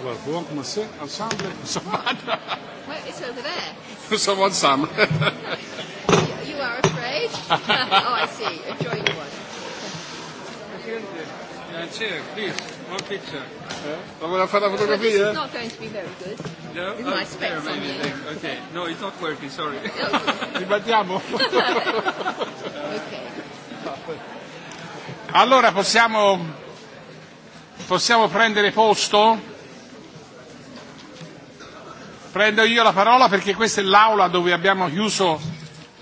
Allora, proviamo come se ensemble, insomma. Well, it's over there. Insomma, ensemble. you, you are afraid? oh, I see. Enjoy your one. Presidente, yeah, chair, please, one picture. Yeah. Well, fare la not going to be very good. No? With oh, my ah, specs on you. Okay, no, it's not working, sorry. Ribattiamo? okay. Allora, possiamo, possiamo prendere posto? Prendo io la parola perché questa è l'aula dove abbiamo chiuso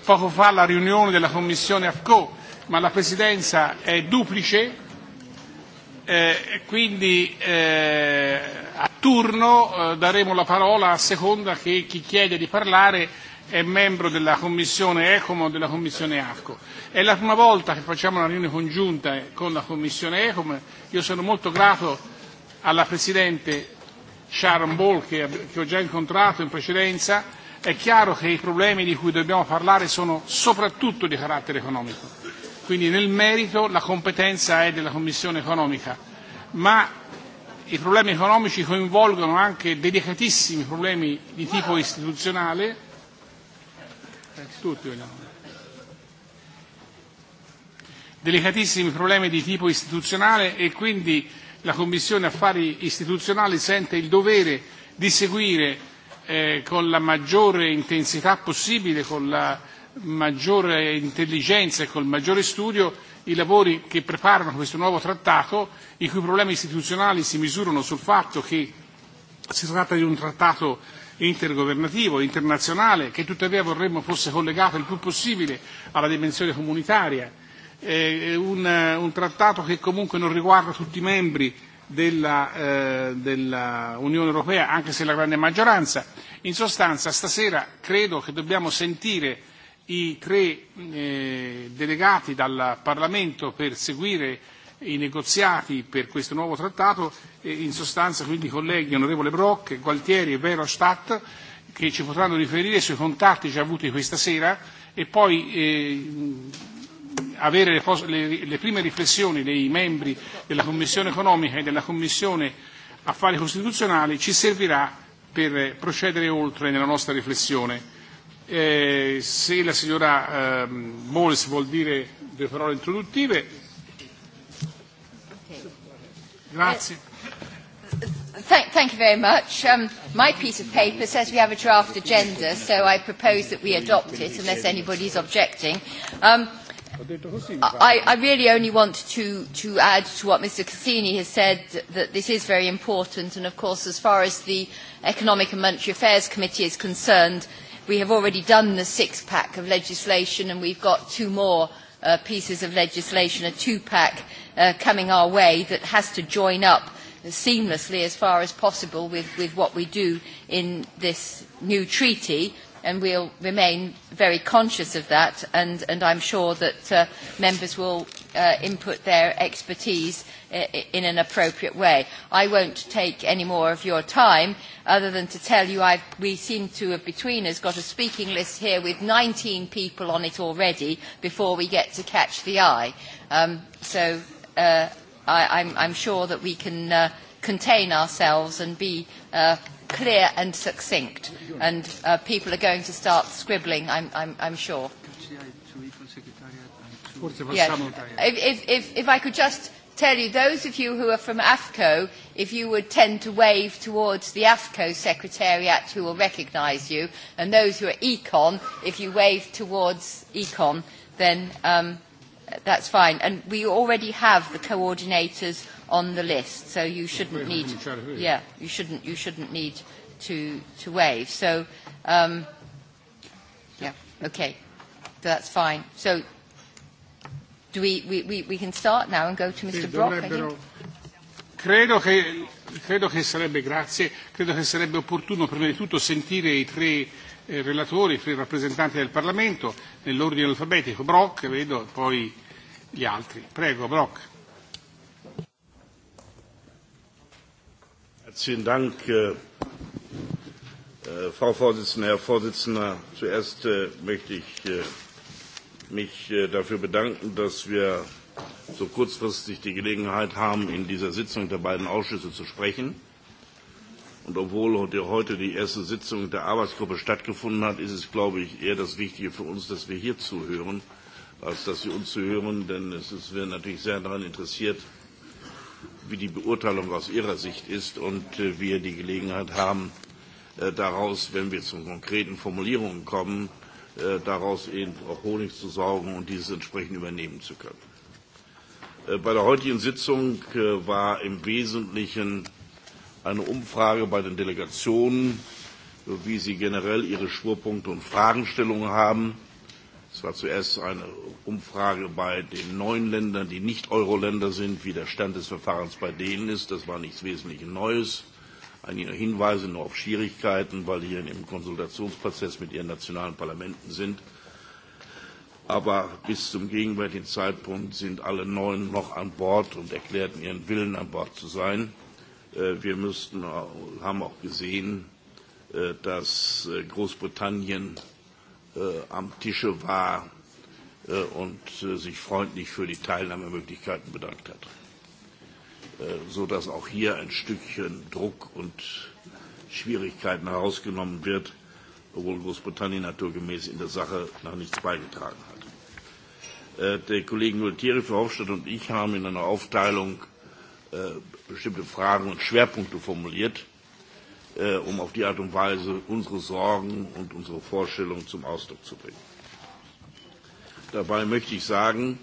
poco fa la riunione della Commissione AFCO, ma la Presidenza è duplice, eh, e quindi eh, a turno eh, daremo la parola a seconda che chi chiede di parlare è membro della Commissione ECOM o della Commissione AFCO. È la prima volta che facciamo una riunione congiunta con la Commissione ECOM, io sono molto grato alla Presidente Sharon Ball che, che ho già incontrato in precedenza, è chiaro che i problemi di cui dobbiamo parlare sono soprattutto di carattere economico. Quindi nel merito la competenza è della Commissione economica, ma i problemi economici coinvolgono anche delicatissimi problemi di tipo istituzionale. Tutti vogliamo. Delicatissimi problemi di tipo istituzionale e quindi la Commissione Affari Istituzionali sente il dovere di seguire eh, con la maggiore intensità possibile, con la maggiore intelligenza e col maggiore studio i lavori che preparano questo nuovo trattato, i cui problemi istituzionali si misurano sul fatto che si tratta di un trattato intergovernativo, internazionale, che tuttavia vorremmo fosse collegato il più possibile alla dimensione comunitaria eh, un, un trattato che comunque non riguarda tutti i membri della, eh, dell'Unione Europea, anche se la grande maggioranza. In sostanza, stasera credo che dobbiamo sentire i tre eh, delegati dal Parlamento per seguire i negoziati per questo nuovo trattato, eh, in sostanza quindi i colleghi onorevole Brock, Gualtieri e Verhofstadt, che ci potranno riferire sui contatti già avuti questa sera e poi eh, avere le, le, le prime riflessioni dei membri della Commissione economica e della Commissione affari costituzionali ci servirà per procedere oltre nella nostra riflessione. Eh, se la signora eh, Moles vuol dire due parole introduttive. Grazie. Eh, thank, thank you very much. Um, my piece of paper says we have a draft agenda, so I propose that we adopt it unless anybody's objecting. Um, I, I really only want to, to add to what Mr Cassini has said that this is very important and of course as far as the Economic and Monetary Affairs Committee is concerned we have already done the six pack of legislation and we've got two more uh, pieces of legislation, a two pack uh, coming our way that has to join up seamlessly as far as possible with, with what we do in this new treaty and we'll remain very conscious of that and, and I'm sure that uh, members will uh, input their expertise uh, in an appropriate way. I won't take any more of your time other than to tell you I've, we seem to have between us got a speaking list here with 19 people on it already before we get to catch the eye. Um, so uh, I, I'm, I'm sure that we can uh, contain ourselves and be uh, clear and succinct, and uh, people are going to start scribbling, I'm, I'm, I'm sure. Yes. If, if, if, if I could just tell you, those of you who are from AFCO, if you would tend to wave towards the AFCO Secretariat, who will recognise you, and those who are ECON, if you wave towards ECON, then um, that's fine. And we already have the coordinators on the list. So you shouldn't need, yeah, you shouldn't, you shouldn't need to, to waive. So, um, yeah, okay, that's fine. So do we, we, we, we can start now and go to Mr. Brock, I think. Credo che, credo che sarebbe, grazie, credo che sarebbe opportuno prima di tutto sentire i tre eh, relatori, i tre rappresentanti del Parlamento, nell'ordine alfabetico, Brock, vedo, poi gli altri. Prego, Brock. Vielen Dank, äh, äh, Frau Vorsitzende, Herr Vorsitzender. Zuerst äh, möchte ich mich dafür bedanken, dass wir so kurzfristig die Gelegenheit haben, in dieser Sitzung der beiden Ausschüsse zu sprechen. Und obwohl heute die erste Sitzung der Arbeitsgruppe stattgefunden hat, ist es, glaube ich, eher das Wichtige für uns, dass wir hier zuhören, als dass Sie uns zuhören, denn es ist, wir natürlich sehr daran interessiert, wie die Beurteilung aus Ihrer Sicht ist und äh, wir die Gelegenheit haben, äh, daraus, wenn wir zu konkreten Formulierungen kommen, äh, daraus eben auch Honig zu saugen und dieses entsprechend übernehmen zu können. Äh, bei der heutigen Sitzung äh, war im Wesentlichen eine Umfrage bei den Delegationen, äh, wie sie generell ihre Schwurpunkte und Fragenstellungen haben. Es war zuerst eine Umfrage bei den neuen Ländern, die nicht Euro-Länder sind, wie der Stand des Verfahrens bei denen ist. Das war nichts wesentlich Neues. Einige Hinweise nur auf Schwierigkeiten, weil die hier im Konsultationsprozess mit ihren nationalen Parlamenten sind. Aber bis zum gegenwärtigen Zeitpunkt sind alle neun noch an Bord und erklärten ihren Willen, an Bord zu sein. Äh, wir müssten, äh, haben auch gesehen, äh, dass Großbritannien äh, am Tische war äh, und äh, sich freundlich für die Teilnahmemöglichkeiten bedankt hat. Äh, sodass auch hier ein Stückchen Druck und Schwierigkeiten herausgenommen wird, obwohl Großbritannien naturgemäß in der Sache noch nichts beigetragen hat. Äh, der Kollege Nultieri, Frau Hofstadt und ich haben in einer Aufteilung äh, bestimmte Fragen und Schwerpunkte formuliert äh, um auf die Art und Weise unsere Sorgen und unsere Vorstellungen zum Ausdruck zu bringen. Dabei möchte ich sagen,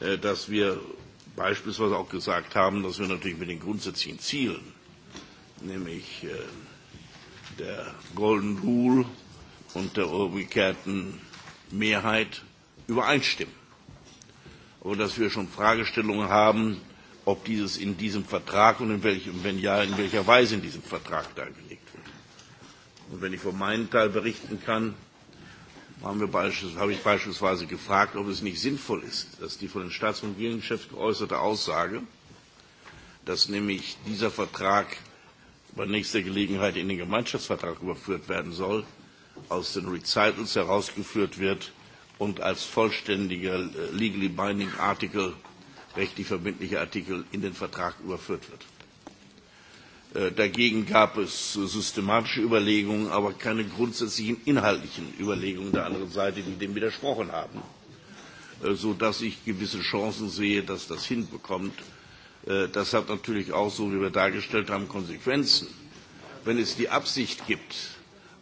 äh, dass wir beispielsweise auch gesagt haben, dass wir natürlich mit den grundsätzlichen Zielen, nämlich äh, der Golden Rule und der umgekehrten Mehrheit übereinstimmen. Aber dass wir schon Fragestellungen haben, ob dieses in diesem Vertrag und in welchem, wenn ja, in welcher Weise in diesem Vertrag dargelegt wird. Und wenn ich von meinem Teil berichten kann, haben wir habe ich beispielsweise gefragt, ob es nicht sinnvoll ist, dass die von den Staats- und Regierungschefs geäußerte Aussage, dass nämlich dieser Vertrag bei nächster Gelegenheit in den Gemeinschaftsvertrag überführt werden soll, aus den Recitals herausgeführt wird und als vollständiger äh, Legally Binding Article rechtlich verbindliche Artikel in den Vertrag überführt wird. Äh, dagegen gab es systematische Überlegungen, aber keine grundsätzlichen inhaltlichen Überlegungen der anderen Seite, die dem widersprochen haben, äh, sodass ich gewisse Chancen sehe, dass das hinbekommt. Äh, das hat natürlich auch, so wie wir dargestellt haben, Konsequenzen. Wenn es die Absicht gibt,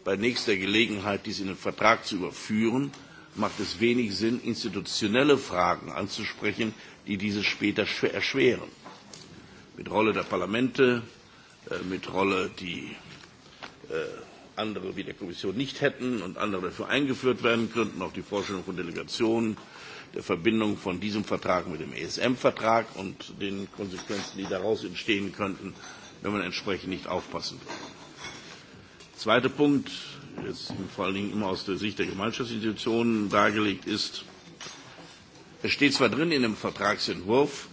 bei nächster Gelegenheit dies in den Vertrag zu überführen, macht es wenig Sinn, institutionelle Fragen anzusprechen, die dieses später erschweren. Mit Rolle der Parlamente, äh, mit Rolle, die äh, andere wie der Kommission nicht hätten und andere dafür eingeführt werden könnten, auch die Vorstellung von Delegationen, der Verbindung von diesem Vertrag mit dem ESM-Vertrag und den Konsequenzen, die daraus entstehen könnten, wenn man entsprechend nicht aufpassen will. Zweiter Punkt, jetzt vor allen Dingen immer aus der Sicht der Gemeinschaftsinstitutionen dargelegt ist, Es steht zwar drin in dem Vertragsentwurf,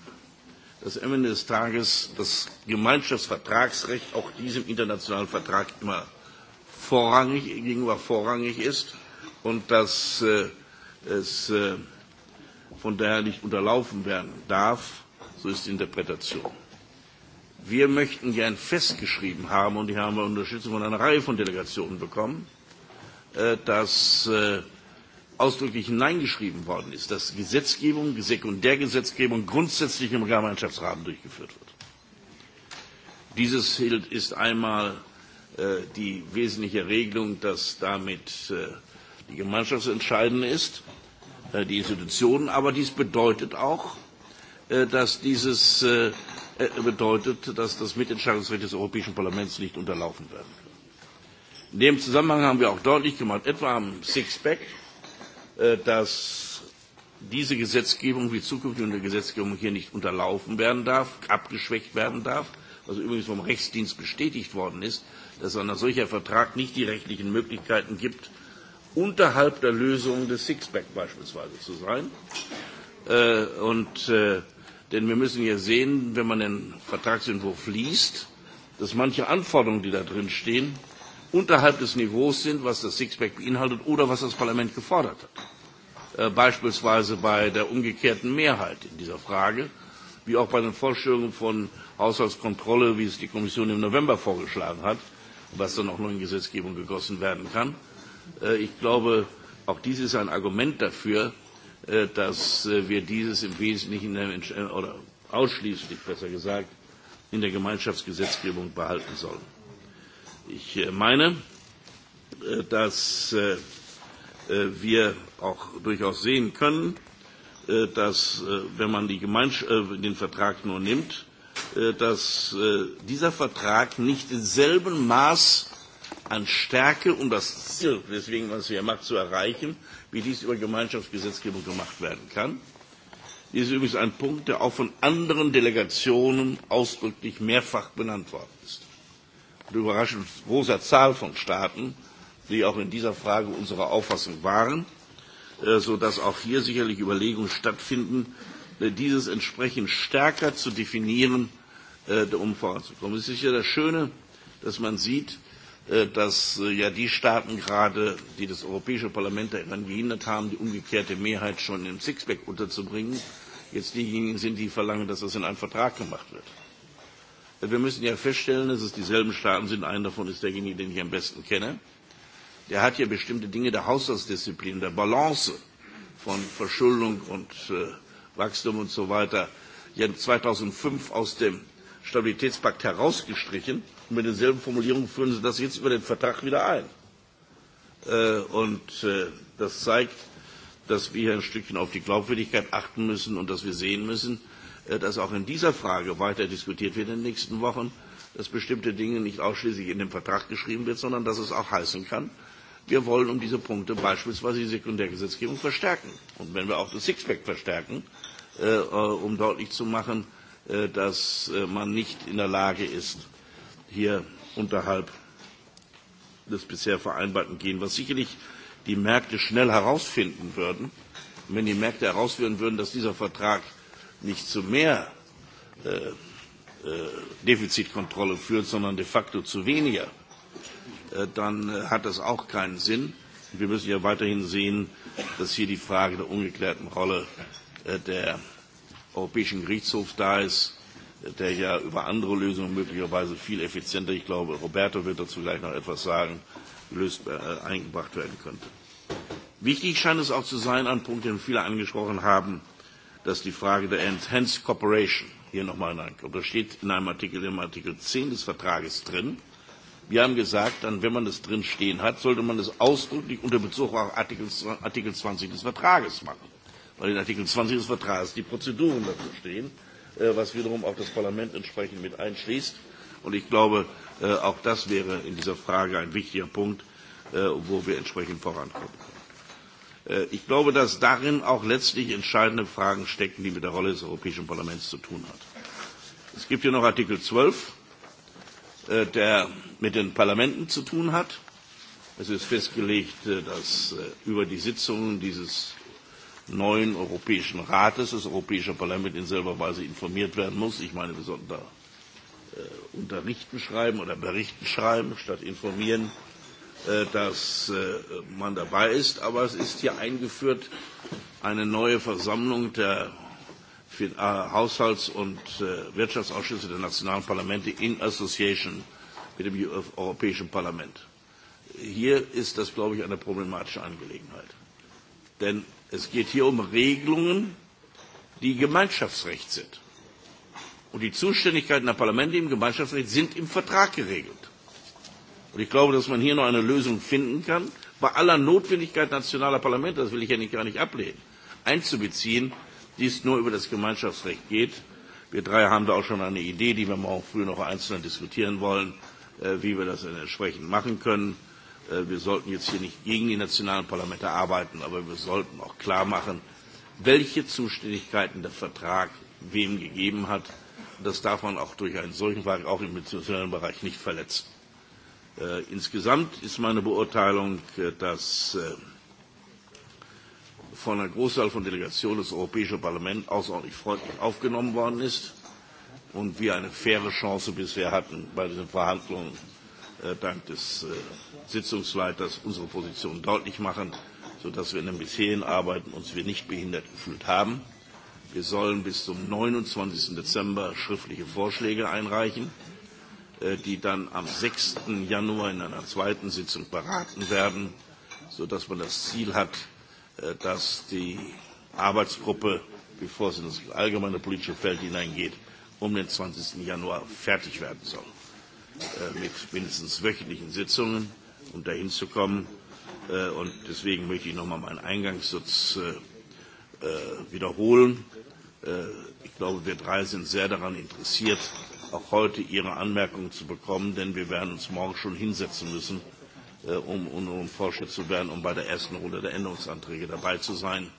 dass am Ende des Tages das Gemeinschaftsvertragsrecht auch diesem internationalen Vertrag immer vorrangig, gegenüber vorrangig ist und dass äh, es äh, von daher nicht unterlaufen werden darf, so ist die Interpretation. Wir möchten gern festgeschrieben haben, und die haben wir Unterstützung von einer Reihe von Delegationen bekommen, äh, dass äh, ausdrücklich hineingeschrieben worden ist, dass Gesetzgebung, Sekundärgesetzgebung grundsätzlich im Gemeinschaftsrahmen durchgeführt wird. Dieses ist einmal äh, die wesentliche Regelung, dass damit äh, die Gemeinschaft entscheidend ist, äh, die Institutionen, aber dies bedeutet auch, äh, dass dieses äh, äh bedeutet, dass das Mitentscheidungsrecht des Europäischen Parlaments nicht unterlaufen werden kann. In dem Zusammenhang haben wir auch deutlich gemacht, etwa am Sixpack, Äh, dass diese Gesetzgebung wie zukünftige Gesetzgebung hier nicht unterlaufen werden darf, abgeschwächt werden darf, was übrigens vom Rechtsdienst bestätigt worden ist, dass es ein solcher Vertrag nicht die rechtlichen Möglichkeiten gibt, unterhalb der Lösung des Sixpack beispielsweise zu sein. Äh, und, äh, denn wir müssen ja sehen, wenn man den Vertragsentwurf liest, dass manche Anforderungen, die da drin stehen, unterhalb des Niveaus sind, was das Sixpack beinhaltet oder was das Parlament gefordert hat. Äh, beispielsweise bei der umgekehrten Mehrheit in dieser Frage, wie auch bei den Vorstellungen von Haushaltskontrolle, wie es die Kommission im November vorgeschlagen hat, was dann auch noch in Gesetzgebung gegossen werden kann. Äh, ich glaube, auch dies ist ein Argument dafür, äh, dass äh, wir dieses im Wesentlichen oder ausschließlich besser gesagt in der Gemeinschaftsgesetzgebung behalten sollen. Ich äh, meine, äh, dass äh, wir auch durchaus sehen können, dass wenn man die äh, den Vertrag nur nimmt, dass dieser Vertrag nicht im selben Maß an Stärke, um das Ziel, deswegen, was wir er macht, zu erreichen, wie dies über Gemeinschaftsgesetzgebung gemacht werden kann. Dies ist übrigens ein Punkt, der auch von anderen Delegationen ausdrücklich mehrfach benannt worden ist eine überraschend großer Zahl von Staaten, die auch in dieser Frage unserer Auffassung waren, äh, sodass auch hier sicherlich Überlegungen stattfinden, äh, dieses entsprechend stärker zu definieren, äh, um voranzukommen. Es ist ja das Schöne, dass man sieht, dass ja die Staaten gerade, die das Europäische Parlament daran gehindert haben, die umgekehrte Mehrheit schon im Sixpack unterzubringen, jetzt diejenigen sind, die verlangen, dass das in einen Vertrag gemacht wird. Wir müssen ja feststellen, dass es dieselben Staaten sind. Einer davon ist derjenige, den ich am besten kenne. Der hat ja bestimmte Dinge der Haushaltsdisziplin, der Balance von Verschuldung und äh, Wachstum und so weiter ja 2005 aus dem Stabilitätspakt herausgestrichen. Und mit denselben Formulierungen führen sie das jetzt über den Vertrag wieder ein. Äh, und äh, das zeigt, dass wir hier ein Stückchen auf die Glaubwürdigkeit achten müssen und dass wir sehen müssen, Äh, dass auch in dieser Frage weiter diskutiert wird in den nächsten Wochen, dass bestimmte Dinge nicht ausschließlich in dem Vertrag geschrieben wird, sondern dass es auch heißen kann, wir wollen um diese Punkte beispielsweise die Sekundärgesetzgebung verstärken. Und wenn wir auch das Sixpack verstärken, äh, äh um deutlich zu machen, äh, dass äh, man nicht in der Lage ist, hier unterhalb des bisher vereinbarten gehen, was sicherlich die Märkte schnell herausfinden würden. Und wenn die Märkte herausfinden würden, dass dieser Vertrag nicht zu mehr äh, äh, Defizitkontrolle führt, sondern de facto zu weniger, äh, dann äh, hat das auch keinen Sinn. Wir müssen ja weiterhin sehen, dass hier die Frage der ungeklärten Rolle äh, der Europäischen Gerichtshof da ist, äh, der ja über andere Lösungen möglicherweise viel effizienter, ich glaube, Roberto wird dazu gleich noch etwas sagen, löst, äh, eingebracht werden könnte. Wichtig scheint es auch zu sein, ein Punkt, den viele angesprochen haben, dass die Frage der Enhanced Cooperation hier nochmal hineinkommt. Das steht in einem Artikel, im Artikel 10 des Vertrages drin. Wir haben gesagt, dann, wenn man das drin stehen hat, sollte man das ausdrücklich unter Bezug auf Artikel, Artikel 20 des Vertrages machen. Weil in Artikel 20 des Vertrages die Prozeduren dazu stehen, äh, was wiederum auch das Parlament entsprechend mit einschließt. Und ich glaube, äh, auch das wäre in dieser Frage ein wichtiger Punkt, äh, wo wir entsprechend vorankommen können. Äh, ich glaube, dass darin auch letztlich entscheidende Fragen stecken, die mit der Rolle des Europäischen Parlaments zu tun hat. Es gibt hier noch Artikel 12, äh, der mit den Parlamenten zu tun hat. Es ist festgelegt, äh, dass über die Sitzungen dieses neuen Europäischen Rates das Europäische Parlament in selber Weise informiert werden muss. Ich meine, wir sollten da unterrichten schreiben oder berichten schreiben statt informieren. Äh, dass äh, man dabei ist, aber es ist hier eingeführt eine neue Versammlung der äh, Haushalts- und Wirtschaftsausschüsse der nationalen Parlamente in Association mit dem Europäischen Parlament. Hier ist das, glaube ich, eine problematische Angelegenheit. Denn es geht hier um Regelungen, die Gemeinschaftsrecht sind. Und die Zuständigkeiten der Parlamente im Gemeinschaftsrecht sind im Vertrag geregelt. Und ich glaube, dass man hier noch eine Lösung finden kann, bei aller Notwendigkeit nationaler Parlamente, das will ich ja nicht, gar nicht ablehnen, einzubeziehen, die es nur über das Gemeinschaftsrecht geht. Wir drei haben da auch schon eine Idee, die wir morgen früh noch einzeln diskutieren wollen, äh, wie wir das entsprechend machen können. Äh, wir sollten jetzt hier nicht gegen die nationalen Parlamente arbeiten, aber wir sollten auch klar machen, welche Zuständigkeiten der Vertrag wem gegeben hat. Das darf man auch durch einen solchen Vertrag auch im institutionellen Bereich nicht verletzen. Äh, insgesamt ist meine Beurteilung, äh, dass äh, von einer Großzahl von Delegationen das Europäische Parlament außerordentlich freundlich aufgenommen worden ist und wir eine faire Chance bisher hatten, bei diesen Verhandlungen äh, dank des äh, Sitzungsleiters unsere Position deutlich machen, sodass wir in den bisherigen Arbeiten uns wir nicht behindert gefühlt haben. Wir sollen bis zum 29. Dezember schriftliche Vorschläge einreichen. Äh, die dann am 6. Januar in einer zweiten Sitzung beraten werden, sodass man das Ziel hat, äh, dass die Arbeitsgruppe, bevor sie in das allgemeine politische Feld hineingeht, um den 20. Januar fertig werden soll. Äh, mit mindestens wöchentlichen Sitzungen, um dahin zu kommen. Und deswegen möchte ich nochmal meinen Eingangssitz wiederholen. Ich glaube, wir drei sind sehr daran interessiert, auch heute Ihre Anmerkungen zu bekommen, denn wir werden uns morgen schon hinsetzen müssen, äh, um unserem um Vorschritt zu werden, um bei der ersten Runde der Änderungsanträge dabei zu sein.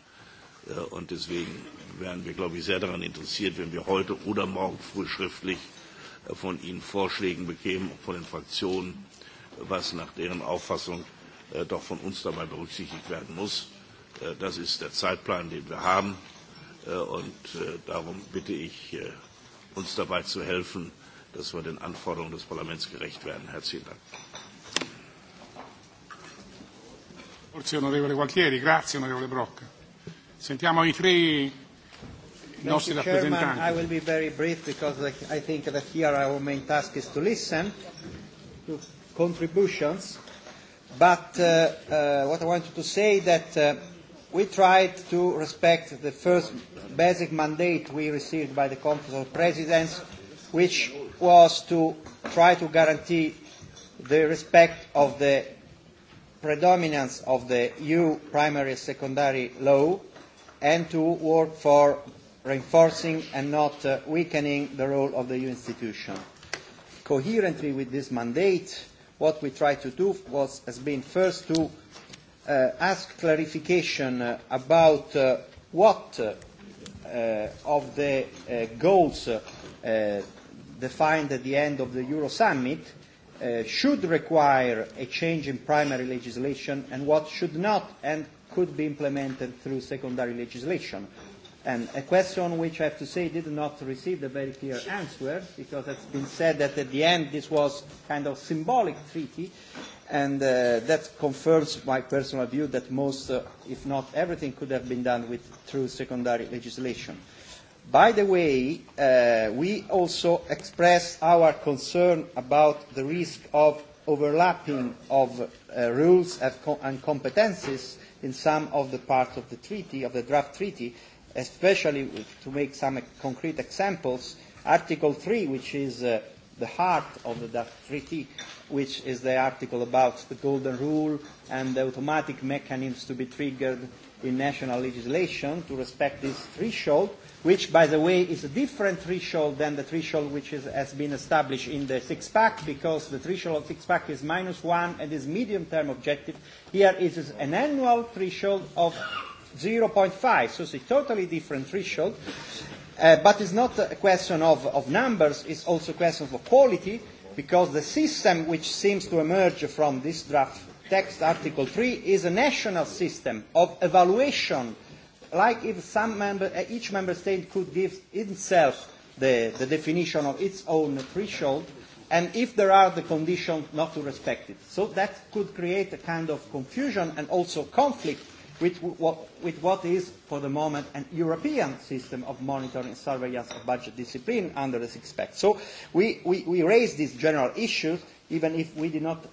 Äh, und deswegen wären wir, glaube ich, sehr daran interessiert, wenn wir heute oder morgen früh schriftlich äh, von Ihnen Vorschlägen bekämen, von den Fraktionen, was nach deren Auffassung äh, doch von uns dabei berücksichtigt werden muss. Äh, das ist der Zeitplan, den wir haben. Äh, und äh, darum bitte ich, äh, uns dabei zu helfen, dass wir den Anforderungen des Parlaments gerecht werden. Herzlichen Dank. Grazie, onorevole Gualtieri, grazie onorevole Brock. Sentiamo i tre nostri rappresentanti. I will be very brief because I think that here our main task is to listen to contributions. But uh, uh, what I wanted to say that uh, we tried to respect the first basic mandate we received by the Conference of Presidents, which was to try to guarantee the respect of the predominance of the EU primary and secondary law and to work for reinforcing and not uh, weakening the role of the EU institution. Coherently with this mandate, what we tried to do was, has been first to uh, ask clarification uh, about uh, what uh, uh, of the uh, goals uh, defined at the end of the Euro Summit uh, should require a change in primary legislation and what should not and could be implemented through secondary legislation. And a question which I have to say did not receive a very clear answer because it's been said that at the end this was kind of symbolic treaty and uh, that confirms my personal view that most, uh, if not everything, could have been done with, through secondary legislation. By the way, uh, we also express our concern about the risk of overlapping of uh, rules and competences in some of the parts of the treaty, of the draft treaty, especially to make some concrete examples, Article 3, which is uh, the heart of the treaty, which is the article about the golden rule and the automatic mechanisms to be triggered in national legislation to respect this threshold, which, by the way, is a different threshold than the threshold which is, has been established in the six-pack, because the threshold of six-pack is minus one and is medium-term objective. Here it is an annual threshold of 0.5, so it's a totally different threshold. Uh, but it's not a question of, of numbers, it's also a question of quality, because the system which seems to emerge from this draft text, Article 3, is a national system of evaluation, like if some member, uh, each member state could give itself the, the definition of its own threshold, and if there are the conditions not to respect it. So that could create a kind of confusion and also conflict with what, with what is, for the moment, an European system of monitoring and surveillance of budget discipline under the Six Pack. So we, we, we raised these general issues, even if we did not,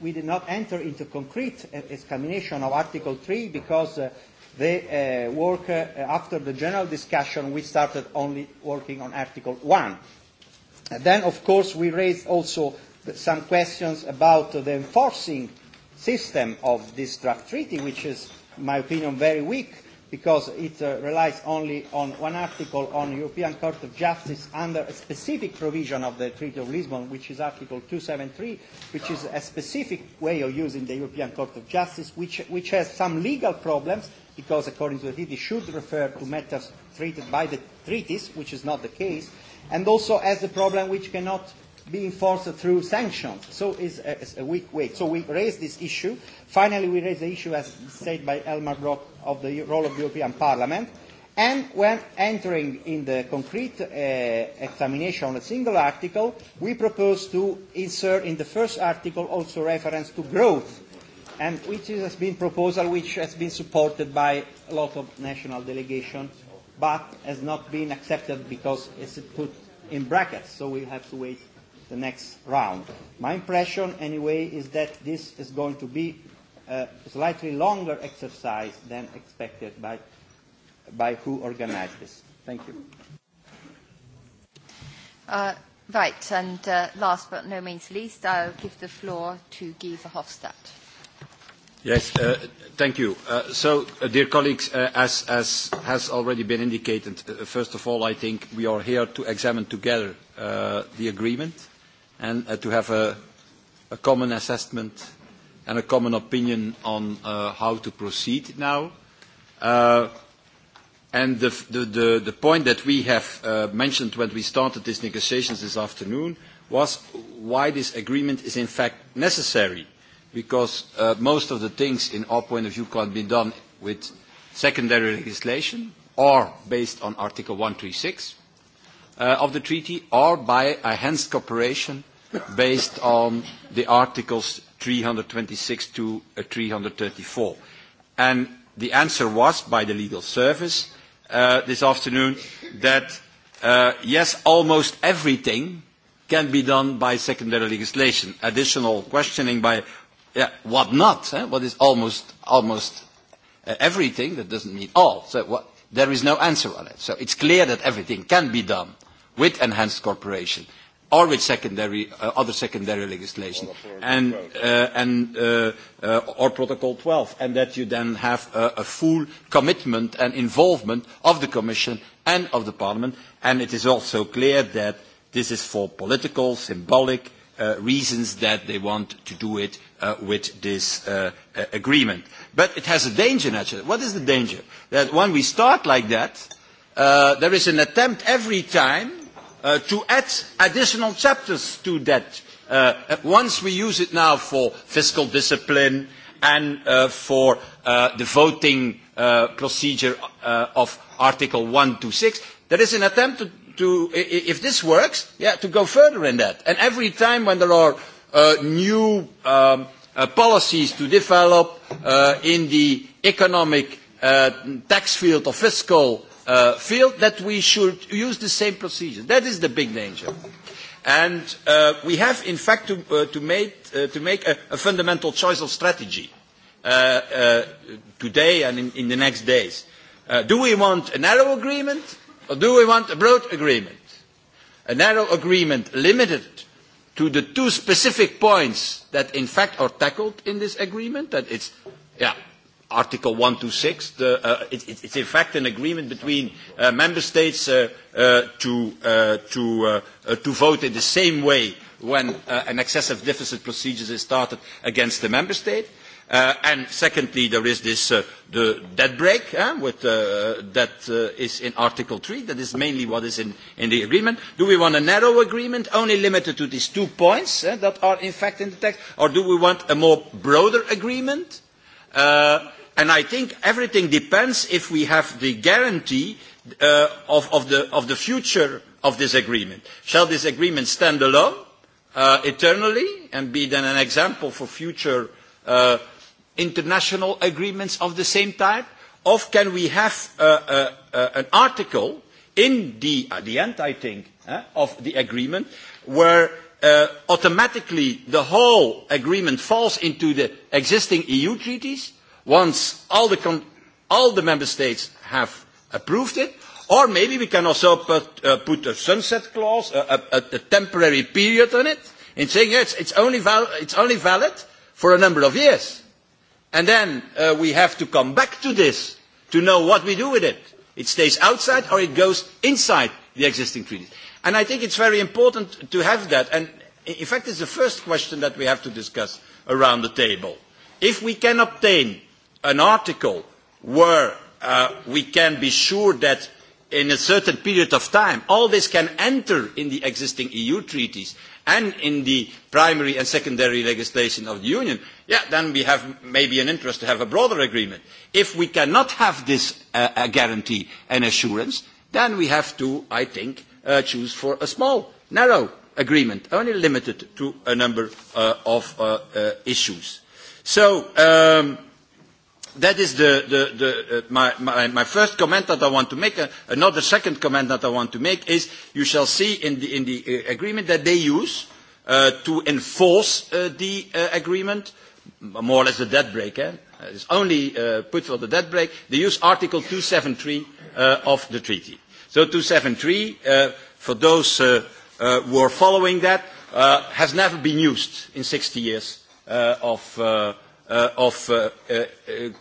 we did not enter into concrete uh, examination of Article 3, because uh, the uh, work uh, after the general discussion, we started only working on Article 1. And then, of course, we raised also some questions about the enforcing system of this draft treaty, which is my opinion, very weak because it uh, relies only on one article on European Court of Justice under a specific provision of the Treaty of Lisbon, which is Article 273, which is a specific way of using the European Court of Justice, which, which has some legal problems, because according to the treaty should refer to matters treated by the treaties, which is not the case, and also has a problem which cannot being forced through sanctions. So it's a, uh, it's a uh, weak way. So we raised this issue. Finally, we raised the issue, as said by Elmar Brock, of the role of the European Parliament. And when entering in the concrete uh, examination on a single article, we propose to insert in the first article also reference to growth, and which is, has been proposal which has been supported by a lot of national delegations but has not been accepted because it's put in brackets, so we have to wait the next round. My impression, anyway, is that this is going to be a slightly longer exercise than expected by, by who organized this. Thank you. Uh, right, and uh, last but no means least, I'll give the floor to Guy Verhofstadt. Yes, uh, thank you. Uh, so, uh, dear colleagues, uh, as, as has already been indicated, uh, first of all, I think we are here to examine together uh, the agreement and uh, to have a, a common assessment and a common opinion on uh, how to proceed now. Uh, and the, the, the, the point that we have uh, mentioned when we started these negotiations this afternoon was why this agreement is in fact necessary, because uh, most of the things in our point of view can be done with secondary legislation or based on Article 136 uh, of the treaty or by enhanced cooperation based on the Articles 326 to uh, 334. And the answer was by the legal service uh, this afternoon that uh, yes, almost everything can be done by secondary legislation. Additional questioning by yeah, what not? Eh? What is almost, almost uh, everything? That doesn't mean all. So what, there is no answer on it. So it's clear that everything can be done with enhanced cooperation or with secondary, uh, other secondary legislation and, uh, and, uh, uh, or Protocol 12, and that you then have a, a full commitment and involvement of the Commission and of the Parliament. And it is also clear that this is for political, symbolic uh, reasons that they want to do it uh, with this uh, uh, agreement. But it has a danger, naturally. What is the danger? That when we start like that, uh, there is an attempt every time uh, to add additional chapters to that. Uh, uh, once we use it now for fiscal discipline and uh, for uh, the voting uh, procedure uh, of Article 1 to 6, there is an attempt to, to if this works, yeah, to go further in that. And every time when there are uh, new um, uh, policies to develop uh, in the economic uh, tax field of fiscal uh, field that we should use the same procedure. That is the big danger. And uh, we have, in fact, to, uh, to make, uh, to make a, a fundamental choice of strategy uh, uh, today and in, in the next days. Uh, do we want a narrow agreement or do we want a broad agreement? A narrow agreement limited to the two specific points that, in fact, are tackled in this agreement, that it's yeah, Article 126. The, uh, it, it, it's in fact an agreement between uh, member states uh, uh, to, uh, to, uh, uh, to vote in the same way when uh, an excessive deficit procedure is started against the member state. Uh, and secondly, there is this uh, the debt break eh, with, uh, that uh, is in Article 3. That is mainly what is in, in the agreement. Do we want a narrow agreement only limited to these two points eh, that are in fact in the text? Or do we want a more broader agreement? Uh, and I think everything depends if we have the guarantee uh, of, of, the, of the future of this agreement. Shall this agreement stand alone uh, eternally and be then an example for future uh, international agreements of the same type? Or can we have uh, uh, uh, an article in the, at the end, I think, uh, of the agreement where uh, automatically the whole agreement falls into the existing EU treaties once all the, all the member states have approved it, or maybe we can also put, uh, put a sunset clause, a, a, a temporary period on it, in saying yeah, it's, it's, only val it's only valid for a number of years. And then uh, we have to come back to this to know what we do with it. It stays outside or it goes inside the existing treaties. And I think it's very important to have that. And in fact, it's the first question that we have to discuss around the table. If we can obtain an article where uh, we can be sure that in a certain period of time, all this can enter in the existing EU treaties and in the primary and secondary legislation of the Union, yeah, then we have maybe an interest to have a broader agreement. If we cannot have this uh, a guarantee and assurance, then we have to, I think, uh, choose for a small, narrow agreement, only limited to a number uh, of uh, uh, issues. So, um, that is the, the, the, uh, my, my, my first comment that I want to make. Uh, another second comment that I want to make is you shall see in the, in the uh, agreement that they use uh, to enforce uh, the uh, agreement, more or less the debt break. Eh? Uh, it's only uh, put for the debt break. They use Article 273 uh, of the treaty. So 273, uh, for those uh, uh, who are following that, uh, has never been used in 60 years uh, of, uh, uh, of uh, uh,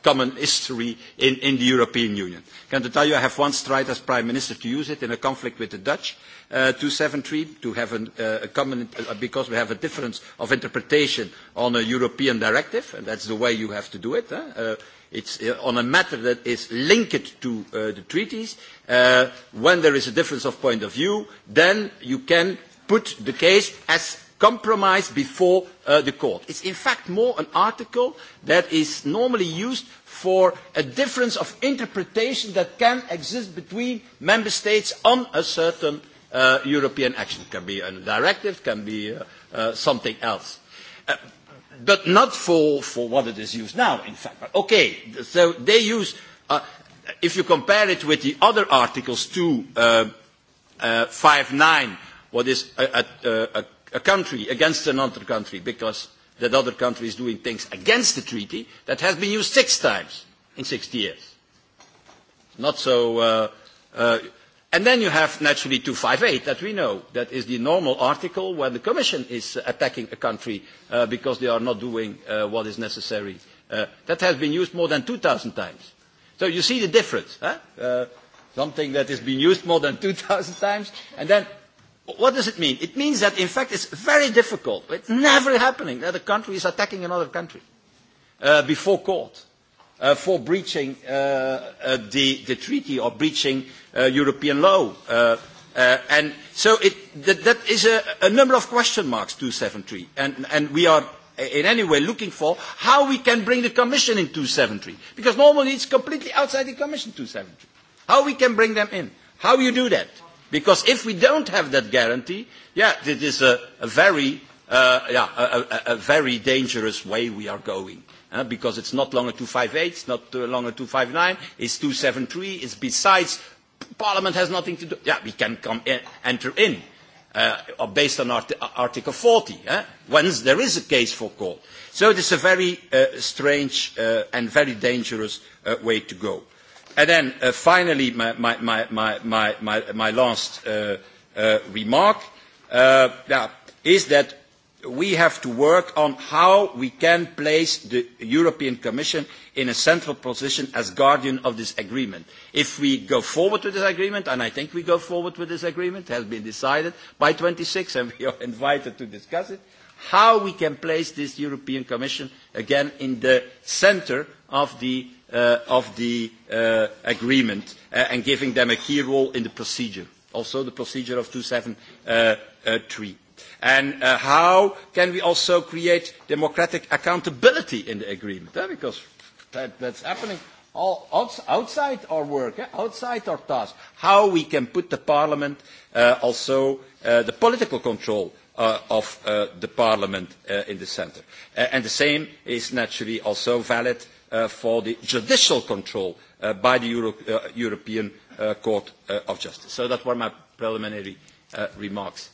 common history in, in the European Union. I can tell you I have once tried as Prime Minister to use it in a conflict with the Dutch, uh, 273, to have an, uh, a common, uh, because we have a difference of interpretation on a European directive, and that's the way you have to do it. Uh, it's uh, on a matter that is linked to uh, the treaties. Uh, when there is a difference of point of view, then you can put the case as compromise before uh, the court. It's in fact more an article that is normally used for a difference of interpretation that can exist between member states on a certain uh, European action. It can be a directive, it can be uh, uh, something else. Uh, but not for, for what it is used now, in fact. But okay, so they use, uh, if you compare it with the other articles, 2, uh, uh, 5, 9, what is a, a, a a country against another country because that other country is doing things against the treaty that has been used six times in 60 years. Not so... Uh, uh, and then you have naturally 258 that we know. That is the normal article where the Commission is attacking a country uh, because they are not doing uh, what is necessary. Uh, that has been used more than 2,000 times. So you see the difference. Huh? Uh, something that has been used more than 2,000 times and then What does it mean? It means that, in fact, it's very difficult. It's never happening that a country is attacking another country uh, before court uh, for breaching uh, uh, the, the treaty or breaching uh, European law. Uh, uh, and so it, that, that is a, a number of question marks, 273. And, and we are in any way looking for how we can bring the Commission in 273. Because normally it's completely outside the Commission 273. How we can bring them in. How you do that? Because if we don't have that guarantee, yeah, it is a, a very, uh, yeah, a, a, a very dangerous way we are going. Uh, because it's not longer 258, it's not uh, longer 259, it's 273, it's besides, Parliament has nothing to do. Yeah, we can come in, enter in, uh, based on art Article 40, eh? once there is a case for court. So it is a very uh, strange uh, and very dangerous uh, way to go. And then uh, finally, my, my, my, my, my, my last uh, uh, remark uh, yeah, is that we have to work on how we can place the European Commission in a central position as guardian of this agreement. If we go forward with this agreement, and I think we go forward with this agreement, it has been decided by 26 and we are invited to discuss it, how we can place this European Commission again in the center of the uh, of the uh, agreement uh, and giving them a key role in the procedure, also the procedure of 273. Uh, uh, and uh, how can we also create democratic accountability in the agreement? Eh? Because that, that's happening all outside our work, eh? outside our task. How we can put the parliament, uh, also uh, the political control uh, of uh, the parliament uh, in the center. Uh, and the same is naturally also valid uh, for the judicial control uh, by the Euro uh, European uh, Court uh, of Justice. So that were my preliminary uh, remarks.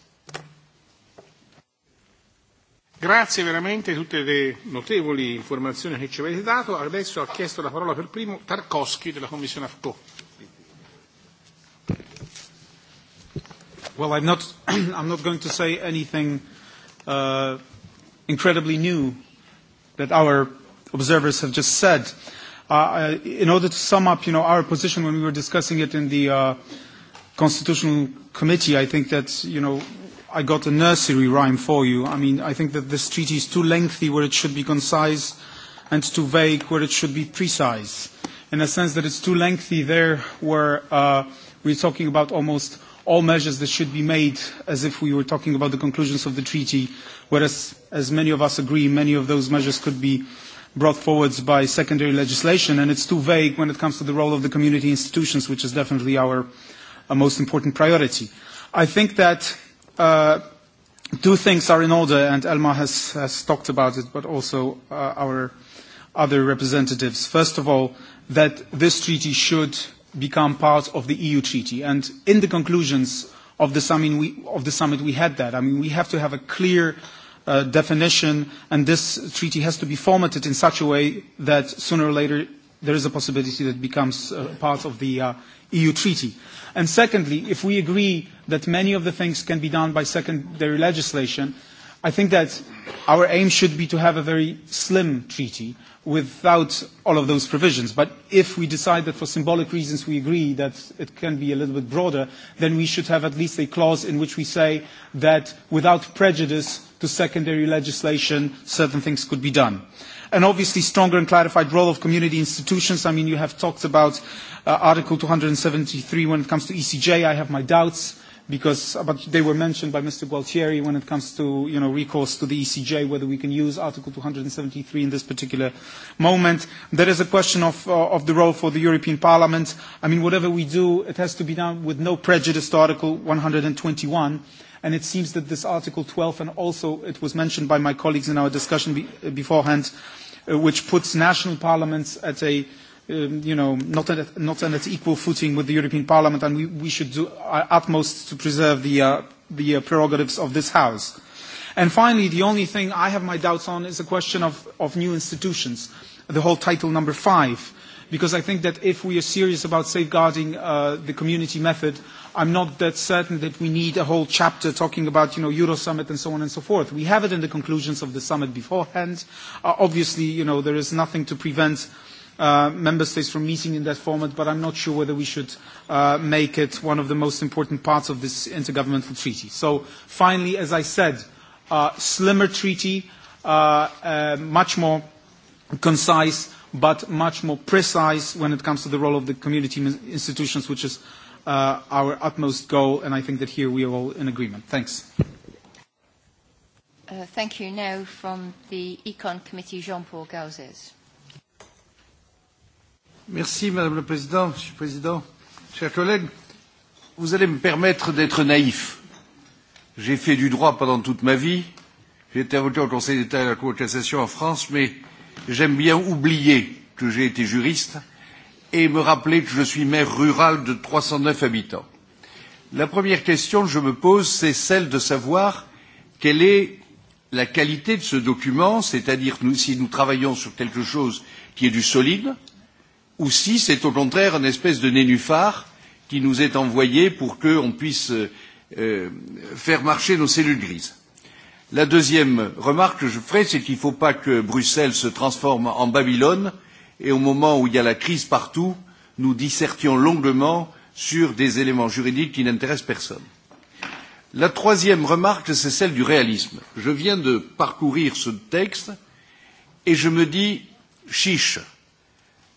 Grazie veramente di tutte le notevoli informazioni che ci avete dato. Adesso ha chiesto la parola per primo Tarkovsky della Commissione AFCO. Well, I'm not, I'm not going to say anything uh, incredibly new that our observers have just said. Uh, uh, in order to sum up, you know, our position when we were discussing it in the uh, constitutional committee, I think that, you know, I got a nursery rhyme for you. I mean, I think that this treaty is too lengthy where it should be concise and too vague where it should be precise. In a sense that it's too lengthy there where uh, we're talking about almost all measures that should be made as if we were talking about the conclusions of the treaty, whereas, as many of us agree, many of those measures could be brought forward by secondary legislation, and it's too vague when it comes to the role of the community institutions, which is definitely our uh, most important priority. I think that uh, two things are in order, and Elma has, has talked about it, but also uh, our other representatives. First of all, that this treaty should become part of the EU treaty. And in the conclusions of the summit, we, of the summit, we had that. I mean, we have to have a clear uh, definition, and this treaty has to be formatted in such a way that sooner or later there is a possibility that it becomes uh, part of the uh, EU treaty. And secondly, if we agree that many of the things can be done by secondary legislation, I think that our aim should be to have a very slim treaty without all of those provisions. But if we decide that for symbolic reasons we agree that it can be a little bit broader, then we should have at least a clause in which we say that without prejudice to secondary legislation, certain things could be done. And obviously stronger and clarified role of community institutions. I mean, you have talked about uh, Article 273 when it comes to ECJ. I have my doubts because uh, but they were mentioned by Mr. Gualtieri when it comes to you know, recourse to the ECJ, whether we can use Article 273 in this particular moment. There is a question of, uh, of the role for the European Parliament. I mean, whatever we do, it has to be done with no prejudice to Article 121. And it seems that this Article 12, and also it was mentioned by my colleagues in our discussion be uh, beforehand, uh, which puts national parliaments at a Um, you know, not at, not at equal footing with the European Parliament, and we, we should do our utmost to preserve the, uh, the uh, prerogatives of this House. And finally, the only thing I have my doubts on is the question of, of new institutions, the whole title number five, because I think that if we are serious about safeguarding uh, the community method, I'm not that certain that we need a whole chapter talking about, you know, Euro summit and so on and so forth. We have it in the conclusions of the summit beforehand. Uh, obviously, you know, there is nothing to prevent uh, uh, member states from meeting in that format, but I'm not sure whether we should uh, make it one of the most important parts of this intergovernmental treaty. So finally, as I said, uh, slimmer treaty, uh, uh, much more concise, but much more precise when it comes to the role of the community institutions, which is uh, our utmost goal, and I think that here we are all in agreement. Thanks. Uh, thank you. Now from the Econ Committee, Jean-Paul Gauzes. Merci, Madame la Présidente, Monsieur le Président. Chers collègues, vous allez me permettre d'être naïf. J'ai fait du droit pendant toute ma vie. J'ai été avocat au Conseil d'État et à la Cour de cassation en France, mais j'aime bien oublier que j'ai été juriste et me rappeler que je suis maire rural de 309 habitants. La première question que je me pose, c'est celle de savoir quelle est la qualité de ce document, c'est-à-dire si nous travaillons sur quelque chose qui est du solide, ou si c'est au contraire une espèce de nénuphar qui nous est envoyé pour qu'on puisse euh, euh, faire marcher nos cellules grises. La deuxième remarque que je ferai, c'est qu'il ne faut pas que Bruxelles se transforme en Babylone et au moment où il y a la crise partout, nous dissertions longuement sur des éléments juridiques qui n'intéressent personne. La troisième remarque, c'est celle du réalisme. Je viens de parcourir ce texte et je me dis, chiche,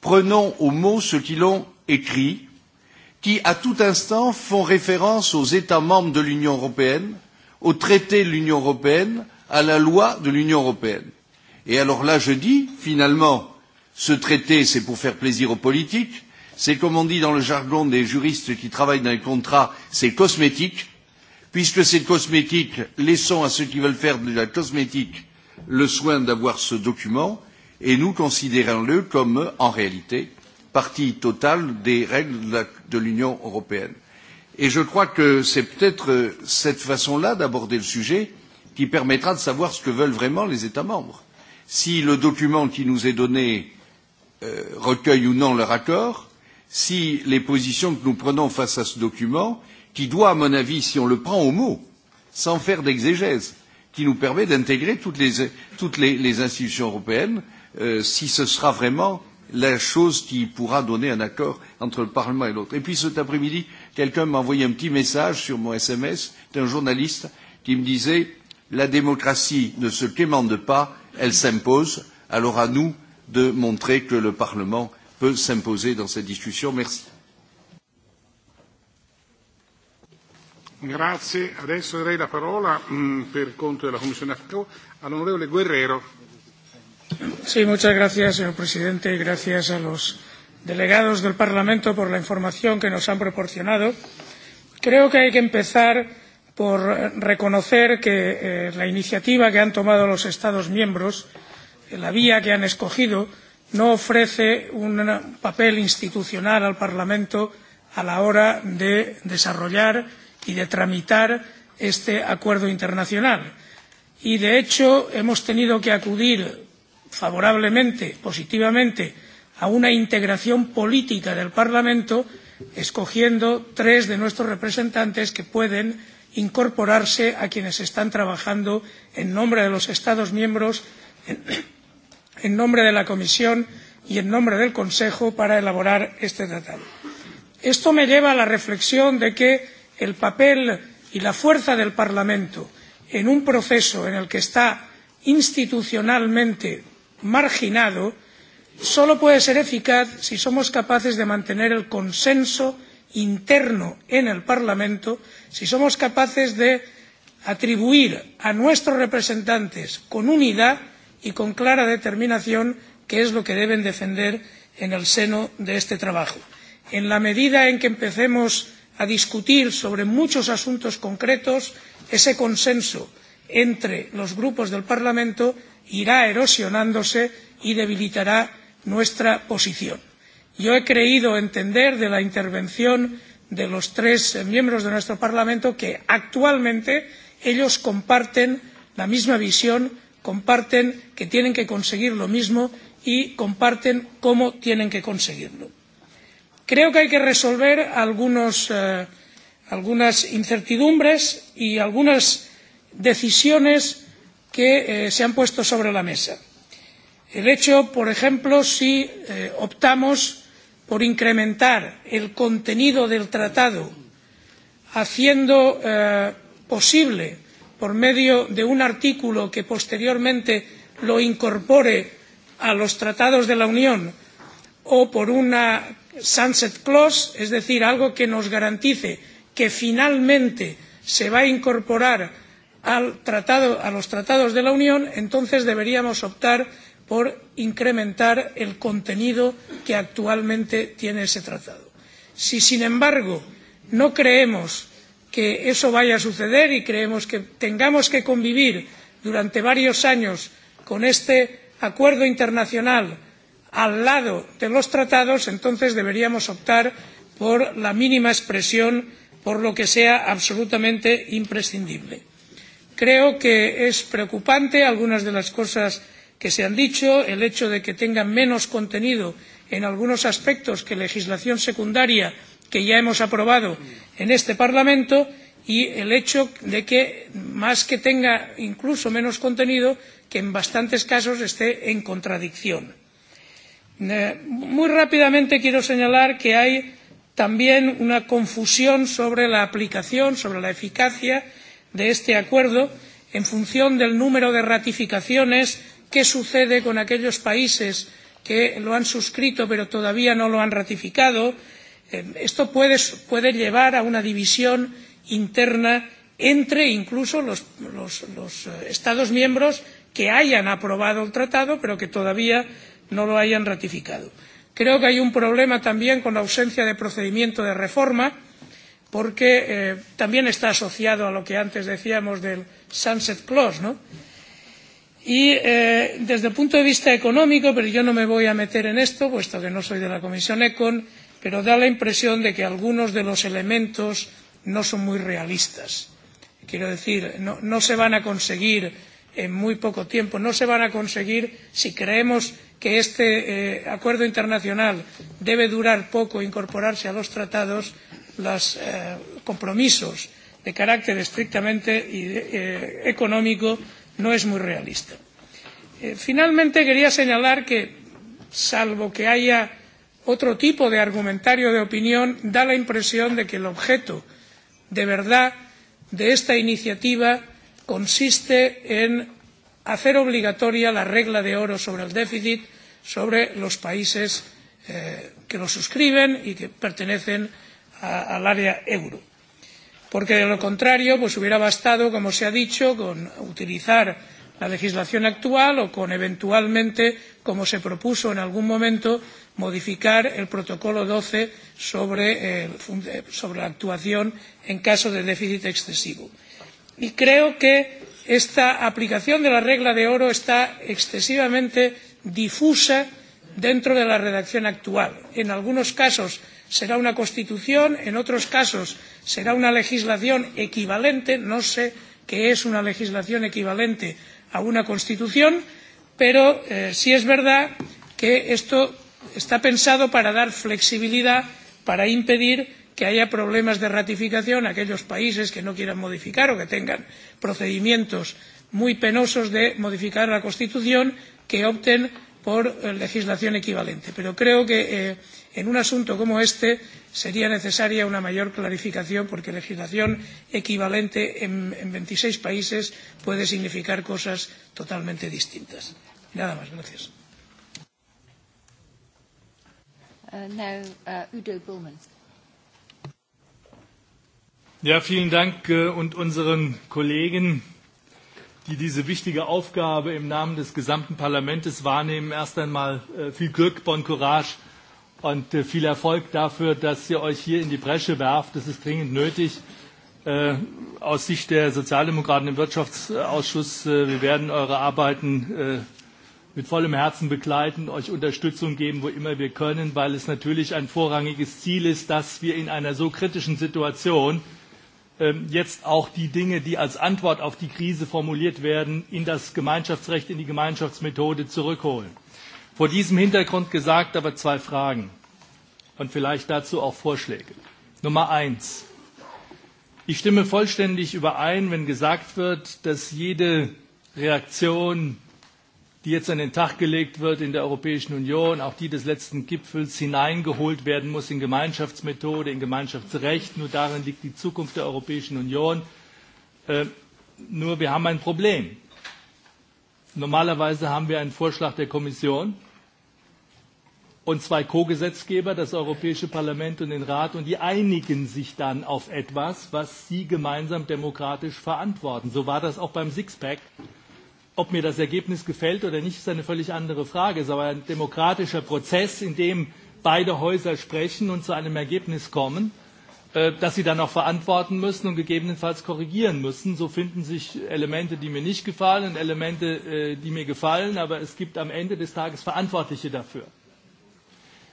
Prenons au mot ceux qui l'ont écrit, qui à tout instant font référence aux États membres de l'Union européenne, aux traités de l'Union européenne, à la loi de l'Union européenne. Et alors là, je dis, finalement, ce traité, c'est pour faire plaisir aux politiques, c'est comme on dit dans le jargon des juristes qui travaillent dans les contrats, c'est cosmétique. Puisque c'est cosmétique, laissons à ceux qui veulent faire de la cosmétique le soin d'avoir ce document, et nous considérons-le comme, en réalité, partie totale des règles de l'Union européenne. Et je crois que c'est peut-être euh, cette façon-là d'aborder le sujet qui permettra de savoir ce que veulent vraiment les États membres. Si le document qui nous est donné euh, recueille ou non leur accord, si les positions que nous prenons face à ce document, qui doit, à mon avis, si on le prend au mot, sans faire d'exégèse, qui nous permet d'intégrer toutes, les, toutes les, les institutions européennes, Euh, si ce sera vraiment la chose qui pourra donner un accord entre le Parlement et l'autre. Et puis cet après-midi, quelqu'un m'a envoyé un petit message sur mon SMS d'un journaliste qui me disait la démocratie ne se quémande pas, elle s'impose, alors à nous de montrer que le Parlement peut s'imposer dans cette discussion. Merci. Grazie. Adesso darei la parola mh, mm, per conto della Commissione all'onorevole Guerrero. Sí, muchas gracias, señor presidente, y gracias a los delegados del Parlamento por la información que nos han proporcionado. Creo que hay que empezar por reconocer que eh, la iniciativa que han tomado los Estados miembros, eh, la vía que han escogido, no ofrece un papel institucional al Parlamento a la hora de desarrollar y de tramitar este acuerdo internacional. Y, de hecho, hemos tenido que acudir favorablemente, positivamente, a una integración política del Parlamento, escogiendo tres de nuestros representantes que pueden incorporarse a quienes están trabajando en nombre de los Estados miembros, en, en nombre de la Comisión y en nombre del Consejo para elaborar este tratado. Esto me lleva a la reflexión de que el papel y la fuerza del Parlamento en un proceso en el que está institucionalmente marginado solo puede ser eficaz si somos capaces de mantener el consenso interno en el Parlamento, si somos capaces de atribuir a nuestros representantes con unidad y con clara determinación qué es lo que deben defender en el seno de este trabajo. En la medida en que empecemos a discutir sobre muchos asuntos concretos, ese consenso entre los grupos del Parlamento irá erosionándose y debilitará nuestra posición. Yo he creído entender de la intervención de los tres miembros de nuestro Parlamento que actualmente ellos comparten la misma visión, comparten que tienen que conseguir lo mismo y comparten cómo tienen que conseguirlo. Creo que hay que resolver algunos, eh, algunas incertidumbres y algunas decisiones que eh, se han puesto sobre la mesa. El hecho, por ejemplo, si eh, optamos por incrementar el contenido del tratado haciendo eh, posible, por medio de un artículo que posteriormente lo incorpore a los tratados de la Unión, o por una sunset clause, es decir, algo que nos garantice que finalmente se va a incorporar al tratado, a los tratados de la Unión, entonces deberíamos optar por incrementar el contenido que actualmente tiene ese tratado. Si, sin embargo, no creemos que eso vaya a suceder y creemos que tengamos que convivir durante varios años con este acuerdo internacional al lado de los tratados, entonces deberíamos optar por la mínima expresión por lo que sea absolutamente imprescindible Creo que es preocupante algunas de las cosas que se han dicho, el hecho de que tengan menos contenido en algunos aspectos que legislación secundaria que ya hemos aprobado en este Parlamento y el hecho de que, más que tenga incluso menos contenido, que en bastantes casos esté en contradicción. Eh, muy rápidamente quiero señalar que hay también una confusión sobre la aplicación, sobre la eficacia de este acuerdo en función del número de ratificaciones, que sucede con aquellos países que lo han suscrito pero todavía no lo han ratificado. Eh, esto puede, puede llevar a una división interna entre incluso los, los, los eh, Estados miembros que hayan aprobado el tratado pero que todavía no lo hayan ratificado. Creo que hay un problema también con la ausencia de procedimiento de reforma porque eh, también está asociado a lo que antes decíamos del sunset clause, ¿no? Y eh, desde el punto de vista económico, pero yo no me voy a meter en esto, puesto que no soy de la Comisión Econ, pero da la impresión de que algunos de los elementos no son muy realistas. Quiero decir, no, no se van a conseguir en muy poco tiempo, no se van a conseguir si creemos que este eh, acuerdo internacional debe durar poco, incorporarse a los tratados, los eh, compromisos de carácter estrictamente eh, económico no es muy realista. Eh, finalmente, quería señalar que, salvo que haya otro tipo de argumentario de opinión, da la impresión de que el objeto de verdad de esta iniciativa consiste en hacer obligatoria la regla de oro sobre el déficit sobre los países eh, que lo suscriben y que pertenecen a a, al área euro. Porque de lo contrario, pues hubiera bastado, como se ha dicho, con utilizar la legislación actual o con eventualmente, como se propuso en algún momento, modificar el protocolo 12 sobre, eh, eh, sobre la actuación en caso de déficit excesivo. Y creo que esta aplicación de la regla de oro está excesivamente difusa dentro de la redacción actual. En algunos casos será una constitución, en otros casos será una legislación equivalente, no sé qué es una legislación equivalente a una constitución, pero eh, sí es verdad que esto está pensado para dar flexibilidad, para impedir que haya problemas de ratificación a aquellos países que no quieran modificar o que tengan procedimientos muy penosos de modificar la Constitución que opten por eh, legislación equivalente. Pero creo que eh, En un asunto como este sería necesaria una mayor clarificación porque legislación equivalente en, en 26 países puede significar cosas totalmente distintas. Nada más, gracias. Uh, now, uh, Udo Bullman. Ja, vielen Dank äh, und unseren Kollegen, die diese wichtige Aufgabe im Namen des gesamten Parlaments wahrnehmen. Erst einmal äh, viel Glück, Bon Courage Und äh, viel Erfolg dafür, dass ihr euch hier in die Bresche werft. Das ist dringend nötig. Äh, aus Sicht der Sozialdemokraten im Wirtschaftsausschuss, äh, wir werden eure Arbeiten äh, mit vollem Herzen begleiten, euch Unterstützung geben, wo immer wir können, weil es natürlich ein vorrangiges Ziel ist, dass wir in einer so kritischen Situation äh, jetzt auch die Dinge, die als Antwort auf die Krise formuliert werden, in das Gemeinschaftsrecht, in die Gemeinschaftsmethode zurückholen. Vor diesem Hintergrund gesagt aber zwei Fragen und vielleicht dazu auch Vorschläge. Nummer eins. Ich stimme vollständig überein, wenn gesagt wird, dass jede Reaktion, die jetzt an den Tag gelegt wird in der Europäischen Union, auch die des letzten Gipfels, hineingeholt werden muss in Gemeinschaftsmethode, in Gemeinschaftsrecht. Nur darin liegt die Zukunft der Europäischen Union. Äh, nur wir haben ein Problem. Normalerweise haben wir einen Vorschlag der Kommission und zwei Co-Gesetzgeber, das Europäische Parlament und den Rat, und die einigen sich dann auf etwas, was sie gemeinsam demokratisch verantworten. So war das auch beim Sixpack. Ob mir das Ergebnis gefällt oder nicht, ist eine völlig andere Frage. Es ist aber ein demokratischer Prozess, in dem beide Häuser sprechen und zu einem Ergebnis kommen, äh, das sie dann auch verantworten müssen und gegebenenfalls korrigieren müssen. So finden sich Elemente, die mir nicht gefallen und Elemente, äh, die mir gefallen, aber es gibt am Ende des Tages Verantwortliche dafür.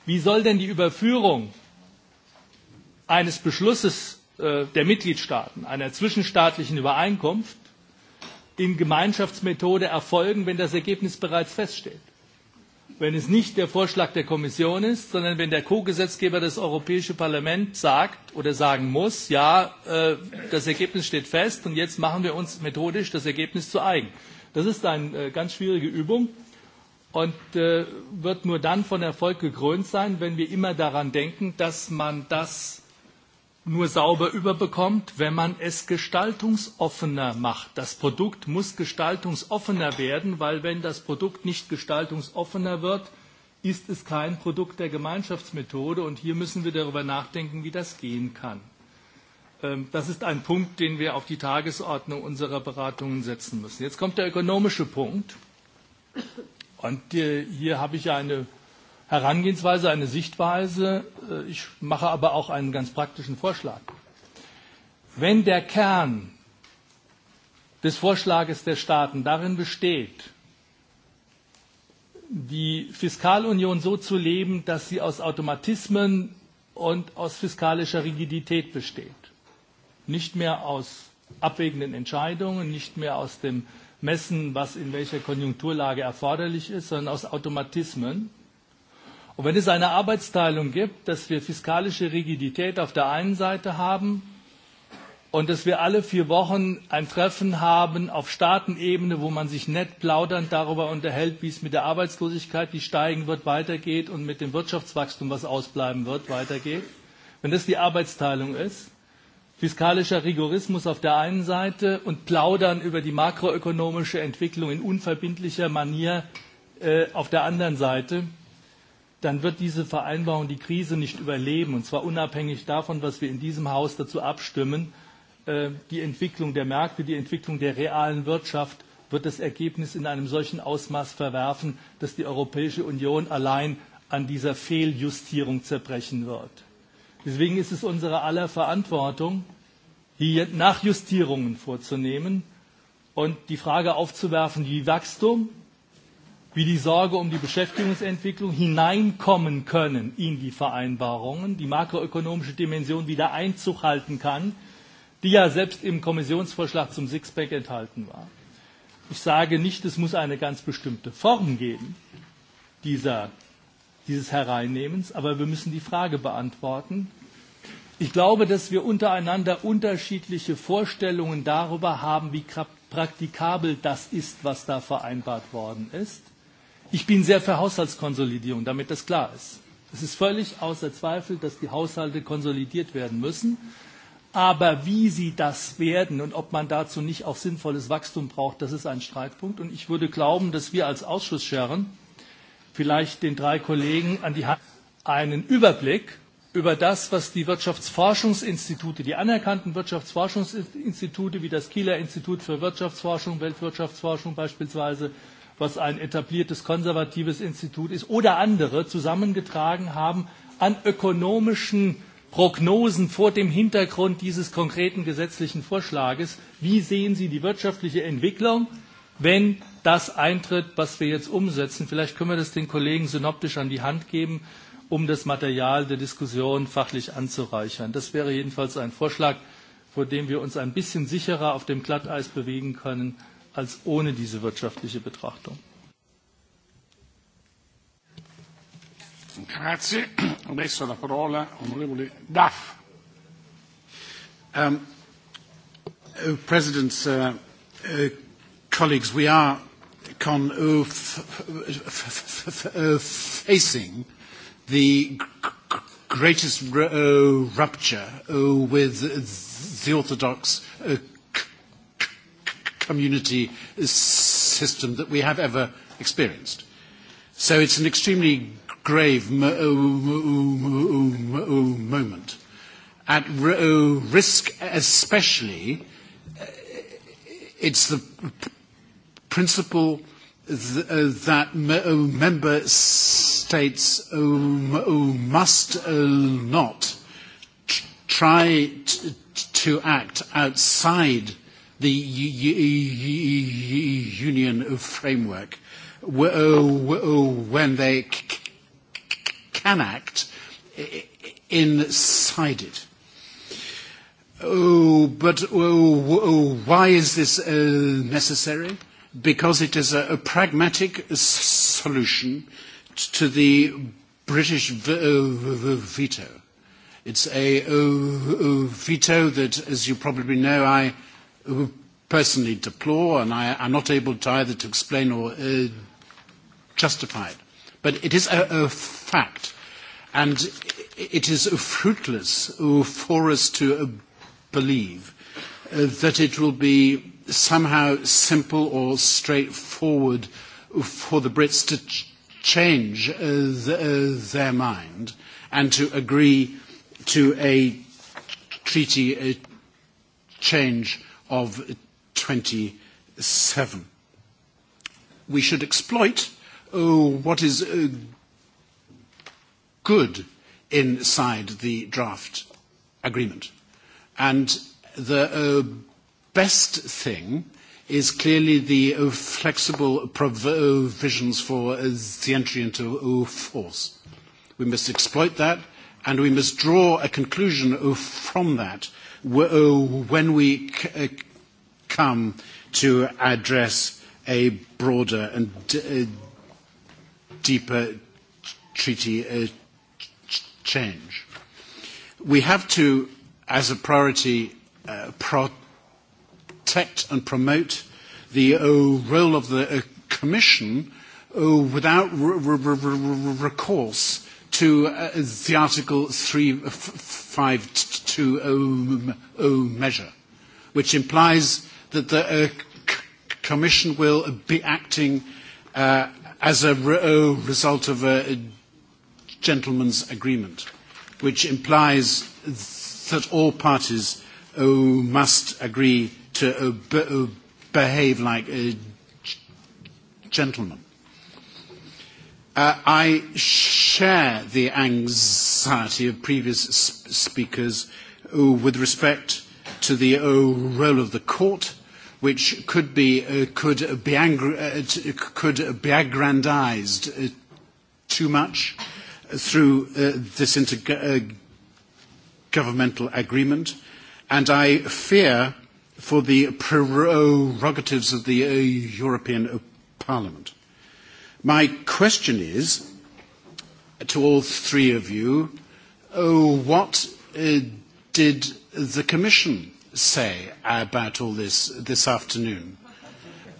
Wie soll denn die Überführung eines Beschlusses äh, der Mitgliedstaaten, einer zwischenstaatlichen Übereinkunft, in Gemeinschaftsmethode erfolgen, wenn das Ergebnis bereits feststeht? Wenn es nicht der Vorschlag der Kommission ist, sondern wenn der Co-Gesetzgeber das Europäische Parlament sagt oder sagen muss, ja, äh, das Ergebnis steht fest und jetzt machen wir uns methodisch das Ergebnis zu eigen. Das ist eine äh, ganz schwierige Übung und äh, wird nur dann von Erfolg gekrönt sein, wenn wir immer daran denken, dass man das nur sauber überbekommt, wenn man es gestaltungsoffener macht. Das Produkt muss gestaltungsoffener werden, weil wenn das Produkt nicht gestaltungsoffener wird, ist es kein Produkt der Gemeinschaftsmethode und hier müssen wir darüber nachdenken, wie das gehen kann. Ähm, das ist ein Punkt, den wir auf die Tagesordnung unserer Beratungen setzen müssen. Jetzt kommt der ökonomische Punkt. Und äh, hier habe ich eine Herangehensweise, eine Sichtweise. Äh, ich mache aber auch einen ganz praktischen Vorschlag. Wenn der Kern des Vorschlages der Staaten darin besteht, die Fiskalunion so zu leben, dass sie aus Automatismen und aus fiskalischer Rigidität besteht, nicht mehr aus abwägenden Entscheidungen, nicht mehr aus dem äh, messen, was in welcher Konjunkturlage erforderlich ist, sondern aus Automatismen. Und wenn es eine Arbeitsteilung gibt, dass wir fiskalische Rigidität auf der einen Seite haben und dass wir alle vier Wochen ein Treffen haben auf Staatenebene, wo man sich nett plaudernd darüber unterhält, wie es mit der Arbeitslosigkeit, die steigen wird, weitergeht und mit dem Wirtschaftswachstum, was ausbleiben wird, weitergeht, wenn das die Arbeitsteilung ist, fiskalischer Rigorismus auf der einen Seite und Plaudern über die makroökonomische Entwicklung in unverbindlicher Manier äh, auf der anderen Seite, dann wird diese Vereinbarung die Krise nicht überleben, und zwar unabhängig davon, was wir in diesem Haus dazu abstimmen. Äh, die Entwicklung der Märkte, die Entwicklung der realen Wirtschaft wird das Ergebnis in einem solchen Ausmaß verwerfen, dass die Europäische Union allein an dieser Fehljustierung zerbrechen wird. Deswegen ist es unsere aller Verantwortung, hier Nachjustierungen vorzunehmen und die Frage aufzuwerfen, wie Wachstum, wie die Sorge um die Beschäftigungsentwicklung hineinkommen können in die Vereinbarungen, die makroökonomische Dimension wieder Einzug halten kann, die ja selbst im Kommissionsvorschlag zum Sixpack enthalten war. Ich sage nicht, es muss eine ganz bestimmte Form geben dieser, dieses Hereinnehmens, aber wir müssen die Frage beantworten, Ich glaube, dass wir untereinander unterschiedliche Vorstellungen darüber haben, wie praktikabel das ist, was da vereinbart worden ist. Ich bin sehr für Haushaltskonsolidierung, damit das klar ist. Es ist völlig außer Zweifel, dass die Haushalte konsolidiert werden müssen. Aber wie sie das werden und ob man dazu nicht auch sinnvolles Wachstum braucht, das ist ein Streitpunkt. Und ich würde glauben, dass wir als Ausschussscheren vielleicht den drei Kollegen an die Hand einen Überblick über das, was die Wirtschaftsforschungsinstitute, die anerkannten Wirtschaftsforschungsinstitute wie das Kieler Institut für Wirtschaftsforschung, Weltwirtschaftsforschung beispielsweise, was ein etabliertes konservatives Institut ist, oder andere zusammengetragen haben an ökonomischen Prognosen vor dem Hintergrund dieses konkreten gesetzlichen Vorschlages. Wie sehen Sie die wirtschaftliche Entwicklung, wenn das eintritt, was wir jetzt umsetzen? Vielleicht können wir das den Kollegen synoptisch an die Hand geben um das Material der Diskussion fachlich anzureichern. Das wäre jedenfalls ein Vorschlag, vor dem wir uns ein bisschen sicherer auf dem Glatteis bewegen können als ohne diese wirtschaftliche Betrachtung. Grazie. Adesso la parola onorevole Duff. Um, uh, President, uh, uh, colleagues, we are con, uh, f f f f uh, the greatest uh, rupture uh, with the Orthodox uh, community system that we have ever experienced. So it's an extremely grave uh, moment at uh, risk especially uh, it's the principle Uh, that uh, member states must uh, not try to act outside the union framework when they can act inside it. Oh, but oh, oh, why is this uh, necessary? because it is a, a pragmatic solution to the British uh, veto. It's a veto that, as you probably know, I uh, personally deplore, and I am not able to either to explain or uh, justify it. But it is a, a fact, and it is fruitless uh, for us to believe that it will be somehow simple or straightforward for the Brits to ch change uh, th uh, their mind and to agree to a treaty a change of 27. We should exploit oh, what is uh, good inside the draft agreement. And the uh, best thing is clearly the uh, flexible provisions uh, for uh, the entry into uh, force. We must exploit that and we must draw a conclusion uh, from that uh, when we come to address a broader and deeper treaty change. We have to, as a priority, protect protect and promote the uh, role of the uh, Commission uh, without r- r- r- recourse to uh, the Article 352 um, uh, measure, which implies that the uh, Commission will be acting uh, as a re uh, result of a gentleman's agreement, which implies that all parties uh, must agree to uh, uh, behave like a gentleman. Uh, I share the anxiety of previous speakers uh, with respect to the uh, role of the court, which could be, uh, could be, angry, uh, could be aggrandized uh, too much through uh, this intergovernmental uh, agreement. And I fear for the prerogatives of the uh, European uh, Parliament. My question is to all three of you, uh, what uh, did the Commission say about all this this afternoon?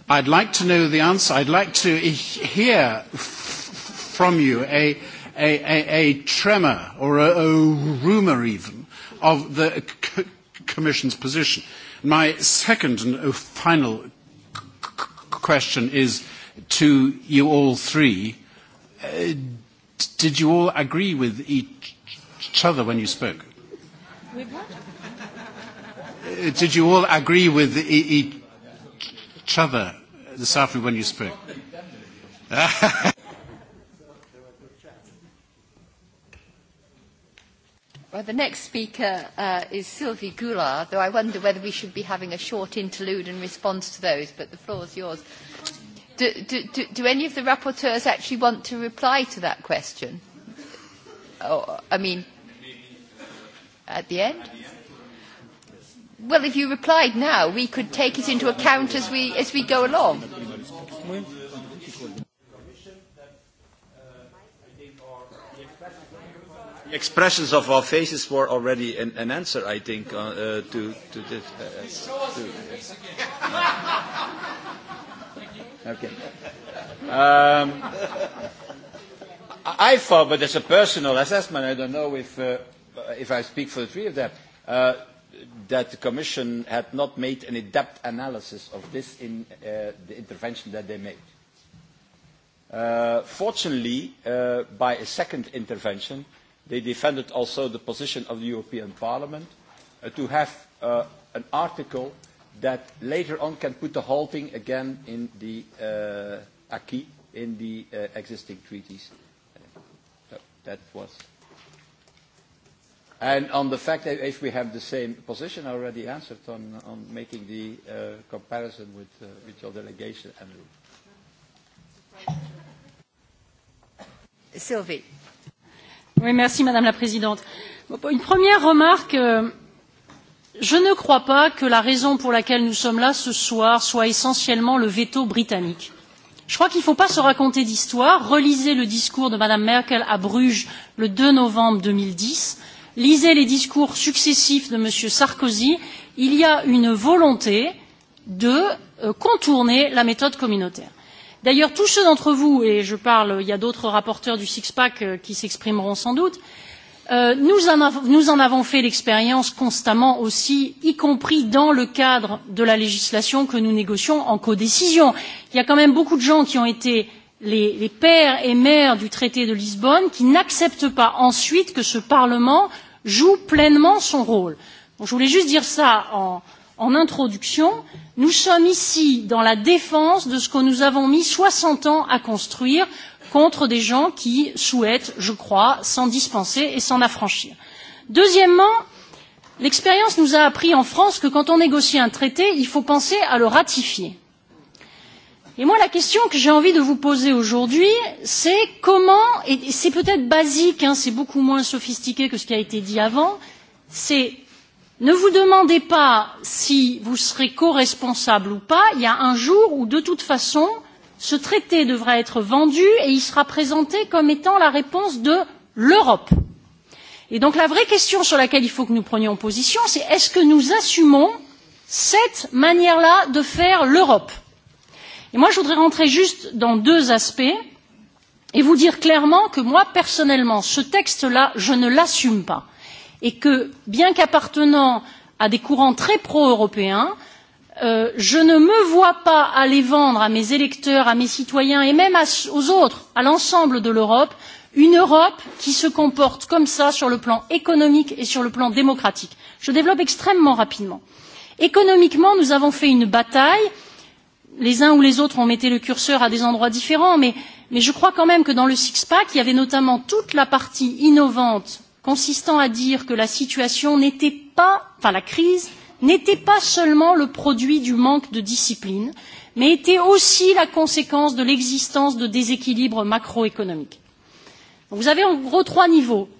I'd like to know the answer. I'd like to hear from you a, a, a, a tremor or a, a rumour even of the Commission's position. My second and uh, final question is to you all three. Uh, did you all agree with each other when you spoke? With what? Uh, did you all agree with e-, each other this afternoon when you spoke? Well, the next speaker uh, is Sylvie Goulard, though I wonder whether we should be having a short interlude in response to those, but the floor is yours. Do, do, do, do any of the rapporteurs actually want to reply to that question? Oh, I mean, at the end? Well, if you replied now, we could take it into account as we, as we go along. expressions of our faces were already an, an answer, I think, uh, uh, to, to this. Uh, to, uh, okay. Um, I thought, but as a personal assessment, I don't know if, uh, if I speak for the three of them, uh, that the Commission had not made an in-depth analysis of this in uh, the intervention that they made. Uh, fortunately, uh, by a second intervention, uh, They defended also the position of the European Parliament uh, to have uh, an article that later on can put a halting again in the uh, acquis, in the uh, existing treaties. Uh, so that was. And on the fact that if we have the same position, I already answered on, on making the uh, comparison with, uh, with your delegation, Andrew. Sylvie. Oui, merci Madame la Présidente. Une première remarque. Euh, je ne crois pas que la raison pour laquelle nous sommes là ce soir soit essentiellement le veto britannique. Je crois qu'il ne faut pas se raconter d'histoire. Relisez le discours de madame Merkel à Bruges le 2 novembre 2010. Lisez les discours successifs de M. Sarkozy. Il y a une volonté de euh, contourner la méthode communautaire. D'ailleurs, tous ceux d'entre vous, et je parle, il y a d'autres rapporteurs du six-pack euh, qui s'exprimeront sans doute, euh, nous, en nous en avons fait l'expérience constamment aussi, y compris dans le cadre de la législation que nous négocions en codécision. Il y a quand même beaucoup de gens qui ont été les, les pères et mères du traité de Lisbonne qui n'acceptent pas ensuite que ce Parlement joue pleinement son rôle. Bon, je voulais juste dire ça en, en introduction, nous sommes ici dans la défense de ce que nous avons mis 60 ans à construire contre des gens qui souhaitent, je crois, s'en dispenser et s'en affranchir. Deuxièmement, l'expérience nous a appris en France que quand on négocie un traité, il faut penser à le ratifier. Et moi, la question que j'ai envie de vous poser aujourd'hui, c'est comment, et c'est peut-être basique, hein, c'est beaucoup moins sophistiqué que ce qui a été dit avant, c'est Ne vous demandez pas si vous serez co-responsable ou pas. Il y a un jour où, de toute façon, ce traité devra être vendu et il sera présenté comme étant la réponse de l'Europe. Et donc la vraie question sur laquelle il faut que nous prenions position, c'est est-ce que nous assumons cette manière-là de faire l'Europe Et moi, je voudrais rentrer juste dans deux aspects et vous dire clairement que moi, personnellement, ce texte-là, je ne l'assume pas et que, bien qu'appartenant à des courants très pro-européens, euh, je ne me vois pas aller vendre à mes électeurs, à mes citoyens et même à, aux autres, à l'ensemble de l'Europe, une Europe qui se comporte comme ça sur le plan économique et sur le plan démocratique. Je développe extrêmement rapidement. Économiquement, nous avons fait une bataille. Les uns ou les autres ont metté le curseur à des endroits différents, mais, mais je crois quand même que dans le six-pack, il y avait notamment toute la partie innovante consistant à dire que la situation n'était pas, enfin la crise n'était pas seulement le produit du manque de discipline, mais était aussi la conséquence de l'existence de déséquilibres macroéconomiques. Vous avez en gros trois niveaux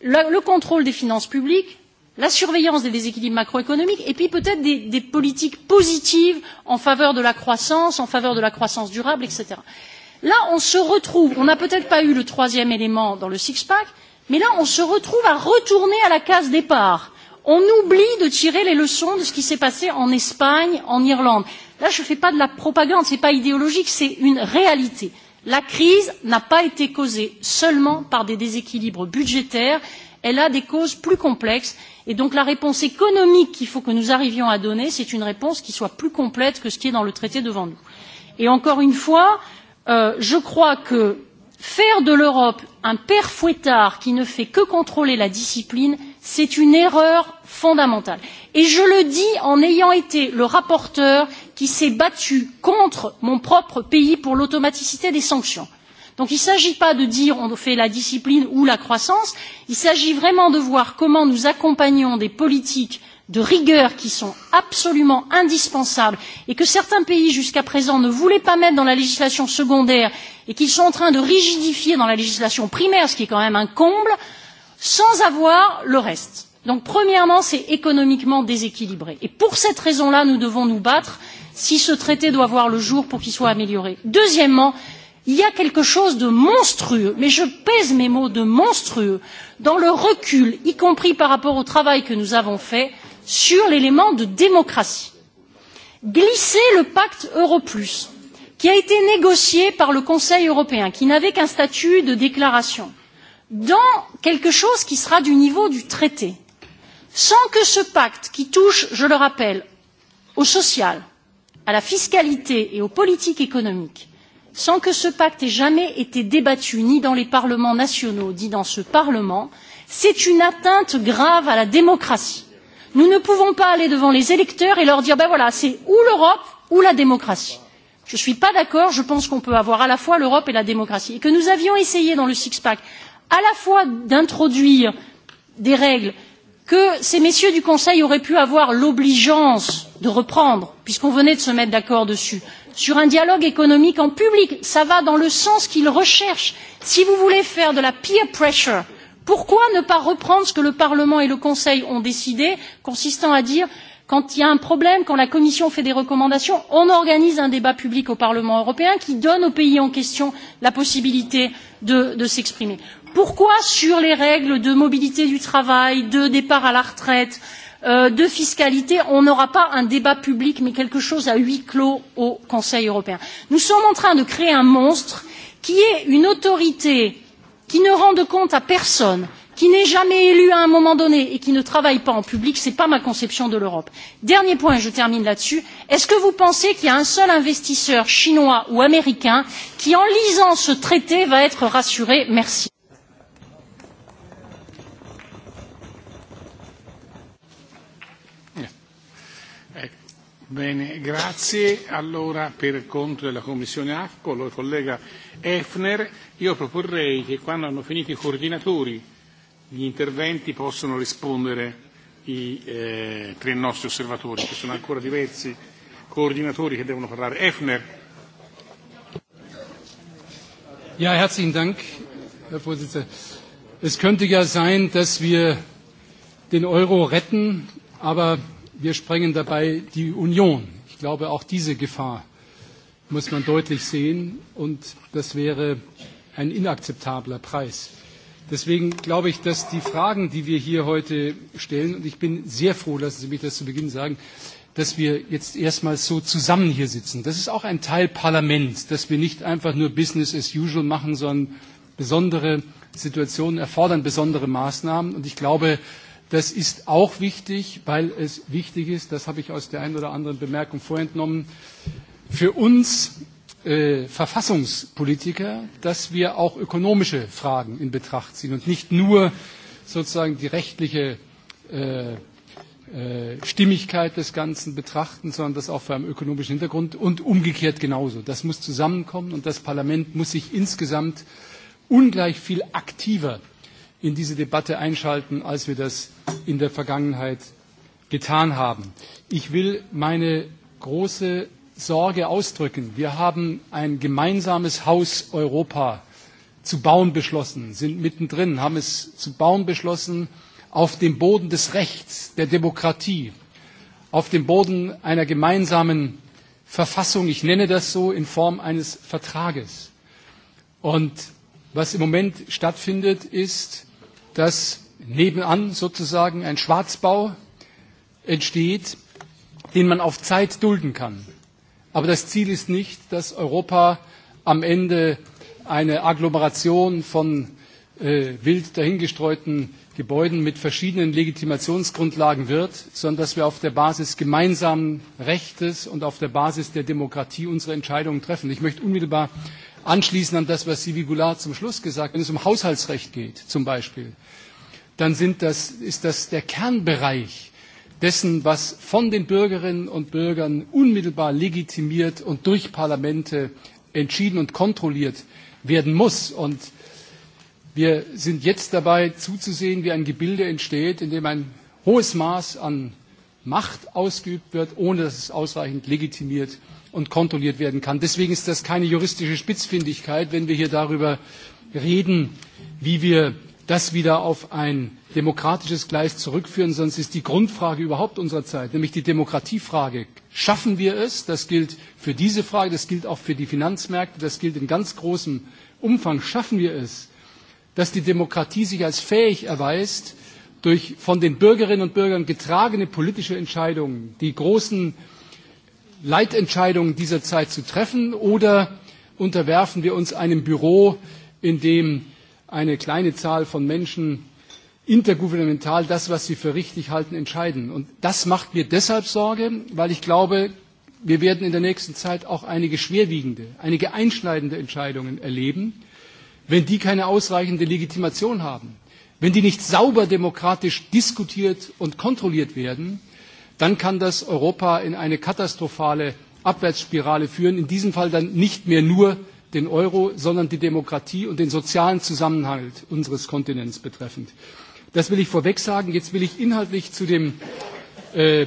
le, le contrôle des finances publiques, la surveillance des déséquilibres macroéconomiques et puis peut-être des, des politiques positives en faveur de la croissance, en faveur de la croissance durable, etc. Là, on se retrouve, on n'a peut-être pas eu le troisième élément dans le six-pack, Mais là, on se retrouve à retourner à la case départ. On oublie de tirer les leçons de ce qui s'est passé en Espagne, en Irlande. Là, je ne fais pas de la propagande, ce n'est pas idéologique, c'est une réalité. La crise n'a pas été causée seulement par des déséquilibres budgétaires, elle a des causes plus complexes. Et donc la réponse économique qu'il faut que nous arrivions à donner, c'est une réponse qui soit plus complète que ce qui est dans le traité devant nous. Et encore une fois, euh, je crois que Faire de l'Europe un père fouettard qui ne fait que contrôler la discipline, c'est une erreur fondamentale. Et je le dis en ayant été le rapporteur qui s'est battu contre mon propre pays pour l'automaticité des sanctions. Donc il ne s'agit pas de dire on fait la discipline ou la croissance, il s'agit vraiment de voir comment nous accompagnons des politiques de rigueur qui sont absolument indispensables et que certains pays jusqu'à présent ne voulaient pas mettre dans la législation secondaire et qu'ils sont en train de rigidifier dans la législation primaire, ce qui est quand même un comble, sans avoir le reste. Donc premièrement, c'est économiquement déséquilibré. Et pour cette raison-là, nous devons nous battre si ce traité doit voir le jour pour qu'il soit amélioré. Deuxièmement, il y a quelque chose de monstrueux, mais je pèse mes mots de monstrueux, dans le recul, y compris par rapport au travail que nous avons fait, sur l'élément de démocratie. Glisser le pacte Euro Plus, qui a été négocié par le Conseil européen, qui n'avait qu'un statut de déclaration, dans quelque chose qui sera du niveau du traité, sans que ce pacte, qui touche, je le rappelle, au social, à la fiscalité et aux politiques économiques, sans que ce pacte ait jamais été débattu ni dans les parlements nationaux ni dans ce Parlement, c'est une atteinte grave à la démocratie. Nous ne pouvons pas aller devant les électeurs et leur dire ben voilà, c'est ou l'Europe ou la démocratie. Je ne suis pas d'accord, je pense qu'on peut avoir à la fois l'Europe et la démocratie. Et que nous avions essayé dans le six-pack à la fois d'introduire des règles que ces messieurs du Conseil auraient pu avoir l'obligeance de reprendre, puisqu'on venait de se mettre d'accord dessus, sur un dialogue économique en public. Ça va dans le sens qu'ils recherchent. Si vous voulez faire de la peer pressure, Pourquoi ne pas reprendre ce que le Parlement et le Conseil ont décidé, consistant à dire quand il y a un problème, quand la Commission fait des recommandations, on organise un débat public au Parlement européen qui donne aux pays en question la possibilité de, de s'exprimer. Pourquoi sur les règles de mobilité du travail, de départ à la retraite, euh, de fiscalité, on n'aura pas un débat public mais quelque chose à huis clos au Conseil européen Nous sommes en train de créer un monstre qui est une autorité qui ne rende compte à personne, qui n'est jamais élu à un moment donné et qui ne travaille pas en public, ce n'est pas ma conception de l'Europe. Dernier point, et je termine là-dessus. Est-ce que vous pensez qu'il y a un seul investisseur chinois ou américain qui, en lisant ce traité, va être rassuré Merci. Bene, grazie. Allora per conto della Commissione AFCO, il collega Efner, io proporrei che quando hanno finito i coordinatori gli interventi possono rispondere i eh, tre nostri osservatori, ci sono ancora diversi coordinatori che devono parlare. Efner. Ja, herzlichen Dank, Herr Vorsitzender. Es könnte ja sein, dass wir den Euro retten, aber wir sprengen dabei die Union. Ich glaube, auch diese Gefahr muss man deutlich sehen und das wäre ein inakzeptabler Preis. Deswegen glaube ich, dass die Fragen, die wir hier heute stellen, und ich bin sehr froh, lassen Sie mich das zu Beginn sagen, dass wir jetzt erstmals so zusammen hier sitzen. Das ist auch ein Teil Parlament, dass wir nicht einfach nur Business as usual machen, sondern besondere Situationen erfordern besondere Maßnahmen. Und ich glaube, Das ist auch wichtig, weil es wichtig ist, das habe ich aus der einen oder anderen Bemerkung vorentnommen, für uns äh, Verfassungspolitiker, dass wir auch ökonomische Fragen in Betracht ziehen und nicht nur sozusagen die rechtliche äh, äh, Stimmigkeit des Ganzen betrachten, sondern das auch vor einem ökonomischen Hintergrund und umgekehrt genauso. Das muss zusammenkommen und das Parlament muss sich insgesamt ungleich viel aktiver in diese Debatte einschalten, als wir das in der Vergangenheit getan haben. Ich will meine große Sorge ausdrücken. Wir haben ein gemeinsames Haus Europa zu bauen beschlossen, sind mittendrin, haben es zu bauen beschlossen auf dem Boden des Rechts, der Demokratie, auf dem Boden einer gemeinsamen Verfassung, ich nenne das so, in Form eines Vertrages. Und was im Moment stattfindet, ist, dass nebenan sozusagen ein Schwarzbau entsteht, den man auf Zeit dulden kann. Aber das Ziel ist nicht, dass Europa am Ende eine Agglomeration von äh, wild dahingestreuten Gebäuden mit verschiedenen Legitimationsgrundlagen wird, sondern dass wir auf der Basis gemeinsamen Rechtes und auf der Basis der Demokratie unsere Entscheidungen treffen. Ich möchte unmittelbar anschließend an das, was Sivi Goulart zum Schluss gesagt hat, wenn es um Haushaltsrecht geht zum Beispiel, dann sind das, ist das der Kernbereich dessen, was von den Bürgerinnen und Bürgern unmittelbar legitimiert und durch Parlamente entschieden und kontrolliert werden muss. Und wir sind jetzt dabei zuzusehen, wie ein Gebilde entsteht, in dem ein hohes Maß an Macht ausgeübt wird, ohne dass es ausreichend legitimiert und kontrolliert werden kann. Deswegen ist das keine juristische Spitzfindigkeit, wenn wir hier darüber reden, wie wir das wieder auf ein demokratisches Gleis zurückführen, sonst ist die Grundfrage überhaupt unserer Zeit, nämlich die Demokratiefrage. Schaffen wir es? Das gilt für diese Frage, das gilt auch für die Finanzmärkte, das gilt in ganz großem Umfang. Schaffen wir es, dass die Demokratie sich als fähig erweist, durch von den Bürgerinnen und Bürgern getragene politische Entscheidungen die großen Leitentscheidungen dieser Zeit zu treffen oder unterwerfen wir uns einem Büro, in dem eine kleine Zahl von Menschen intergouvernemental das, was sie für richtig halten, entscheiden. Und das macht mir deshalb Sorge, weil ich glaube, wir werden in der nächsten Zeit auch einige schwerwiegende, einige einschneidende Entscheidungen erleben, wenn die keine ausreichende Legitimation haben, wenn die nicht sauber demokratisch diskutiert und kontrolliert werden, dann kann das Europa in eine katastrophale Abwärtsspirale führen, in diesem Fall dann nicht mehr nur den Euro, sondern die Demokratie und den sozialen Zusammenhalt unseres Kontinents betreffend. Das will ich vorweg sagen. Jetzt will ich inhaltlich zu dem äh,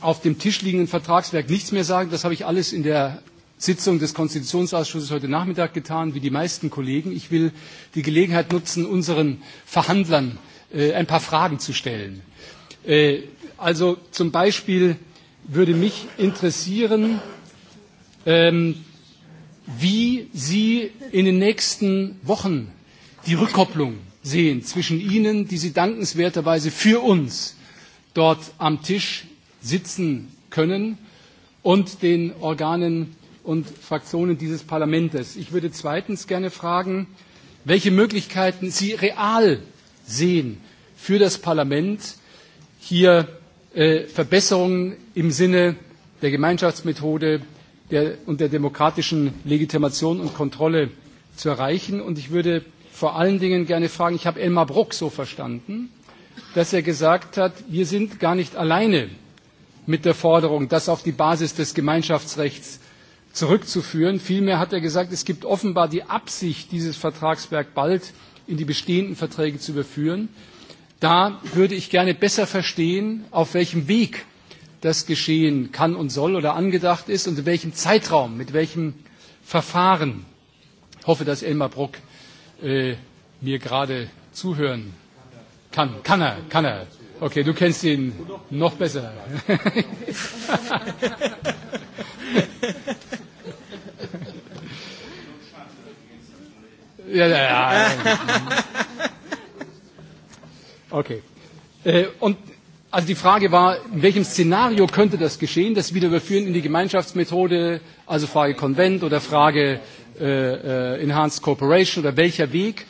auf dem Tisch liegenden Vertragswerk nichts mehr sagen. Das habe ich alles in der Sitzung des Konstitutionsausschusses heute Nachmittag getan, wie die meisten Kollegen. Ich will die Gelegenheit nutzen, unseren Verhandlern äh, ein paar Fragen zu stellen. Äh, Also zum Beispiel würde mich interessieren, ähm, wie Sie in den nächsten Wochen die Rückkopplung sehen zwischen Ihnen, die Sie dankenswerterweise für uns dort am Tisch sitzen können, und den Organen und Fraktionen dieses Parlaments. Ich würde zweitens gerne fragen, welche Möglichkeiten Sie real sehen für das Parlament, hier äh, Verbesserungen im Sinne der Gemeinschaftsmethode der, und der demokratischen Legitimation und Kontrolle zu erreichen. Und ich würde vor allen Dingen gerne fragen, ich habe Elmar Brock so verstanden, dass er gesagt hat, wir sind gar nicht alleine mit der Forderung, das auf die Basis des Gemeinschaftsrechts zurückzuführen. Vielmehr hat er gesagt, es gibt offenbar die Absicht, dieses Vertragswerk bald in die bestehenden Verträge zu überführen. Da würde ich gerne besser verstehen, auf welchem Weg das geschehen kann und soll oder angedacht ist und in welchem Zeitraum, mit welchem Verfahren. Ich hoffe, dass Elmar Bruck äh, mir gerade zuhören kann. Kann er, kann er. Okay, du kennst ihn noch besser. ja, ja, ja. Okay. Äh, und also die Frage war, in welchem Szenario könnte das geschehen, das Wiederüberführen in die Gemeinschaftsmethode, also Frage Konvent oder Frage äh, äh, Enhanced Cooperation oder welcher Weg?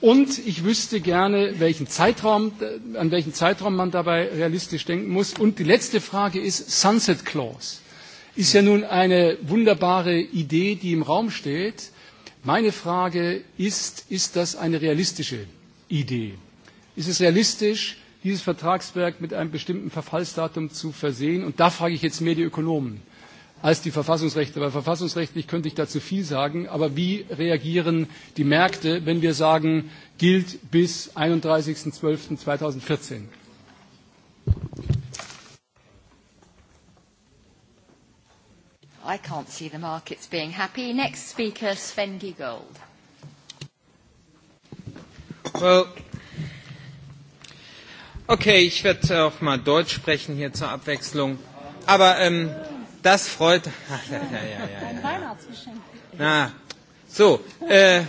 Und ich wüsste gerne, welchen Zeitraum, äh, an welchen Zeitraum man dabei realistisch denken muss. Und die letzte Frage ist Sunset Clause. Ist ja nun eine wunderbare Idee, die im Raum steht. Meine Frage ist, ist das eine realistische Idee? ist es realistisch, dieses Vertragswerk mit einem bestimmten Verfallsdatum zu versehen? Und da frage ich jetzt mehr die Ökonomen als die Verfassungsrechte. Weil verfassungsrechtlich könnte ich dazu viel sagen, aber wie reagieren die Märkte, wenn wir sagen, gilt bis 31.12.2014? I can't see the markets being happy. Next speaker, Sven Giegold. Well, Okay, ich werde äh, auch mal Deutsch sprechen hier zur Abwechslung. Aber ähm, das freut. ja, ja, ja, ja, ja. Na, so, äh,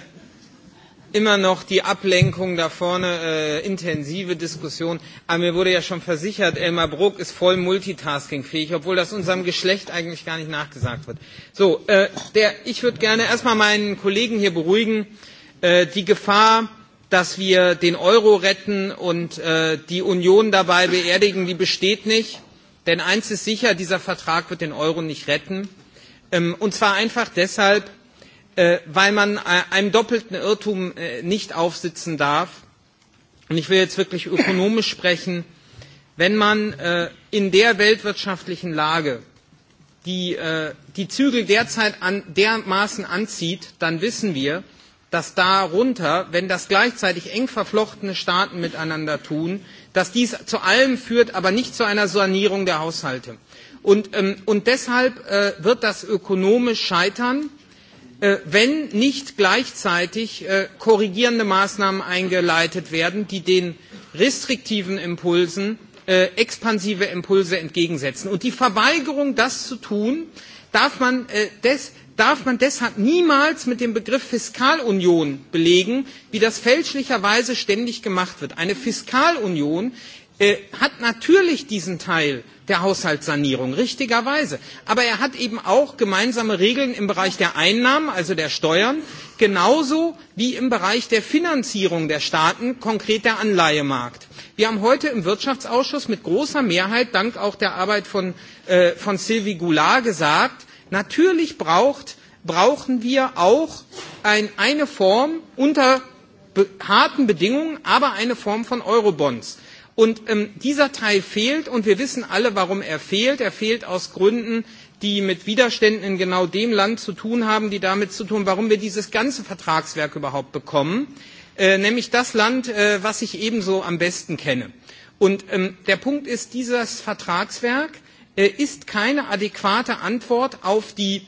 immer noch die Ablenkung da vorne, äh, intensive Diskussion. Aber mir wurde ja schon versichert, Elmar Bruck ist voll multitaskingfähig, obwohl das unserem Geschlecht eigentlich gar nicht nachgesagt wird. So, äh, der, ich würde gerne erstmal meinen Kollegen hier beruhigen. Äh, die Gefahr, dass wir den Euro retten und äh, die Union dabei beerdigen, die besteht nicht. Denn eins ist sicher, dieser Vertrag wird den Euro nicht retten. Ähm, und zwar einfach deshalb, äh, weil man äh, einem doppelten Irrtum äh, nicht aufsitzen darf. Und ich will jetzt wirklich ökonomisch sprechen. Wenn man äh, in der weltwirtschaftlichen Lage die, äh, die Zügel derzeit an, dermaßen anzieht, dann wissen wir, dass darunter, wenn das gleichzeitig eng verflochtene Staaten miteinander tun, dass dies zu allem führt, aber nicht zu einer Sanierung der Haushalte. Und, ähm, und deshalb äh, wird das ökonomisch scheitern, äh, wenn nicht gleichzeitig äh, korrigierende Maßnahmen eingeleitet werden, die den restriktiven Impulsen äh, expansive Impulse entgegensetzen. Und die Verweigerung, das zu tun, darf man äh, des, darf man deshalb niemals mit dem Begriff Fiskalunion belegen, wie das fälschlicherweise ständig gemacht wird. Eine Fiskalunion äh, hat natürlich diesen Teil der Haushaltssanierung, richtigerweise. Aber er hat eben auch gemeinsame Regeln im Bereich der Einnahmen, also der Steuern, genauso wie im Bereich der Finanzierung der Staaten, konkret der Anleihemarkt. Wir haben heute im Wirtschaftsausschuss mit großer Mehrheit, dank auch der Arbeit von, äh, von Sylvie Goulart, gesagt, Natürlich braucht, brauchen wir auch ein, eine Form unter be harten Bedingungen, aber eine Form von Eurobonds. Und ähm, dieser Teil fehlt und wir wissen alle, warum er fehlt. Er fehlt aus Gründen, die mit Widerständen in genau dem Land zu tun haben, die damit zu tun, warum wir dieses ganze Vertragswerk überhaupt bekommen, äh, nämlich das Land, äh, was ich ebenso am besten kenne. Und ähm, der Punkt ist, dieses Vertragswerk Äh, ist keine adäquate Antwort auf die,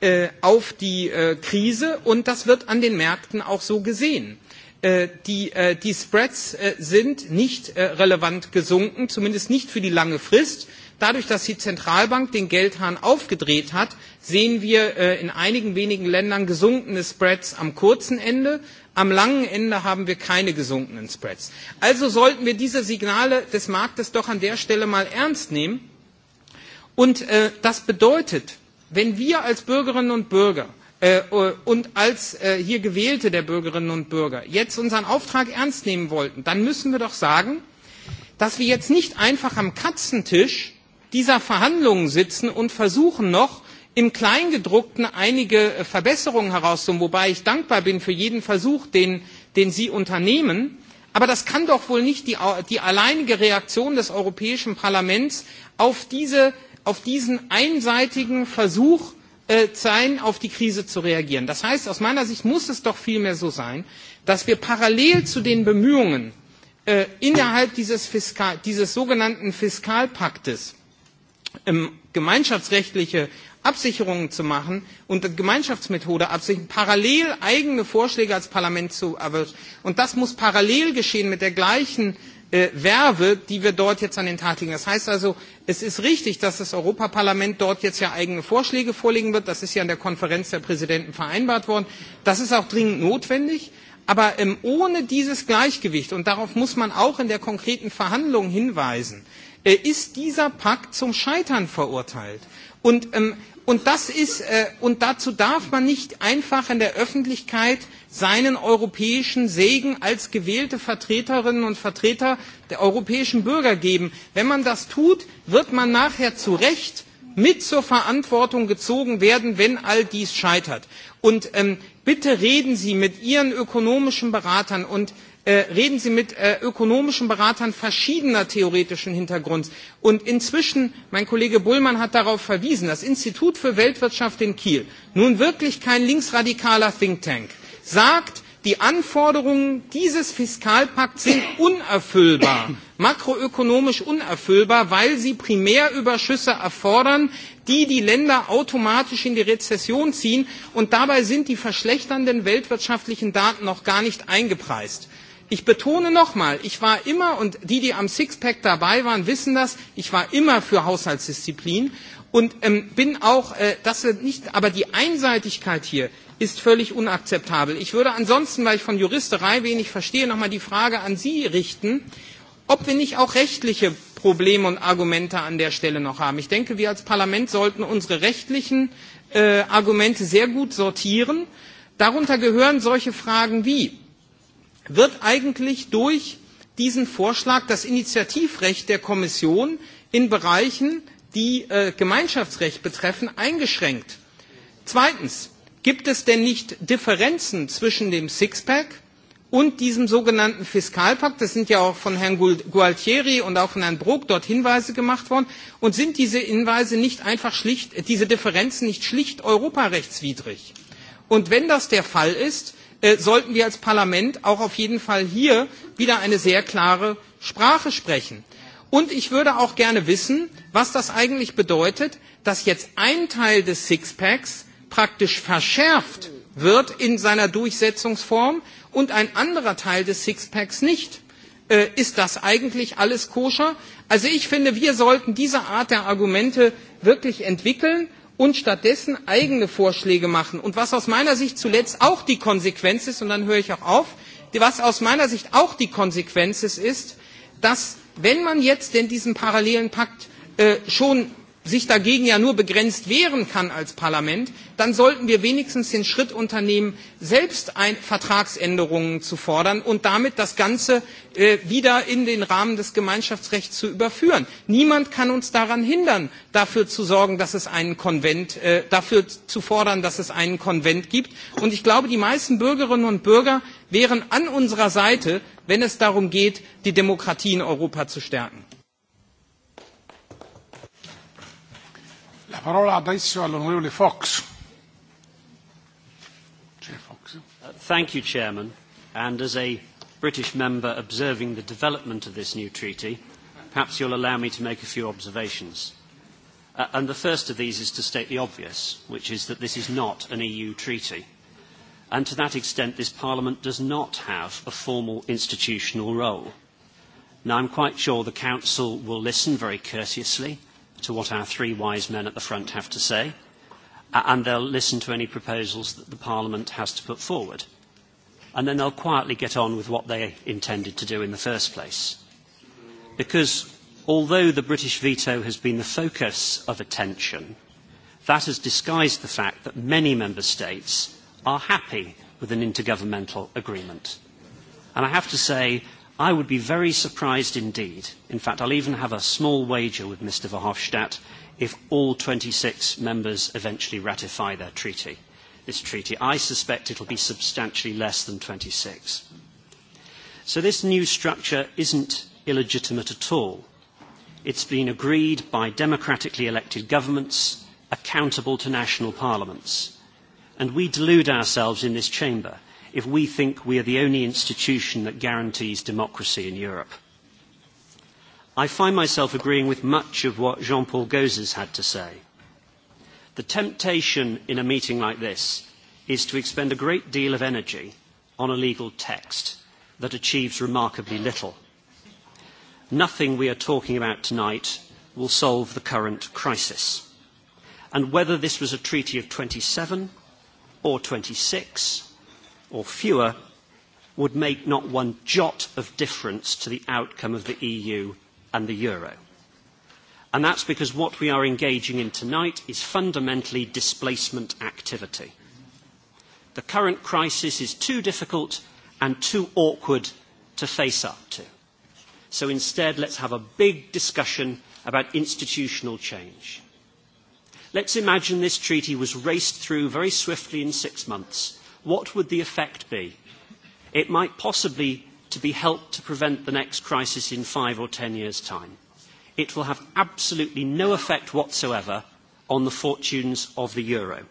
äh, auf die äh, Krise und das wird an den Märkten auch so gesehen. Äh, die, äh, die Spreads äh, sind nicht äh, relevant gesunken, zumindest nicht für die lange Frist. Dadurch, dass die Zentralbank den Geldhahn aufgedreht hat, sehen wir äh, in einigen wenigen Ländern gesunkene Spreads am kurzen Ende. Am langen Ende haben wir keine gesunkenen Spreads. Also sollten wir diese Signale des Marktes doch an der Stelle mal ernst nehmen Und äh, das bedeutet, wenn wir als Bürgerinnen und Bürger äh, äh, und als äh, hier Gewählte der Bürgerinnen und Bürger jetzt unseren Auftrag ernst nehmen wollten, dann müssen wir doch sagen, dass wir jetzt nicht einfach am Katzentisch dieser Verhandlungen sitzen und versuchen noch, im Kleingedruckten einige äh, Verbesserungen herauszuholen, wobei ich dankbar bin für jeden Versuch, den, den Sie unternehmen. Aber das kann doch wohl nicht die, die alleinige Reaktion des Europäischen Parlaments auf diese auf diesen einseitigen Versuch äh, sein, auf die Krise zu reagieren. Das heißt, aus meiner Sicht muss es doch vielmehr so sein, dass wir parallel zu den Bemühungen äh, innerhalb dieses, Fiskal, dieses sogenannten Fiskalpaktes ähm, gemeinschaftsrechtliche Absicherungen zu machen und Gemeinschaftsmethode absichern, parallel eigene Vorschläge als Parlament zu erwirtschaften. Und das muss parallel geschehen mit der gleichen äh, Werbe, die wir dort jetzt an den Tag legen. Das heißt also, es ist richtig, dass das Europaparlament dort jetzt ja eigene Vorschläge vorlegen wird. Das ist ja an der Konferenz der Präsidenten vereinbart worden. Das ist auch dringend notwendig. Aber ähm, ohne dieses Gleichgewicht, und darauf muss man auch in der konkreten Verhandlung hinweisen, äh, ist dieser Pakt zum Scheitern verurteilt. Und ähm, Und, das ist, äh, und dazu darf man nicht einfach in der Öffentlichkeit seinen europäischen Segen als gewählte Vertreterinnen und Vertreter der europäischen Bürger geben. Wenn man das tut, wird man nachher zu Recht mit zur Verantwortung gezogen werden, wenn all dies scheitert. Und ähm, bitte reden Sie mit Ihren ökonomischen Beratern und Äh, reden Sie mit äh, ökonomischen Beratern verschiedener theoretischen Hintergrunds. Und inzwischen, mein Kollege Bullmann hat darauf verwiesen, das Institut für Weltwirtschaft in Kiel, nun wirklich kein linksradikaler Think Tank, sagt, die Anforderungen dieses Fiskalpakts sind unerfüllbar, makroökonomisch unerfüllbar, weil sie Primärüberschüsse erfordern, die die Länder automatisch in die Rezession ziehen und dabei sind die verschlechternden weltwirtschaftlichen Daten noch gar nicht eingepreist. Ich betone nochmal, ich war immer, und die, die am Sixpack dabei waren, wissen das, ich war immer für Haushaltsdisziplin und ähm, bin auch, äh, das wird nicht, aber die Einseitigkeit hier ist völlig unakzeptabel. Ich würde ansonsten, weil ich von Juristerei wenig verstehe, nochmal die Frage an Sie richten, ob wir nicht auch rechtliche Probleme und Argumente an der Stelle noch haben. Ich denke, wir als Parlament sollten unsere rechtlichen äh, Argumente sehr gut sortieren. Darunter gehören solche Fragen wie, wird eigentlich durch diesen Vorschlag das Initiativrecht der Kommission in Bereichen, die äh, Gemeinschaftsrecht betreffen, eingeschränkt. Zweitens, gibt es denn nicht Differenzen zwischen dem Sixpack und diesem sogenannten Fiskalpakt? Das sind ja auch von Herrn Gualtieri und auch von Herrn Brok dort Hinweise gemacht worden. Und sind diese Hinweise nicht einfach schlicht, diese Differenzen nicht schlicht europarechtswidrig? Und wenn das der Fall ist, Äh, sollten wir als Parlament auch auf jeden Fall hier wieder eine sehr klare Sprache sprechen. Und ich würde auch gerne wissen, was das eigentlich bedeutet, dass jetzt ein Teil des Sixpacks praktisch verschärft wird in seiner Durchsetzungsform und ein anderer Teil des Sixpacks nicht. Äh, ist das eigentlich alles koscher? Also ich finde, wir sollten diese Art der Argumente wirklich entwickeln und stattdessen eigene Vorschläge machen. Und was aus meiner Sicht zuletzt auch die Konsequenz ist, und dann höre ich auch auf, was aus meiner Sicht auch die Konsequenz ist, ist, dass wenn man jetzt denn diesen parallelen Pakt äh, schon sich dagegen ja nur begrenzt wehren kann als Parlament, dann sollten wir wenigstens den Schritt unternehmen, selbst ein, Vertragsänderungen zu fordern und damit das Ganze äh, wieder in den Rahmen des Gemeinschaftsrechts zu überführen. Niemand kann uns daran hindern, dafür zu sorgen, dass es einen Konvent, äh, dafür zu fordern, dass es einen Konvent gibt. Und ich glaube, die meisten Bürgerinnen und Bürger wären an unserer Seite, wenn es darum geht, die Demokratie in Europa zu stärken. parola adesso all'onorevole Fox. Fox. Uh, thank you, Chairman. And as a British member observing the development of this new treaty, perhaps you'll allow me to make a few observations. Uh, and the first of these is to state the obvious, which is that this is not an EU treaty. And to that extent, this Parliament does not have a formal institutional role. Now, I'm quite sure the Council will listen very courteously to what our three wise men at the front have to say, and they'll listen to any proposals that the Parliament has to put forward. And then they'll quietly get on with what they intended to do in the first place. Because although the British veto has been the focus of attention, that has disguised the fact that many member states are happy with an intergovernmental agreement. And I have to say I would be very surprised indeed. In fact, I'll even have a small wager with Mr. Verhofstadt if all 26 members eventually ratify their treaty, this treaty. I suspect it will be substantially less than 26. So this new structure isn't illegitimate at all. It's been agreed by democratically elected governments accountable to national parliaments. And we delude ourselves in this chamber if we think we are the only institution that guarantees democracy in Europe. I find myself agreeing with much of what Jean-Paul Gauzes had to say. The temptation in a meeting like this is to expend a great deal of energy on a legal text that achieves remarkably little. Nothing we are talking about tonight will solve the current crisis. And whether this was a treaty of 27 or 26 or fewer would make not one jot of difference to the outcome of the EU and the euro. And that's because what we are engaging in tonight is fundamentally displacement activity. The current crisis is too difficult and too awkward to face up to. So instead, let's have a big discussion about institutional change. Let's imagine this treaty was raced through very swiftly in six months what would the effect be? It might possibly to be helped to prevent the next crisis in five or ten years' time. It will have absolutely no effect whatsoever on the fortunes of the euro.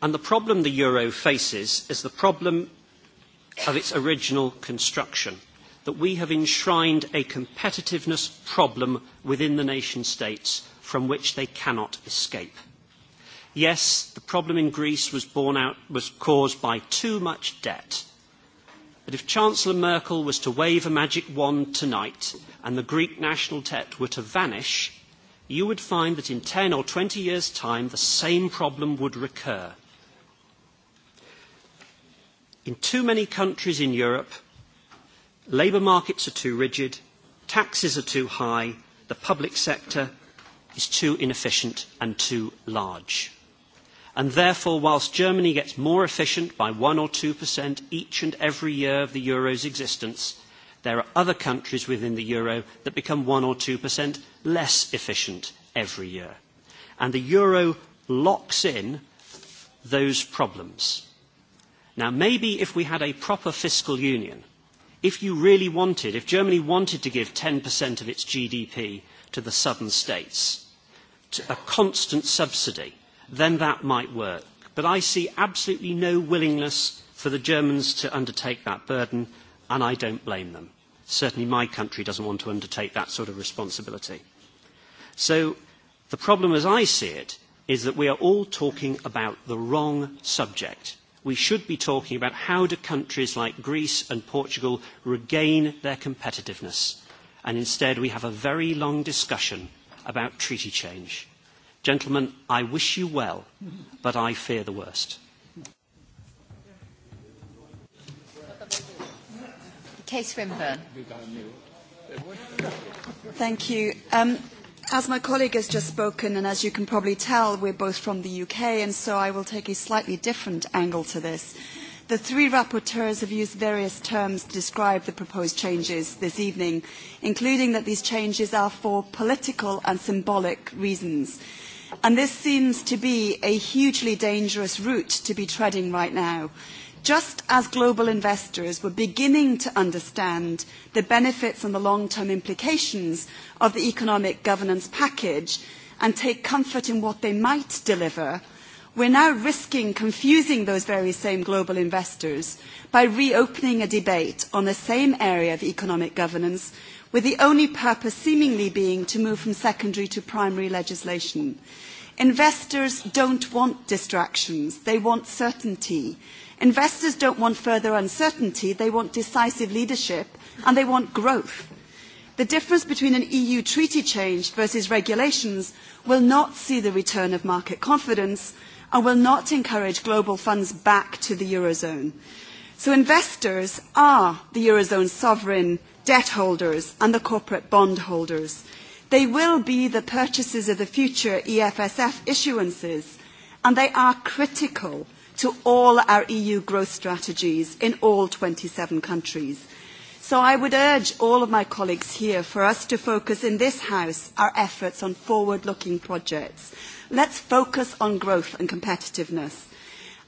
And the problem the euro faces is the problem of its original construction, that we have enshrined a competitiveness problem within the nation states from which they cannot escape. Yes, the problem in Greece was, born out, was caused by too much debt. But if Chancellor Merkel was to wave a magic wand tonight and the Greek national debt were to vanish, you would find that in 10 or 20 years' time the same problem would recur. In too many countries in Europe, labour markets are too rigid, taxes are too high, the public sector is too inefficient and too large. And therefore, whilst Germany gets more efficient by 1 or 2% each and every year of the euro's existence, there are other countries within the euro that become 1 or 2% less efficient every year. And the euro locks in those problems. Now, maybe if we had a proper fiscal union, if you really wanted, if Germany wanted to give 10% of its GDP to the southern states, to a constant subsidy, then that might work. But I see absolutely no willingness for the Germans to undertake that burden, and I don't blame them. Certainly my country doesn't want to undertake that sort of responsibility. So the problem as I see it is that we are all talking about the wrong subject. We should be talking about how do countries like Greece and Portugal regain their competitiveness. And instead we have a very long discussion about treaty change. Gentlemen, I wish you well, but I fear the worst. Case Rimburn. Thank you. Um, as my colleague has just spoken, and as you can probably tell, we're both from the UK, and so I will take a slightly different angle to this. The three rapporteurs have used various terms to describe the proposed changes this evening, including that these changes are for political and symbolic reasons. And this seems to be a hugely dangerous route to be treading right now. Just as global investors were beginning to understand the benefits and the long-term implications of the economic governance package and take comfort in what they might deliver, we're now risking confusing those very same global investors by reopening a debate on the same area of economic governance with the only purpose seemingly being to move from secondary to primary legislation. Investors don't want distractions, they want certainty. Investors don't want further uncertainty, they want decisive leadership and they want growth. The difference between an EU treaty change versus regulations will not see the return of market confidence and will not encourage global funds back to the Eurozone. So investors are the Eurozone sovereign debt holders and the corporate bond holders. They will be the purchases of the future EFSF issuances, and they are critical to all our EU growth strategies in all 27 countries. So I would urge all of my colleagues here for us to focus in this House our efforts on forward-looking projects. Let's focus on growth and competitiveness.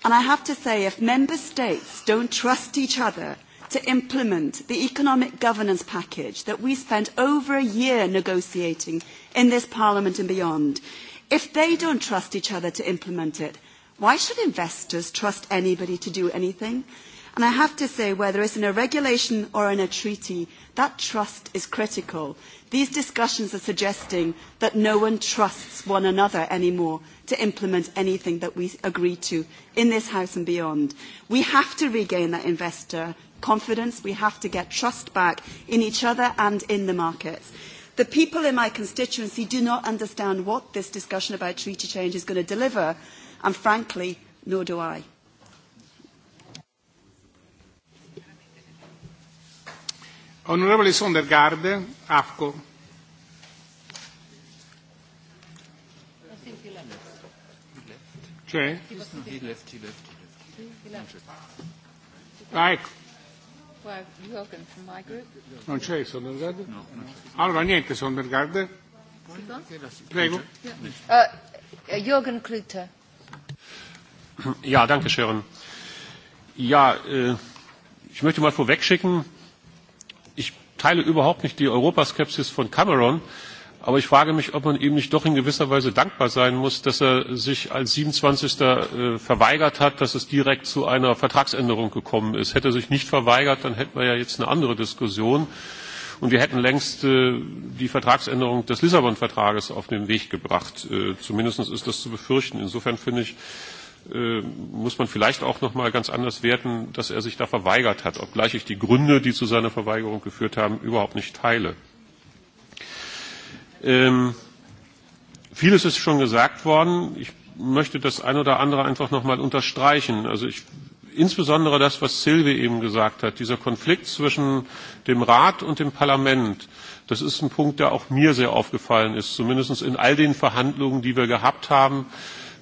And I have to say, if member states don't trust each other to implement the economic governance package that we spent over a year negotiating in this Parliament and beyond, if they don't trust each other to implement it, why should investors trust anybody to do anything? And I have to say, whether it's in a regulation or in a treaty, that trust is critical. These discussions are suggesting that no one trusts one another anymore to implement anything that we agree to in this House and beyond. We have to regain that investor confidence. We have to get trust back in each other and in the markets. The people in my constituency do not understand what this discussion about treaty change is going to deliver, and frankly, nor do I. Onorevole Sondergaard, AFCO. He left. Ah, ecco. Well, welcome from my group. Non c'è Sondergaard? No, no. Allora niente Sondergaard. Prego. Uh, uh Jürgen Klüter. Ja, danke schön. Ja, äh, ich möchte mal vorwegschicken, ich teile überhaupt nicht die Europaskepsis von Cameron. Äh, Aber ich frage mich, ob man ihm nicht doch in gewisser Weise dankbar sein muss, dass er sich als 27. Äh, verweigert hat, dass es direkt zu einer Vertragsänderung gekommen ist. Hätte er sich nicht verweigert, dann hätten wir ja jetzt eine andere Diskussion. Und wir hätten längst äh, die Vertragsänderung des Lissabon-Vertrages auf den Weg gebracht. Äh, Zumindest ist das zu befürchten. Insofern finde ich, muss man vielleicht auch noch mal ganz anders werten, dass er sich da verweigert hat, obgleich ich die Gründe, die zu seiner Verweigerung geführt haben, überhaupt nicht teile. Ähm, vieles ist schon gesagt worden. Ich möchte das ein oder andere einfach nochmal unterstreichen. Also ich, insbesondere das, was Silvi eben gesagt hat, dieser Konflikt zwischen dem Rat und dem Parlament, das ist ein Punkt, der auch mir sehr aufgefallen ist, zumindest in all den Verhandlungen, die wir gehabt haben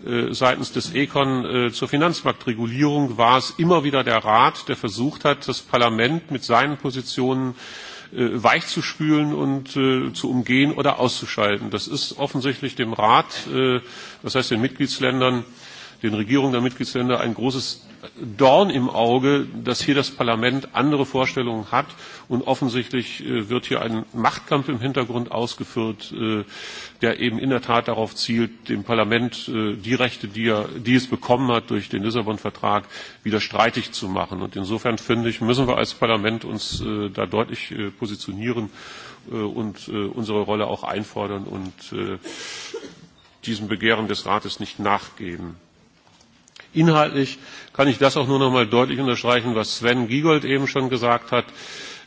äh, seitens des Econ äh, zur Finanzmarktregulierung war es immer wieder der Rat, der versucht hat, das Parlament mit seinen Positionen äh, Äh, weich zu spülen und äh, zu umgehen oder auszuschalten. Das ist offensichtlich dem Rat, äh, das heißt den Mitgliedsländern, den Regierungen der Mitgliedsländer ein großes Dorn im Auge, dass hier das Parlament andere Vorstellungen hat Und offensichtlich äh, wird hier ein Machtkampf im Hintergrund ausgeführt, äh, der eben in der Tat darauf zielt, dem Parlament äh, die Rechte, die, er, die es bekommen hat durch den Lissabon-Vertrag, wieder streitig zu machen. Und insofern finde ich, müssen wir als Parlament uns äh, da deutlich äh, positionieren äh, und äh, unsere Rolle auch einfordern und äh, diesem Begehren des Rates nicht nachgeben. Inhaltlich kann ich das auch nur noch mal deutlich unterstreichen, was Sven Giegold eben schon gesagt hat. Äh,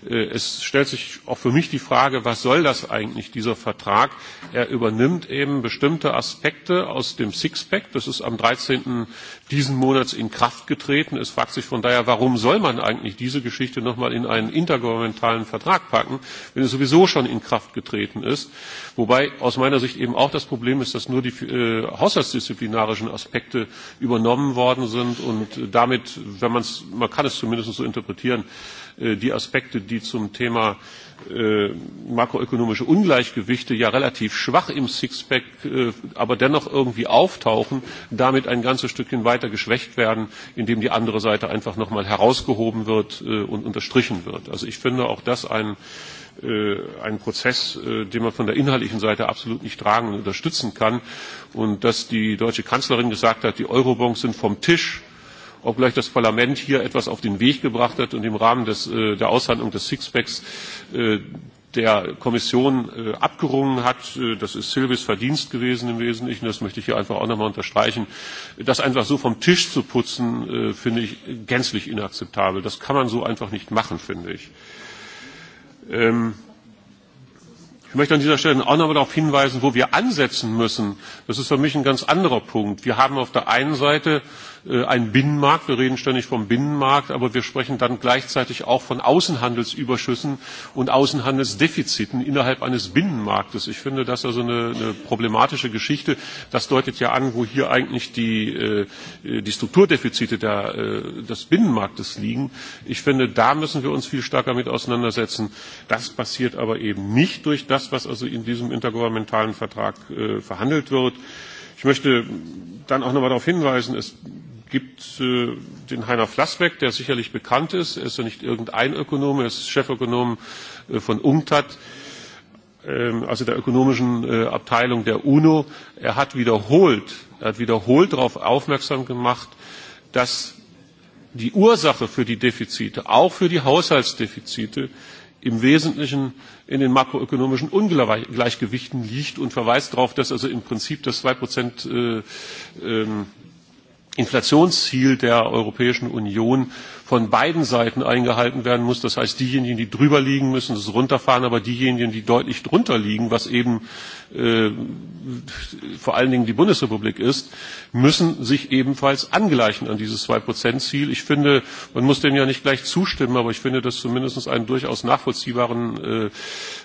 Äh, es stellt sich auch für mich die Frage, was soll das eigentlich, dieser Vertrag? Er übernimmt eben bestimmte Aspekte aus dem Sixpack. Das ist am 13. diesen Monats in Kraft getreten. Es fragt sich von daher, warum soll man eigentlich diese Geschichte nochmal in einen intergouvernementalen Vertrag packen, wenn es sowieso schon in Kraft getreten ist? Wobei aus meiner Sicht eben auch das Problem ist, dass nur die äh, haushaltsdisziplinarischen Aspekte übernommen worden sind und damit, wenn man es, man kann es zumindest so interpretieren, Äh, die Aspekte, die zum Thema äh, makroökonomische Ungleichgewichte ja relativ schwach im Sixpack, äh, aber dennoch irgendwie auftauchen, damit ein ganzes Stückchen weiter geschwächt werden, indem die andere Seite einfach nochmal herausgehoben wird äh, und unterstrichen wird. Also ich finde auch das ein äh, ein Prozess, äh, den man von der inhaltlichen Seite absolut nicht tragen und unterstützen kann. Und dass die deutsche Kanzlerin gesagt hat, die Eurobonds sind vom Tisch, obgleich das Parlament hier etwas auf den Weg gebracht hat und im Rahmen des, äh, der Aushandlung des Sixpacks äh, der Kommission äh, abgerungen hat, äh, das ist Silvis Verdienst gewesen im Wesentlichen, das möchte ich hier einfach auch nochmal unterstreichen, das einfach so vom Tisch zu putzen, äh, finde ich gänzlich inakzeptabel. Das kann man so einfach nicht machen, finde ich. Ähm, Ich möchte an dieser Stelle auch noch darauf hinweisen, wo wir ansetzen müssen. Das ist für mich ein ganz anderer Punkt. Wir haben auf der einen Seite Äh, einen Binnenmarkt. Wir reden ständig vom Binnenmarkt, aber wir sprechen dann gleichzeitig auch von Außenhandelsüberschüssen und Außenhandelsdefiziten innerhalb eines Binnenmarktes. Ich finde das also eine, eine problematische Geschichte. Das deutet ja an, wo hier eigentlich die, äh, die Strukturdefizite der, äh, des Binnenmarktes liegen. Ich finde, da müssen wir uns viel stärker mit auseinandersetzen. Das passiert aber eben nicht durch das, was also in diesem intergouvernementalen Vertrag verhandelt wird. Ich möchte dann auch nochmal darauf hinweisen, es gibt äh, den Heiner Flassbeck, der sicherlich bekannt ist. Er ist ja nicht irgendein Ökonom, er ist Chefökonom äh, von UNCTAD, äh, also der ökonomischen äh, Abteilung der UNO. Er hat wiederholt, er hat wiederholt darauf aufmerksam gemacht, dass die Ursache für die Defizite, auch für die Haushaltsdefizite, im Wesentlichen in den makroökonomischen Ungleichgewichten liegt und verweist darauf, dass also im Prinzip das 2% äh, ähm, Inflationsziel der Europäischen Union von beiden Seiten eingehalten werden muss. Das heißt, diejenigen, die drüber liegen, müssen es runterfahren, aber diejenigen, die deutlich drunter liegen, was eben äh, vor allen Dingen die Bundesrepublik ist, müssen sich ebenfalls angleichen an dieses 2-Prozent-Ziel. Ich finde, man muss dem ja nicht gleich zustimmen, aber ich finde das zumindest einen durchaus nachvollziehbaren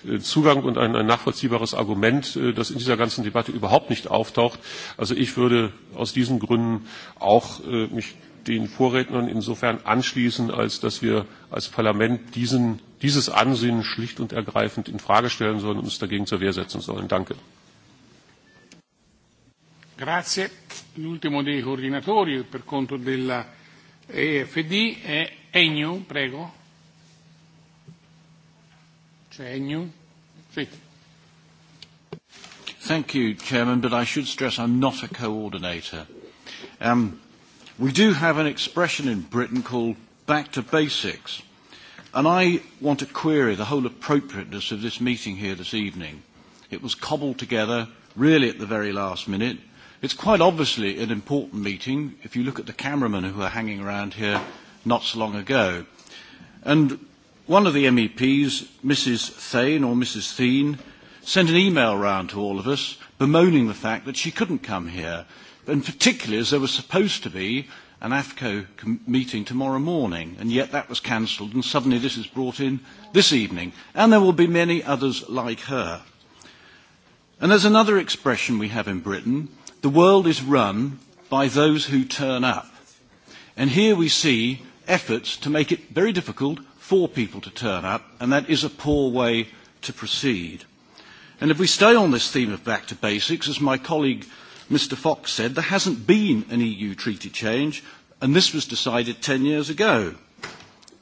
äh, Zugang und ein, ein nachvollziehbares Argument, äh, das in dieser ganzen Debatte überhaupt nicht auftaucht. Also ich würde aus diesen Gründen auch äh, mich den Vorrednern insofern anschließen, als dass wir als Parlament diesen, dieses Ansehen schlicht und ergreifend in Frage stellen sollen und uns dagegen zur Wehr setzen sollen. Danke. Grazie. L'ultimo dei coordinatori per conto della EFD è Egnu, prego. C'è Egnu? Sì. Thank you, Chairman, but I should stress I'm not a coordinator. Um, we do have an expression in Britain called back to basics. And I want to query the whole appropriateness of this meeting here this evening. It was cobbled together really at the very last minute. It's quite obviously an important meeting if you look at the cameramen who are hanging around here not so long ago. And one of the MEPs, Mrs. Thane or Mrs. Thien, sent an email round to all of us bemoaning the fact that she couldn't come here. And particularly as there was supposed to be an AFCO meeting tomorrow morning, and yet that was cancelled, and suddenly this is brought in this evening. And there will be many others like her. And there's another expression we have in Britain the world is run by those who turn up. And here we see efforts to make it very difficult for people to turn up, and that is a poor way to proceed. And if we stay on this theme of back to basics, as my colleague Mr Fox said, there hasn't been an EU treaty change, and this was decided 10 years ago.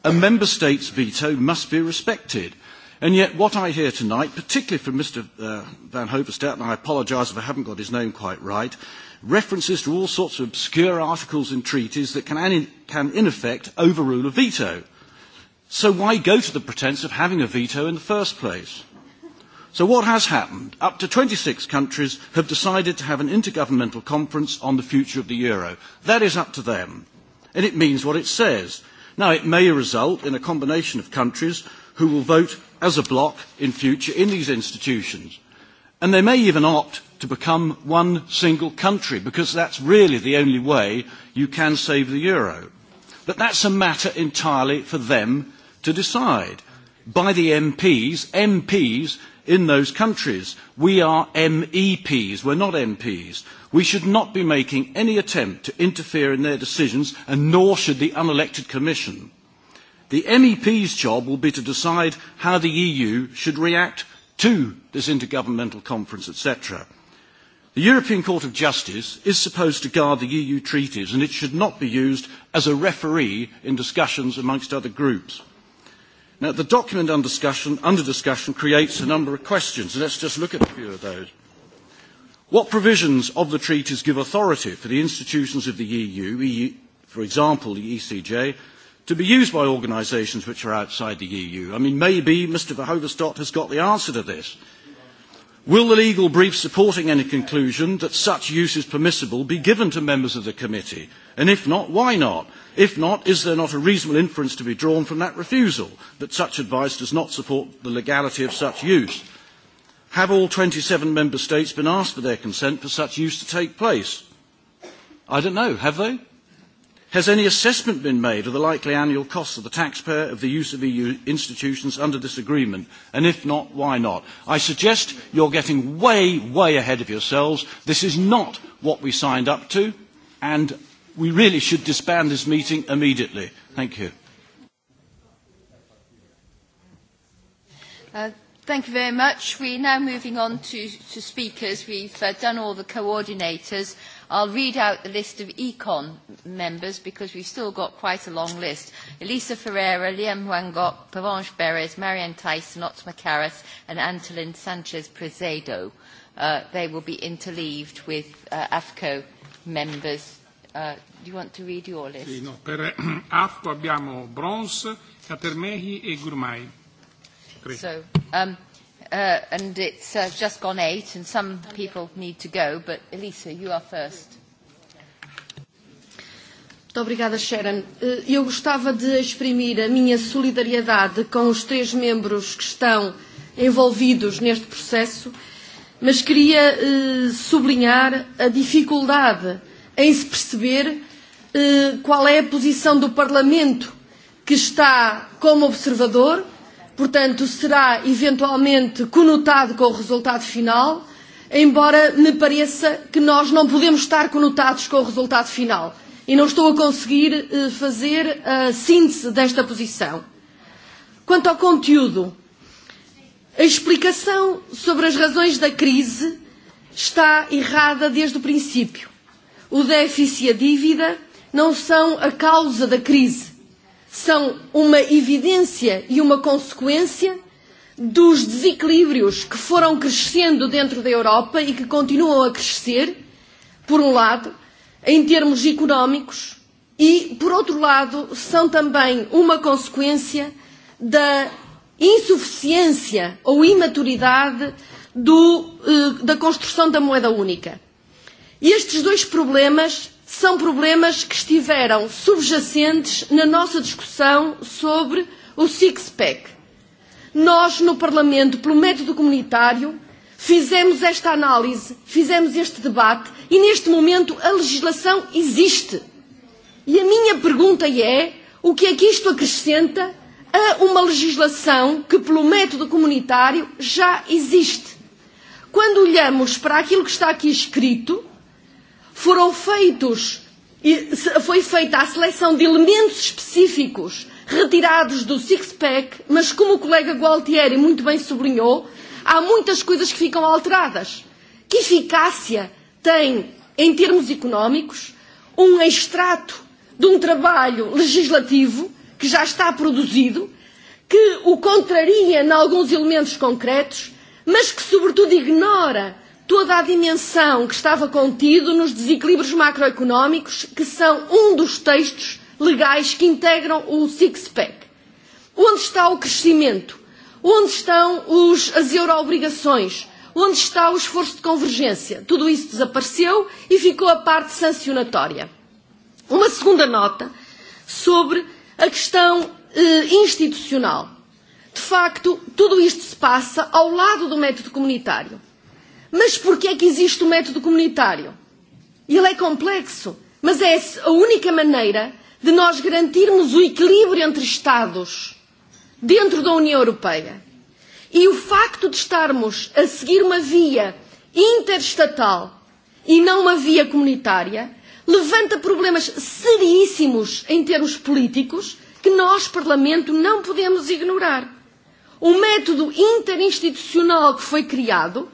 A member state's veto must be respected. And yet what I hear tonight, particularly from Mr uh, Van Hoverstadt, and I apologise if I haven't got his name quite right, references to all sorts of obscure articles in treaties that can, can in effect overrule a veto. So why go to the pretense of having a veto in the first place? So what has happened? Up to 26 countries have decided to have an intergovernmental conference on the future of the euro. That is up to them. And it means what it says. Now, it may result in a combination of countries who will vote as a bloc in future in these institutions. And they may even opt to become one single country, because that's really the only way you can save the euro. But that's a matter entirely for them to decide. By the MPs, MPs in those countries. We are MEPs, we're not MPs. We should not be making any attempt to interfere in their decisions, and nor should the unelected Commission. The MEP's job will be to decide how the EU should react to this intergovernmental conference, etc. The European Court of Justice is supposed to guard the EU treaties and it should not be used as a referee in discussions amongst other groups. Now, the document under discussion, under discussion creates a number of questions, and let's just look at a few of those. What provisions of the treaties give authority for the institutions of the EU, EU for example, the ECJ, to be used by organisations which are outside the EU? I mean, maybe Mr Stott has got the answer to this. Will the legal brief supporting any conclusion that such use is permissible be given to members of the committee? And if not, why not? If not, is there not a reasonable inference to be drawn from that refusal that such advice does not support the legality of such use? Have all 27 member states been asked for their consent for such use to take place? I don't know, have they? Has any assessment been made of the likely annual cost of the taxpayer of the use of EU institutions under this agreement? And if not, why not? I suggest you're getting way, way ahead of yourselves. This is not what we signed up to, and we really should disband this meeting immediately. Thank you. Uh, thank you very much. We're now moving on to, to speakers. We've uh, done all the coordinators. I'll read out the list of ECON members because we've still got quite a long list. Elisa Ferreira, Liam Wangok, Pavanche Beres, Marianne Tyson, Ots Karas and Antolin Sanchez-Prezedo. Uh, they will be interleaved with uh, AFCO members uh, Do you want to read your list? Sì, no, per atto abbiamo Brons, Catermehi e Gurmai. Prego. So, um, uh, and it's uh, just gone eight, and some people need to go, but Elisa, you are first. Muito obrigada, Sharon. Uh, eu gostava de exprimir a minha solidariedade com os três membros que estão envolvidos neste processo, mas queria uh, sublinhar a dificuldade em se perceber Eh, qual é a posição do Parlamento que está como observador, portanto será eventualmente conotado com o resultado final, embora me pareça que nós não podemos estar conotados com o resultado final. E não estou a conseguir eh, fazer a síntese desta posição. Quanto ao conteúdo, a explicação sobre as razões da crise está errada desde o princípio. O déficit e a dívida não são a causa da crise, são uma evidência e uma consequência dos desequilíbrios que foram crescendo dentro da Europa e que continuam a crescer, por um lado, em termos económicos, e, por outro lado, são também uma consequência da insuficiência ou imaturidade do, eh, da construção da moeda única. E estes dois problemas são problemas que estiveram subjacentes na nossa discussão sobre o six-pack. Nós, no Parlamento, pelo método comunitário, fizemos esta análise, fizemos este debate e, neste momento, a legislação existe. E a minha pergunta é o que é que isto acrescenta a uma legislação que, pelo método comunitário, já existe. Quando olhamos para aquilo que está aqui escrito, foram feitos, e foi feita a seleção de elementos específicos retirados do six-pack, mas como o colega Gualtieri muito bem sublinhou, há muitas coisas que ficam alteradas. Que eficácia tem, em termos económicos, um extrato de um trabalho legislativo que já está produzido, que o contraria em alguns elementos concretos, mas que, sobretudo, ignora toda a dimensão que estava contido nos desequilíbrios macroeconómicos, que são um dos textos legais que integram o six-pack. Onde está o crescimento? Onde estão os, as euroobrigações? Onde está o esforço de convergência? Tudo isso desapareceu e ficou a parte sancionatória. Uma segunda nota sobre a questão eh, institucional. De facto, tudo isto se passa ao lado do método comunitário. Mas por que é que existe o método comunitário? Ele é complexo, mas é a única maneira de nós garantirmos o equilíbrio entre Estados dentro da União Europeia. E o facto de estarmos a seguir uma via interestatal e não uma via comunitária levanta problemas seríssimos em termos políticos que nós, Parlamento, não podemos ignorar. O método interinstitucional que foi criado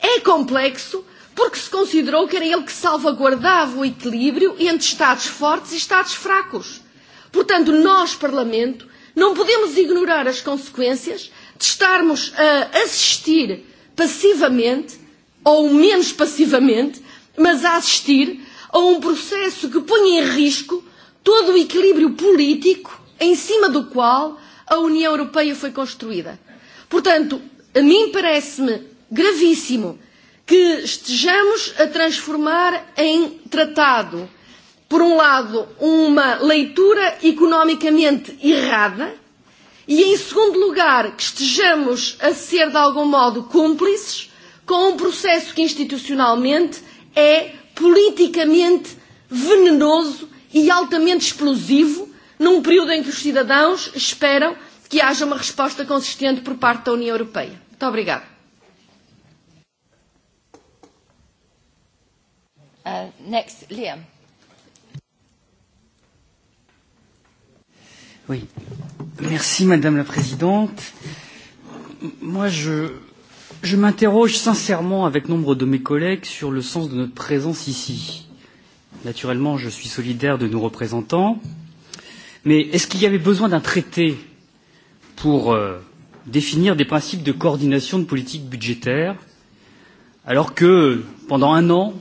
É complexo porque se considerou que era ele que salvaguardava o equilíbrio entre Estados fortes e Estados fracos. Portanto, nós, Parlamento, não podemos ignorar as consequências de estarmos a assistir passivamente, ou menos passivamente, mas a assistir a um processo que põe em risco todo o equilíbrio político em cima do qual a União Europeia foi construída. Portanto, a mim parece-me gravíssimo que estejamos a transformar em tratado, por um lado, uma leitura economicamente errada, e em segundo lugar, que estejamos a ser de algum modo cúmplices com um processo que institucionalmente é politicamente venenoso e altamente explosivo, num período em que os cidadãos esperam que haja uma resposta consistente por parte da União Europeia. Muito obrigada. Uh, next, Liam. Oui. Merci, Madame la Présidente. Moi, je, je m'interroge sincèrement avec nombre de mes collègues sur le sens de notre présence ici. Naturellement, je suis solidaire de nos représentants, mais est-ce qu'il y avait besoin d'un traité pour euh, définir des principes de coordination de politique budgétaire, alors que pendant un an,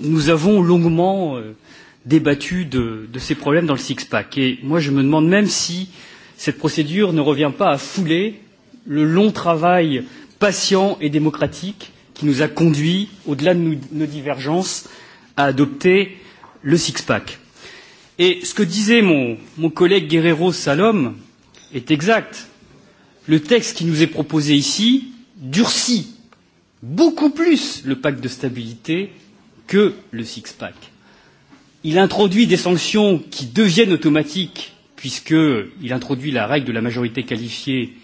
nous avons longuement euh, débattu de, de ces problèmes dans le six-pack. Et moi, je me demande même si cette procédure ne revient pas à fouler le long travail patient et démocratique qui nous a conduit, au-delà de nos divergences, à adopter le six-pack. Et ce que disait mon, mon collègue Guerrero Salom est exact. Le texte qui nous est proposé ici durcit beaucoup plus le pacte de stabilité que le six-pack. Il introduit des sanctions qui deviennent automatiques, puisqu'il introduit la règle de la majorité qualifiée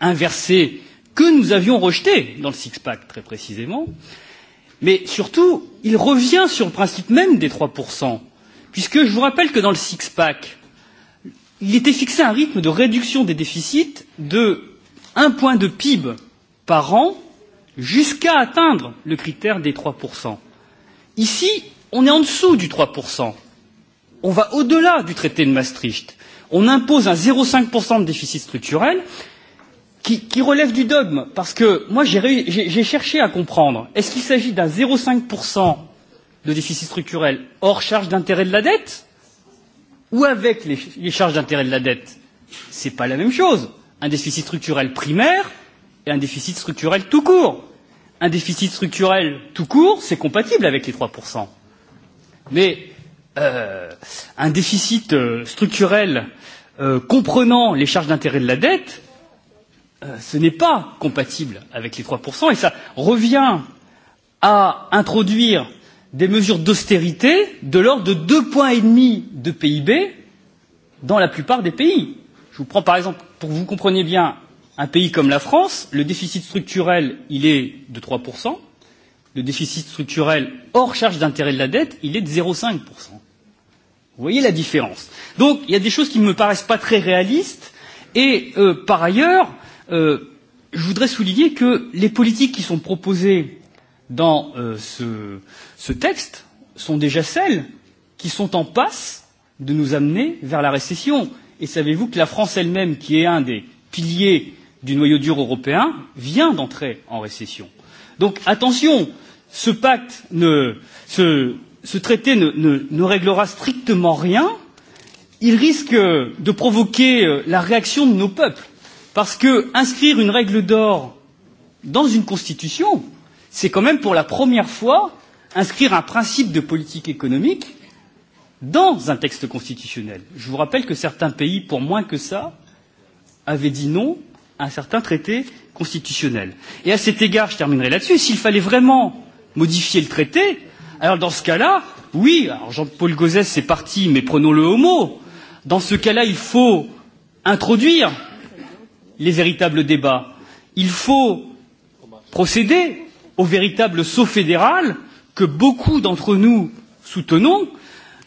inversée que nous avions rejetée dans le six-pack, très précisément. Mais surtout, il revient sur le principe même des 3%, puisque je vous rappelle que dans le six-pack, il était fixé un rythme de réduction des déficits de 1 point de PIB par an jusqu'à atteindre le critère des 3%. Ici, on est en dessous du 3%. On va au-delà du traité de Maastricht. On impose un 0,5% de déficit structurel qui, qui relève du dogme. Parce que moi, j'ai cherché à comprendre. Est-ce qu'il s'agit d'un 0,5% de déficit structurel hors charge d'intérêt de la dette ou avec les, les charges d'intérêt de la dette Ce n'est pas la même chose. Un déficit structurel primaire et un déficit structurel tout court un déficit structurel tout court, c'est compatible avec les 3%. Mais euh, un déficit euh, structurel euh, comprenant les charges d'intérêt de la dette, euh, ce n'est pas compatible avec les 3%, et ça revient à introduire des mesures d'austérité de l'ordre de 2,5 points de PIB dans la plupart des pays. Je vous prends par exemple, pour que vous compreniez bien, Un pays comme la France, le déficit structurel, il est de 3%. Le déficit structurel hors charge d'intérêt de la dette, il est de 0,5%. Vous voyez la différence. Donc, il y a des choses qui ne me paraissent pas très réalistes. Et euh, par ailleurs, euh, je voudrais souligner que les politiques qui sont proposées dans euh, ce, ce texte sont déjà celles qui sont en passe de nous amener vers la récession. Et savez-vous que la France elle-même, qui est un des piliers du noyau dur européen vient d'entrer en récession. Donc attention, ce pacte, ne, ce, ce traité ne, ne, ne réglera strictement rien. Il risque de provoquer euh, la réaction de nos peuples. Parce que inscrire une règle d'or dans une constitution, c'est quand même pour la première fois inscrire un principe de politique économique dans un texte constitutionnel. Je vous rappelle que certains pays, pour moins que ça, avaient dit non un certain traité constitutionnel. Et à cet égard, je terminerai là-dessus, s'il fallait vraiment modifier le traité, alors dans ce cas-là, oui, alors Jean-Paul Gauzès est parti, mais prenons-le au mot. Dans ce cas-là, il faut introduire les véritables débats. Il faut procéder au véritable saut fédéral que beaucoup d'entre nous soutenons,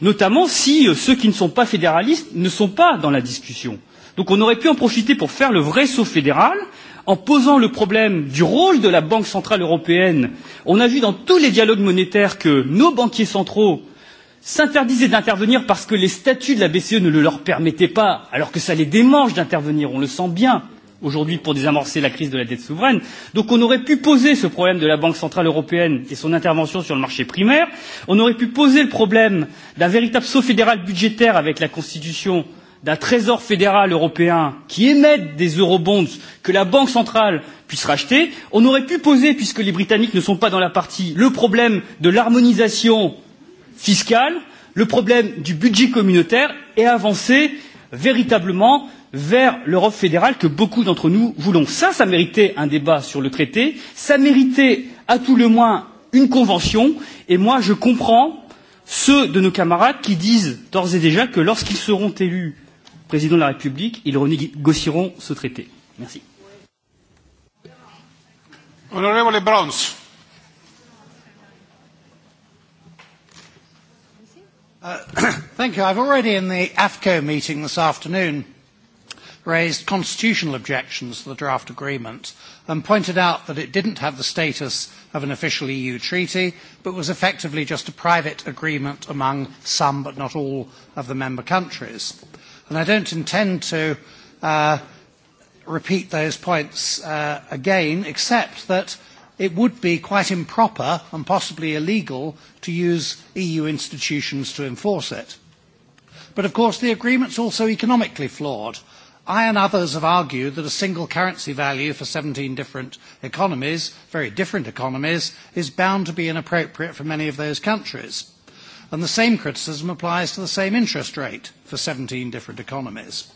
notamment si euh, ceux qui ne sont pas fédéralistes ne sont pas dans la discussion. Donc on aurait pu en profiter pour faire le vrai saut fédéral, en posant le problème du rôle de la Banque centrale européenne. On a vu dans tous les dialogues monétaires que nos banquiers centraux s'interdisaient d'intervenir parce que les statuts de la BCE ne le leur permettaient pas, alors que ça les démange d'intervenir, on le sent bien aujourd'hui pour désamorcer la crise de la dette souveraine. Donc on aurait pu poser ce problème de la Banque centrale européenne et son intervention sur le marché primaire, on aurait pu poser le problème d'un véritable saut fédéral budgétaire avec la Constitution d'un trésor fédéral européen qui émette des eurobonds que la Banque centrale puisse racheter, on aurait pu poser, puisque les Britanniques ne sont pas dans la partie, le problème de l'harmonisation fiscale, le problème du budget communautaire et avancer véritablement vers l'Europe fédérale que beaucoup d'entre nous voulons. Ça, ça méritait un débat sur le traité, ça méritait à tout le moins une convention, et moi je comprends ceux de nos camarades qui disent d'ores et déjà que lorsqu'ils seront élus président de la République, ils renégocieront ce traité. Merci. Honorable Browns. Uh, thank you. I've already in the AFCO meeting this afternoon raised constitutional objections to the draft agreement and pointed out that it didn't have the status of an official EU treaty but was effectively just a private agreement among some but not all of the member countries. And I don't intend to uh, repeat those points uh, again, except that it would be quite improper and possibly illegal to use EU institutions to enforce it. But of course the agreement's also economically flawed. I and others have argued that a single currency value for 17 different economies, very different economies, is bound to be inappropriate for many of those countries. And the same criticism applies to the same interest rate for 17 different economies.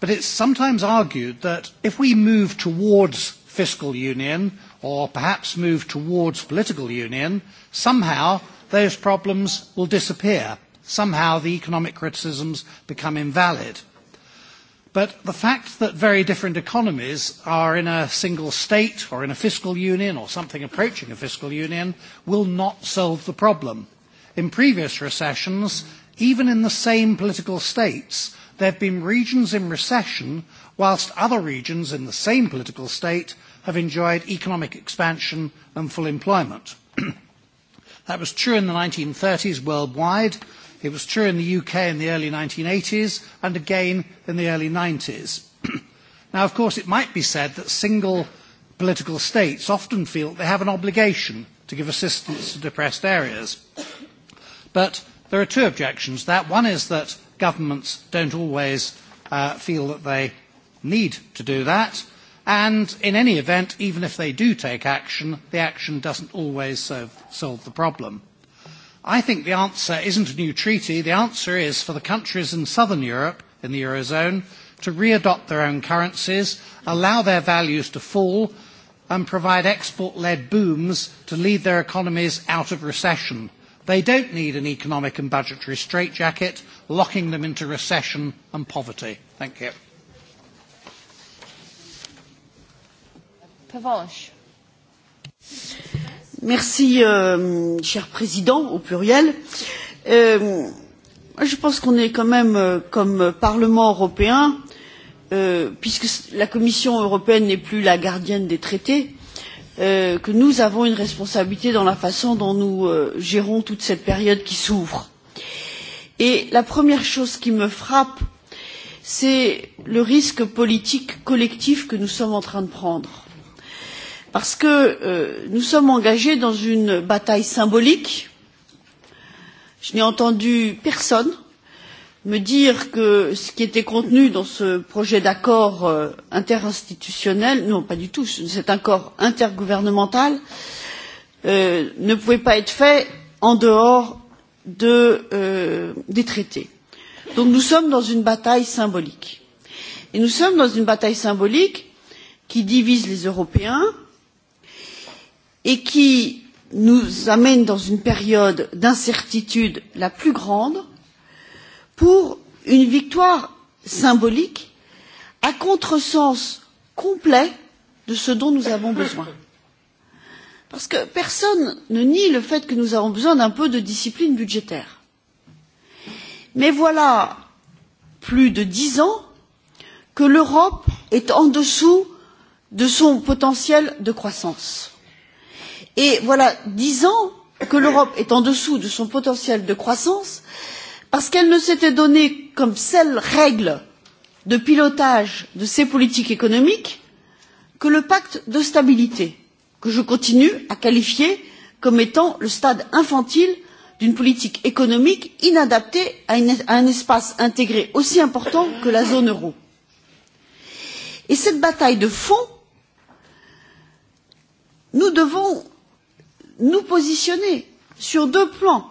But it's sometimes argued that if we move towards fiscal union or perhaps move towards political union, somehow those problems will disappear. Somehow the economic criticisms become invalid. But the fact that very different economies are in a single state or in a fiscal union or something approaching a fiscal union will not solve the problem. In previous recessions, even in the same political states, there have been regions in recession whilst other regions in the same political state have enjoyed economic expansion and full employment. that was true in the 1930s worldwide, it was true in the UK in the early 1980s, and again in the early 90s. now, of course, it might be said that single political states often feel they have an obligation to give assistance to depressed areas. But There are two objections. That one is that governments don't always uh, feel that they need to do that. And in any event, even if they do take action, the action doesn't always solve, solve the problem. I think the answer isn't a new treaty. The answer is for the countries in southern Europe, in the Eurozone, to re-adopt their own currencies, allow their values to fall, and provide export-led booms to lead their economies out of recession. They don't need an economic and budgetary straitjacket, locking them into recession and poverty. Thank you. Pavanche. Merci, euh, cher président, au pluriel. Euh, je pense qu'on est quand même, euh, comme Parlement européen, euh, puisque la Commission européenne n'est plus la gardienne des traités, Euh, que nous avons une responsabilité dans la façon dont nous euh, gérons toute cette période qui s'ouvre. Et la première chose qui me frappe, c'est le risque politique collectif que nous sommes en train de prendre. Parce que euh, nous sommes engagés dans une bataille symbolique. Je n'ai entendu personne me dire que ce qui était contenu dans ce projet d'accord euh, interinstitutionnel, non pas du tout, cet accord intergouvernemental, euh, ne pouvait pas être fait en dehors de, euh, des traités. Donc nous sommes dans une bataille symbolique. Et nous sommes dans une bataille symbolique qui divise les Européens et qui nous amène dans une période d'incertitude la plus grande pour une victoire symbolique à contresens complet de ce dont nous avons besoin. Parce que personne ne nie le fait que nous avons besoin d'un peu de discipline budgétaire. Mais voilà plus de dix ans que l'Europe est en dessous de son potentiel de croissance. Et voilà dix ans que l'Europe est en dessous de son potentiel de croissance parce qu'elle ne s'était donnée comme seule règle de pilotage de ses politiques économiques que le pacte de stabilité, que je continue à qualifier comme étant le stade infantile d'une politique économique inadaptée à, une, à un espace intégré aussi important que la zone euro. Et cette bataille de fond, nous devons nous positionner sur deux plans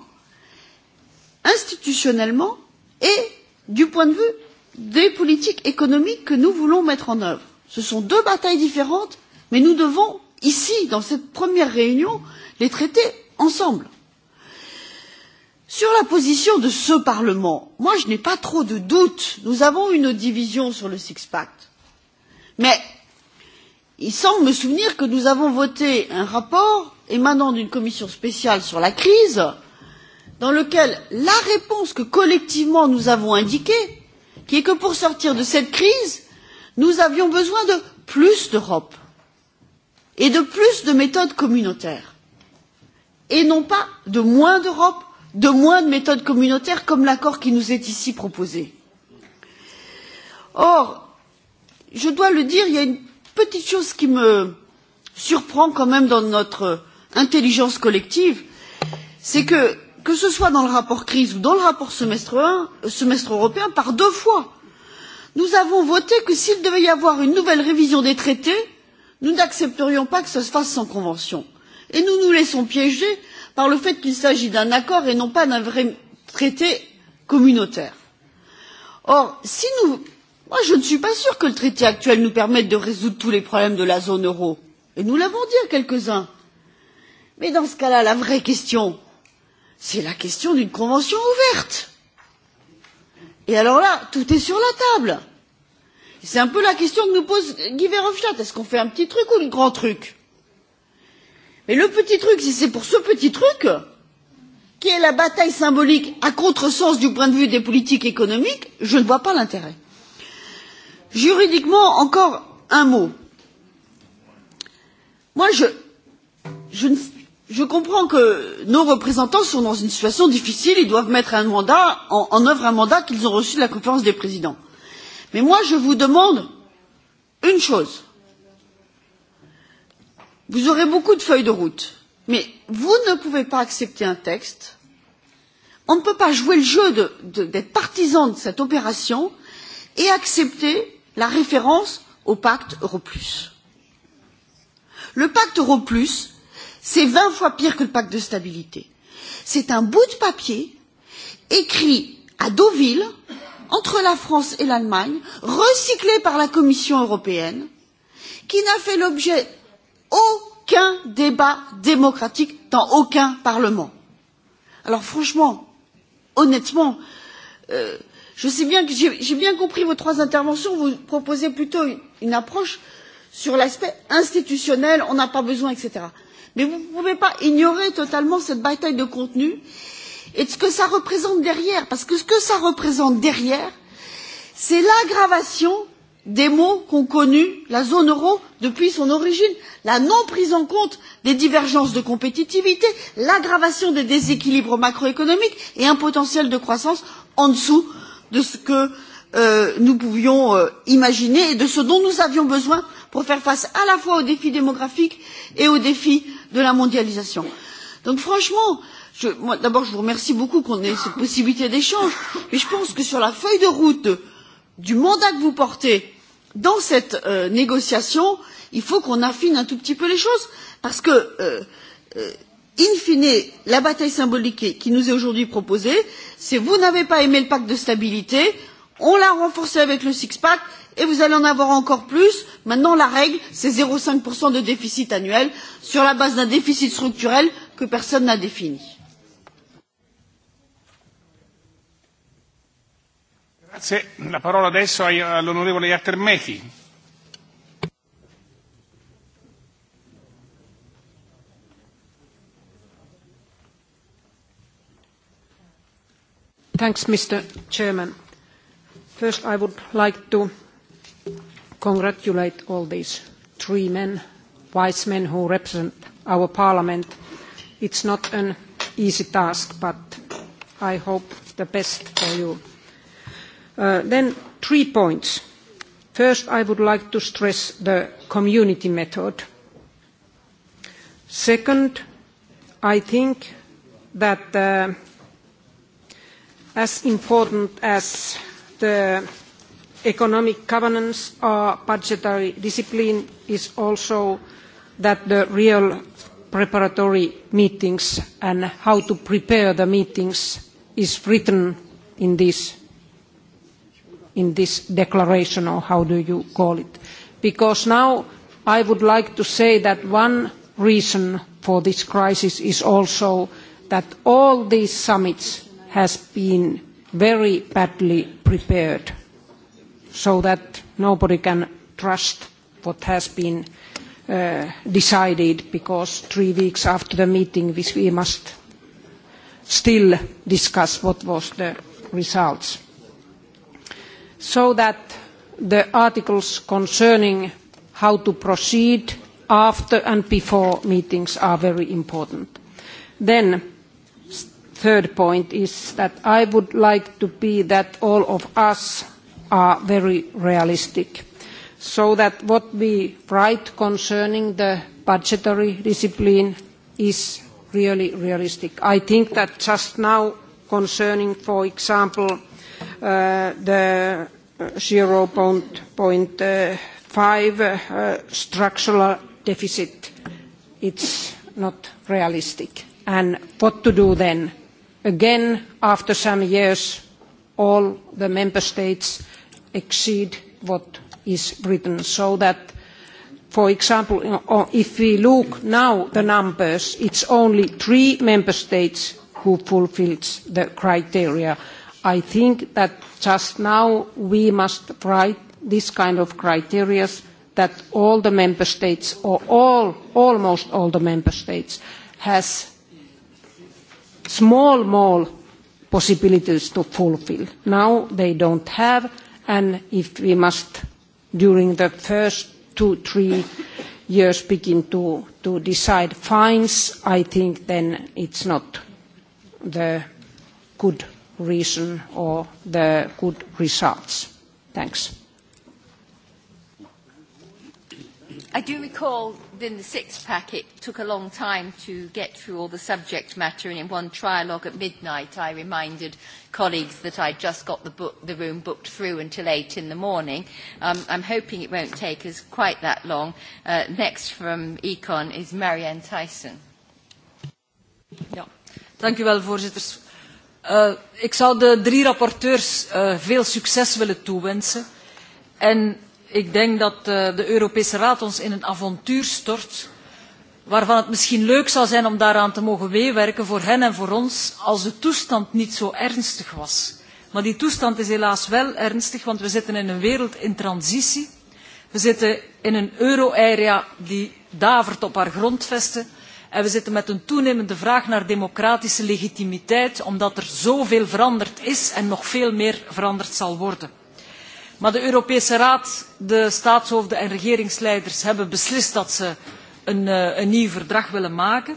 institutionnellement et du point de vue des politiques économiques que nous voulons mettre en œuvre. Ce sont deux batailles différentes, mais nous devons, ici, dans cette première réunion, les traiter ensemble. Sur la position de ce Parlement, moi je n'ai pas trop de doutes. Nous avons une division sur le six pact Mais il semble me souvenir que nous avons voté un rapport émanant d'une commission spéciale sur la crise dans lequel la réponse que collectivement nous avons indiquée, qui est que pour sortir de cette crise, nous avions besoin de plus d'Europe et de plus de méthodes communautaires et non pas de moins d'Europe, de moins de méthodes communautaires comme l'accord qui nous est ici proposé. Or, je dois le dire, il y a une petite chose qui me surprend quand même dans notre intelligence collective, c'est que que ce soit dans le rapport crise ou dans le rapport semestre, 1, euh, semestre européen, par deux fois. Nous avons voté que s'il devait y avoir une nouvelle révision des traités, nous n'accepterions pas que ça se fasse sans convention. Et nous nous laissons piéger par le fait qu'il s'agit d'un accord et non pas d'un vrai traité communautaire. Or, si nous. Moi, je ne suis pas sûre que le traité actuel nous permette de résoudre tous les problèmes de la zone euro. Et nous l'avons dit à quelques-uns. Mais dans ce cas-là, la vraie question, c'est la question d'une convention ouverte. Et alors là, tout est sur la table. C'est un peu la question que nous pose Guy Verhofstadt. Est-ce qu'on fait un petit truc ou un grand truc Mais le petit truc, si c'est pour ce petit truc, qui est la bataille symbolique à contresens du point de vue des politiques économiques, je ne vois pas l'intérêt. Juridiquement, encore un mot. Moi, je, je ne je comprends que nos représentants sont dans une situation difficile, ils doivent mettre un mandat, en, en œuvre un mandat qu'ils ont reçu de la conférence des présidents. Mais moi, je vous demande une chose. Vous aurez beaucoup de feuilles de route, mais vous ne pouvez pas accepter un texte. On ne peut pas jouer le jeu d'être de, de, partisan de cette opération et accepter la référence au pacte Euro. Le pacte Euro, C'est 20 fois pire que le pacte de stabilité. C'est un bout de papier écrit à Deauville, entre la France et l'Allemagne, recyclé par la Commission européenne, qui n'a fait l'objet aucun débat démocratique dans aucun Parlement. Alors franchement, honnêtement, euh, je sais bien que j'ai bien compris vos trois interventions, vous proposez plutôt une, une approche sur l'aspect institutionnel, on n'a pas besoin, etc. Mais vous ne pouvez pas ignorer totalement cette bataille de contenu et de ce que ça représente derrière. Parce que ce que ça représente derrière, c'est l'aggravation des maux qu'ont connus la zone euro depuis son origine, la non prise en compte des divergences de compétitivité, l'aggravation des déséquilibres macroéconomiques et un potentiel de croissance en dessous de ce que euh, nous pouvions euh, imaginer et de ce dont nous avions besoin pour faire face à la fois aux défis démographiques et aux défis de la mondialisation. Donc franchement, d'abord je vous remercie beaucoup qu'on ait cette possibilité d'échange, mais je pense que sur la feuille de route du mandat que vous portez dans cette euh, négociation, il faut qu'on affine un tout petit peu les choses, parce que, euh, euh, in fine, la bataille symbolique qui nous est aujourd'hui proposée, c'est vous n'avez pas aimé le pacte de stabilité, on l'a renforcé avec le six pack et vous allez en avoir encore plus. Maintenant, la règle, c'est 0,5% de déficit annuel sur la base d'un déficit structurel que personne n'a défini. Grazie. La parola adesso all'onorevole Iatermechi. Thanks, Mr. Chairman. First, I would like to congratulate all these three men, wise men who represent our parliament. It's not an easy task, but I hope the best for you. Uh, then three points. First, I would like to stress the community method. Second, I think that uh, as important as the uh, economic governance or budgetary discipline is also that the real preparatory meetings and how to prepare the meetings is written in this, in this declaration or how do you call it. Because now I would like to say that one reason for this crisis is also that all these summits has been very badly prepared so that nobody can trust what has been uh, decided because three weeks after the meeting we must still discuss what was the results. So that the articles concerning how to proceed after and before meetings are very important. Then third point is that I would like to be that all of us are very realistic so that what we write concerning the budgetary discipline is really realistic. I think that just now concerning, for example, uh, the 0.5 uh, structural deficit, it's not realistic. And what to do then? Again, after some years, all the member states exceed what is written so that for example, oh, if we look now at the numbers, it is only three member states who fulfilled the criteria. I think that just now we must write this kind of criteria that all the member states, or all, almost all the member states, has small, small possibilities to fulfill. Now they don't have, and if we must, during the first two, three years begin to, to decide fines, I think then it's not the good reason or the good results. Thanks. I do recall that in the sixth pack it took a long time to get through all the subject matter and in one trialogue at midnight I reminded colleagues that I just got the, book, the room booked through until eight in the morning. Um, I'm hoping it won't take us quite that long. Uh, next from Econ is Marianne Tyson. Ja. Dank u wel, voorzitters. Uh, eh, ik zou de drie rapporteurs uh, veel succes willen toewensen. En Ik denk dat eh, de Europese Raad ons in een avontuur stort waarvan het misschien leuk zou zijn om daaraan te mogen meewerken voor hen en voor ons als de toestand niet zo ernstig was. Maar die toestand is helaas wel ernstig, want we zitten in een wereld in transitie. We zitten in een euro-area die davert op haar grondvesten. En we zitten met een toenemende vraag naar democratische legitimiteit, omdat er zoveel veranderd is en nog veel meer veranderd zal worden. Maar de Europese Raad, de staatshoofden en regeringsleiders hebben beslist dat ze een, eh, een nieuw verdrag willen maken.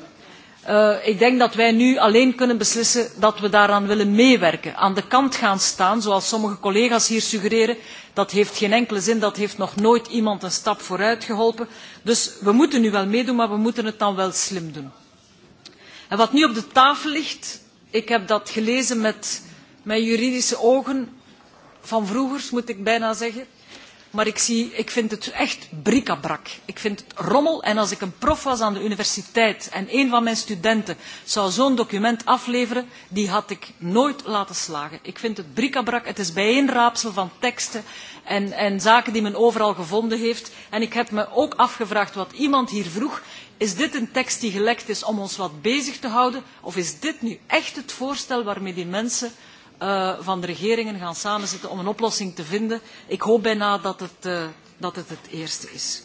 Uh, ik denk dat wij nu alleen kunnen beslissen dat we daaraan willen meewerken. Aan de kant gaan staan, zoals sommige collega's hier suggereren, dat heeft geen enkele zin, dat heeft nog nooit iemand een stap vooruit geholpen. Dus we moeten nu wel meedoen, maar we moeten het dan wel slim doen. En wat nu op de tafel ligt, ik heb dat gelezen met mijn juridische ogen, van vroeger, moet ik bijna zeggen. Maar ik, zie, ik vind het echt brikabrak. Ik vind het rommel. En als ik een prof was aan de universiteit en een van mijn studenten zou zo'n document afleveren, die had ik nooit laten slagen. Ik vind het brikabrak. Het is bijeenraapsel van teksten en, en zaken die men overal gevonden heeft. En ik heb me ook afgevraagd wat iemand hier vroeg. Is dit een tekst die gelekt is om ons wat bezig te houden? Of is dit nu echt het voorstel waarmee die mensen uh, van de regeringen gaan samenzitten om een oplossing te vinden. Ik hoop bijna dat het, uh, dat het het eerste is.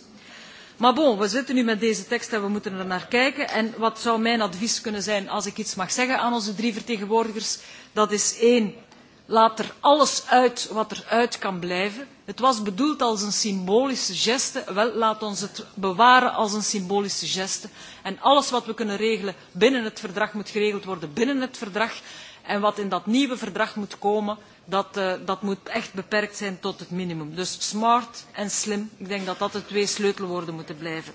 Maar bon, we zitten nu met deze tekst en we moeten er naar kijken. En wat zou mijn advies kunnen zijn als ik iets mag zeggen aan onze drie vertegenwoordigers? Dat is één, laat er alles uit wat er uit kan blijven. Het was bedoeld als een symbolische geste. Wel, laat ons het bewaren als een symbolische geste. En alles wat we kunnen regelen binnen het verdrag moet geregeld worden binnen het verdrag. En wat in dat nieuwe verdrag moet komen, dat, uh, dat moet echt beperkt zijn tot het minimum. Dus smart en slim, ik denk dat dat de twee sleutelwoorden moeten blijven.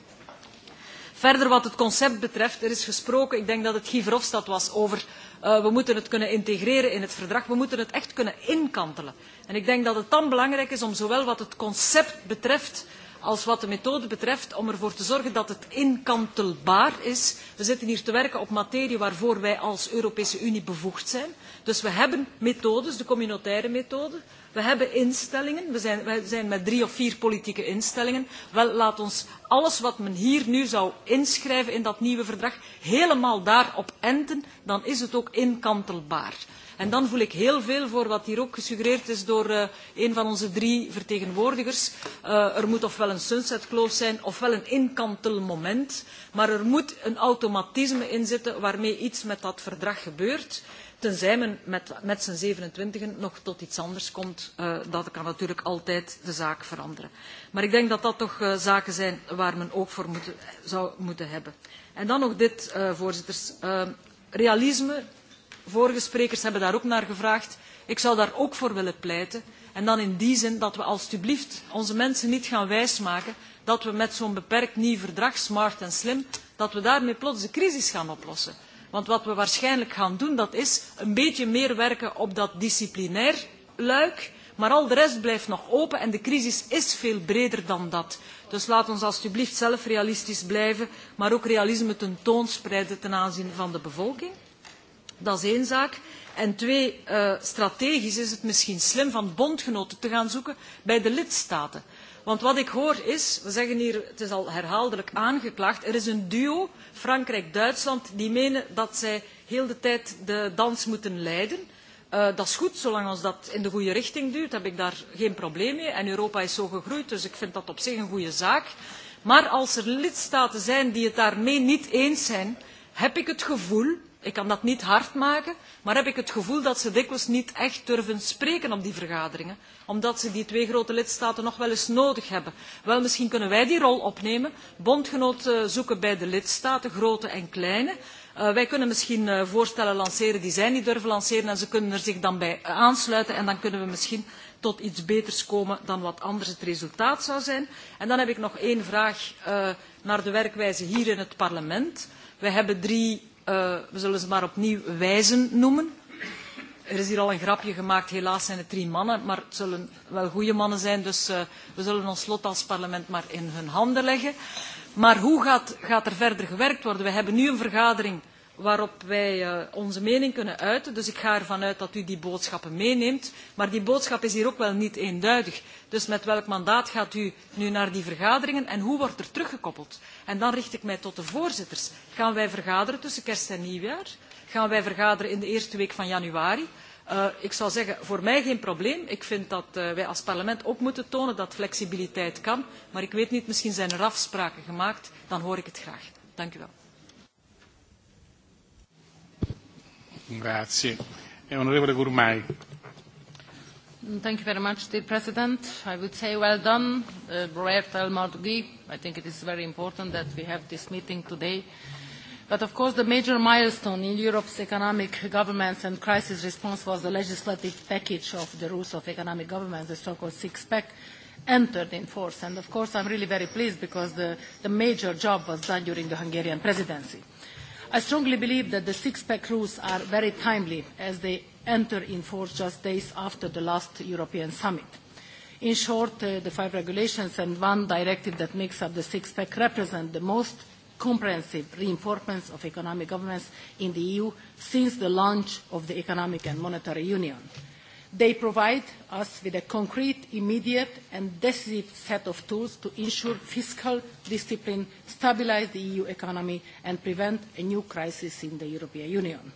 Verder wat het concept betreft, er is gesproken, ik denk dat het Guy Verhofstadt was, over uh, we moeten het kunnen integreren in het verdrag, we moeten het echt kunnen inkantelen. En ik denk dat het dan belangrijk is om zowel wat het concept betreft als wat de methode betreft om ervoor te zorgen dat het inkantelbaar is. We zitten hier te werken op materie waarvoor wij als Europese Unie bevoegd zijn. Dus we hebben methodes, de communautaire methode. We hebben instellingen. We zijn, we zijn met drie of vier politieke instellingen. Wel, laat ons alles wat men hier nu zou inschrijven in dat nieuwe verdrag helemaal daarop enten. Dan is het ook inkantelbaar. En dan voel ik heel veel voor wat hier ook gesuggereerd is door uh, een van onze drie vertegenwoordigers. Uh, er moet ofwel een sunset close zijn ofwel een inkantelmoment. Maar er moet een automatisme in zitten waarmee iets met dat verdrag gebeurt. Tenzij men met, met zijn 27 nog tot iets anders komt, uh, dat kan natuurlijk altijd de zaak veranderen. Maar ik denk dat dat toch uh, zaken zijn waar men ook voor moet, zou moeten hebben. En dan nog dit, uh, voorzitters. Uh, realisme Vorige sprekers hebben daar ook naar gevraagd. Ik zou daar ook voor willen pleiten. En dan in die zin dat we alstublieft onze mensen niet gaan wijsmaken dat we met zo'n beperkt nieuw verdrag, smart en slim, dat we daarmee plots de crisis gaan oplossen. Want wat we waarschijnlijk gaan doen, dat is een beetje meer werken op dat disciplinair luik, maar al de rest blijft nog open en de crisis is veel breder dan dat. Dus laat ons alstublieft zelf realistisch blijven, maar ook realisme spreiden ten aanzien van de bevolking. Dat is één zaak. En twee, uh, strategisch is het misschien slim van bondgenoten te gaan zoeken bij de lidstaten. Want wat ik hoor is, we zeggen hier, het is al herhaaldelijk aangeklaagd, er is een duo, Frankrijk-Duitsland, die menen dat zij heel de tijd de dans moeten leiden. Uh, dat is goed, zolang als dat in de goede richting duurt, heb ik daar geen probleem mee. En Europa is zo gegroeid, dus ik vind dat op zich een goede zaak. Maar als er lidstaten zijn die het daarmee niet eens zijn, heb ik het gevoel Ik kan dat niet hard maken, maar heb ik het gevoel dat ze dikwijls niet echt durven spreken op die vergaderingen, omdat ze die twee grote lidstaten nog wel eens nodig hebben. Wel, misschien kunnen wij die rol opnemen, bondgenoot eh, zoeken bij de lidstaten, grote en kleine. Uh, wij kunnen misschien uh, voorstellen lanceren die zij niet durven lanceren en ze kunnen er zich dan bij aansluiten en dan kunnen we misschien tot iets beters komen dan wat anders het resultaat zou zijn. En dan heb ik nog één vraag uh, naar de werkwijze hier in het parlement. We hebben drie Eh, we zullen ze maar opnieuw wijzen noemen. Er is hier al een grapje gemaakt, helaas zijn het drie mannen, maar het zullen wel goede mannen zijn, dus uh, we zullen ons lot als parlement maar in hun handen leggen. Maar hoe gaat, gaat er verder gewerkt worden? We hebben nu een vergadering waarop wij eh, onze mening kunnen uiten. Dus ik ga ervan uit dat u die boodschappen meeneemt. Maar die boodschap is hier ook wel niet eenduidig. Dus met welk mandaat gaat u nu naar die vergaderingen en hoe wordt er teruggekoppeld? En dan richt ik mij tot de voorzitters. Gaan wij vergaderen tussen kerst en nieuwjaar? Gaan wij vergaderen in de eerste week van januari? Uh, ik zou zeggen, voor mij geen probleem. Ik vind dat uh, wij als parlement ook moeten tonen dat flexibiliteit kan. Maar ik weet niet, misschien zijn er afspraken gemaakt. Dan hoor ik het graag. Dank u wel. Grazie. Eh, onorevole Thank you very much, dear President. I would say well done, uh, Roberta Almargui. I think it is very important that we have this meeting today. But of course, the major milestone in Europe's economic governance and crisis response was the legislative package of the rules of economic governance, the so-called six-pack, entered in force. And of course, I'm really very pleased because the, the major job was done during the Hungarian presidency. I strongly believe that the six-pack rules are very timely as they enter in force just days after the last European summit. In short, uh, the five regulations and one directive that makes up the six-pack represent the most comprehensive reinforcements of economic governance in the EU since the launch of the Economic and Monetary Union. They provide us with a concrete, immediate and decisive set of tools to ensure fiscal discipline, stabilize the EU economy and prevent a new crisis in the European Union.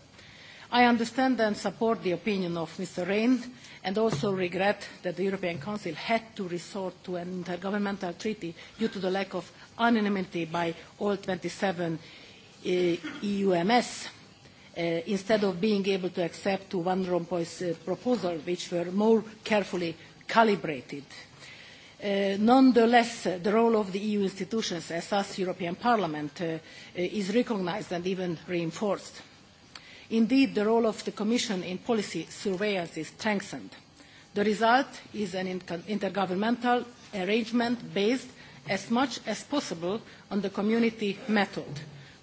I understand and support the opinion of Mr. Rehn and also regret that the European Council had to resort to an intergovernmental treaty due to the lack of unanimity by all 27 uh, EUMS uh, instead of being able to accept to Van Rompuy's uh, proposal, which were more carefully calibrated. Uh, nonetheless, uh, the role of the EU institutions, as us European Parliament, uh, uh, is recognized and even reinforced. Indeed, the role of the Commission in policy surveillance is strengthened. The result is an intergovernmental arrangement based as much as possible on the community method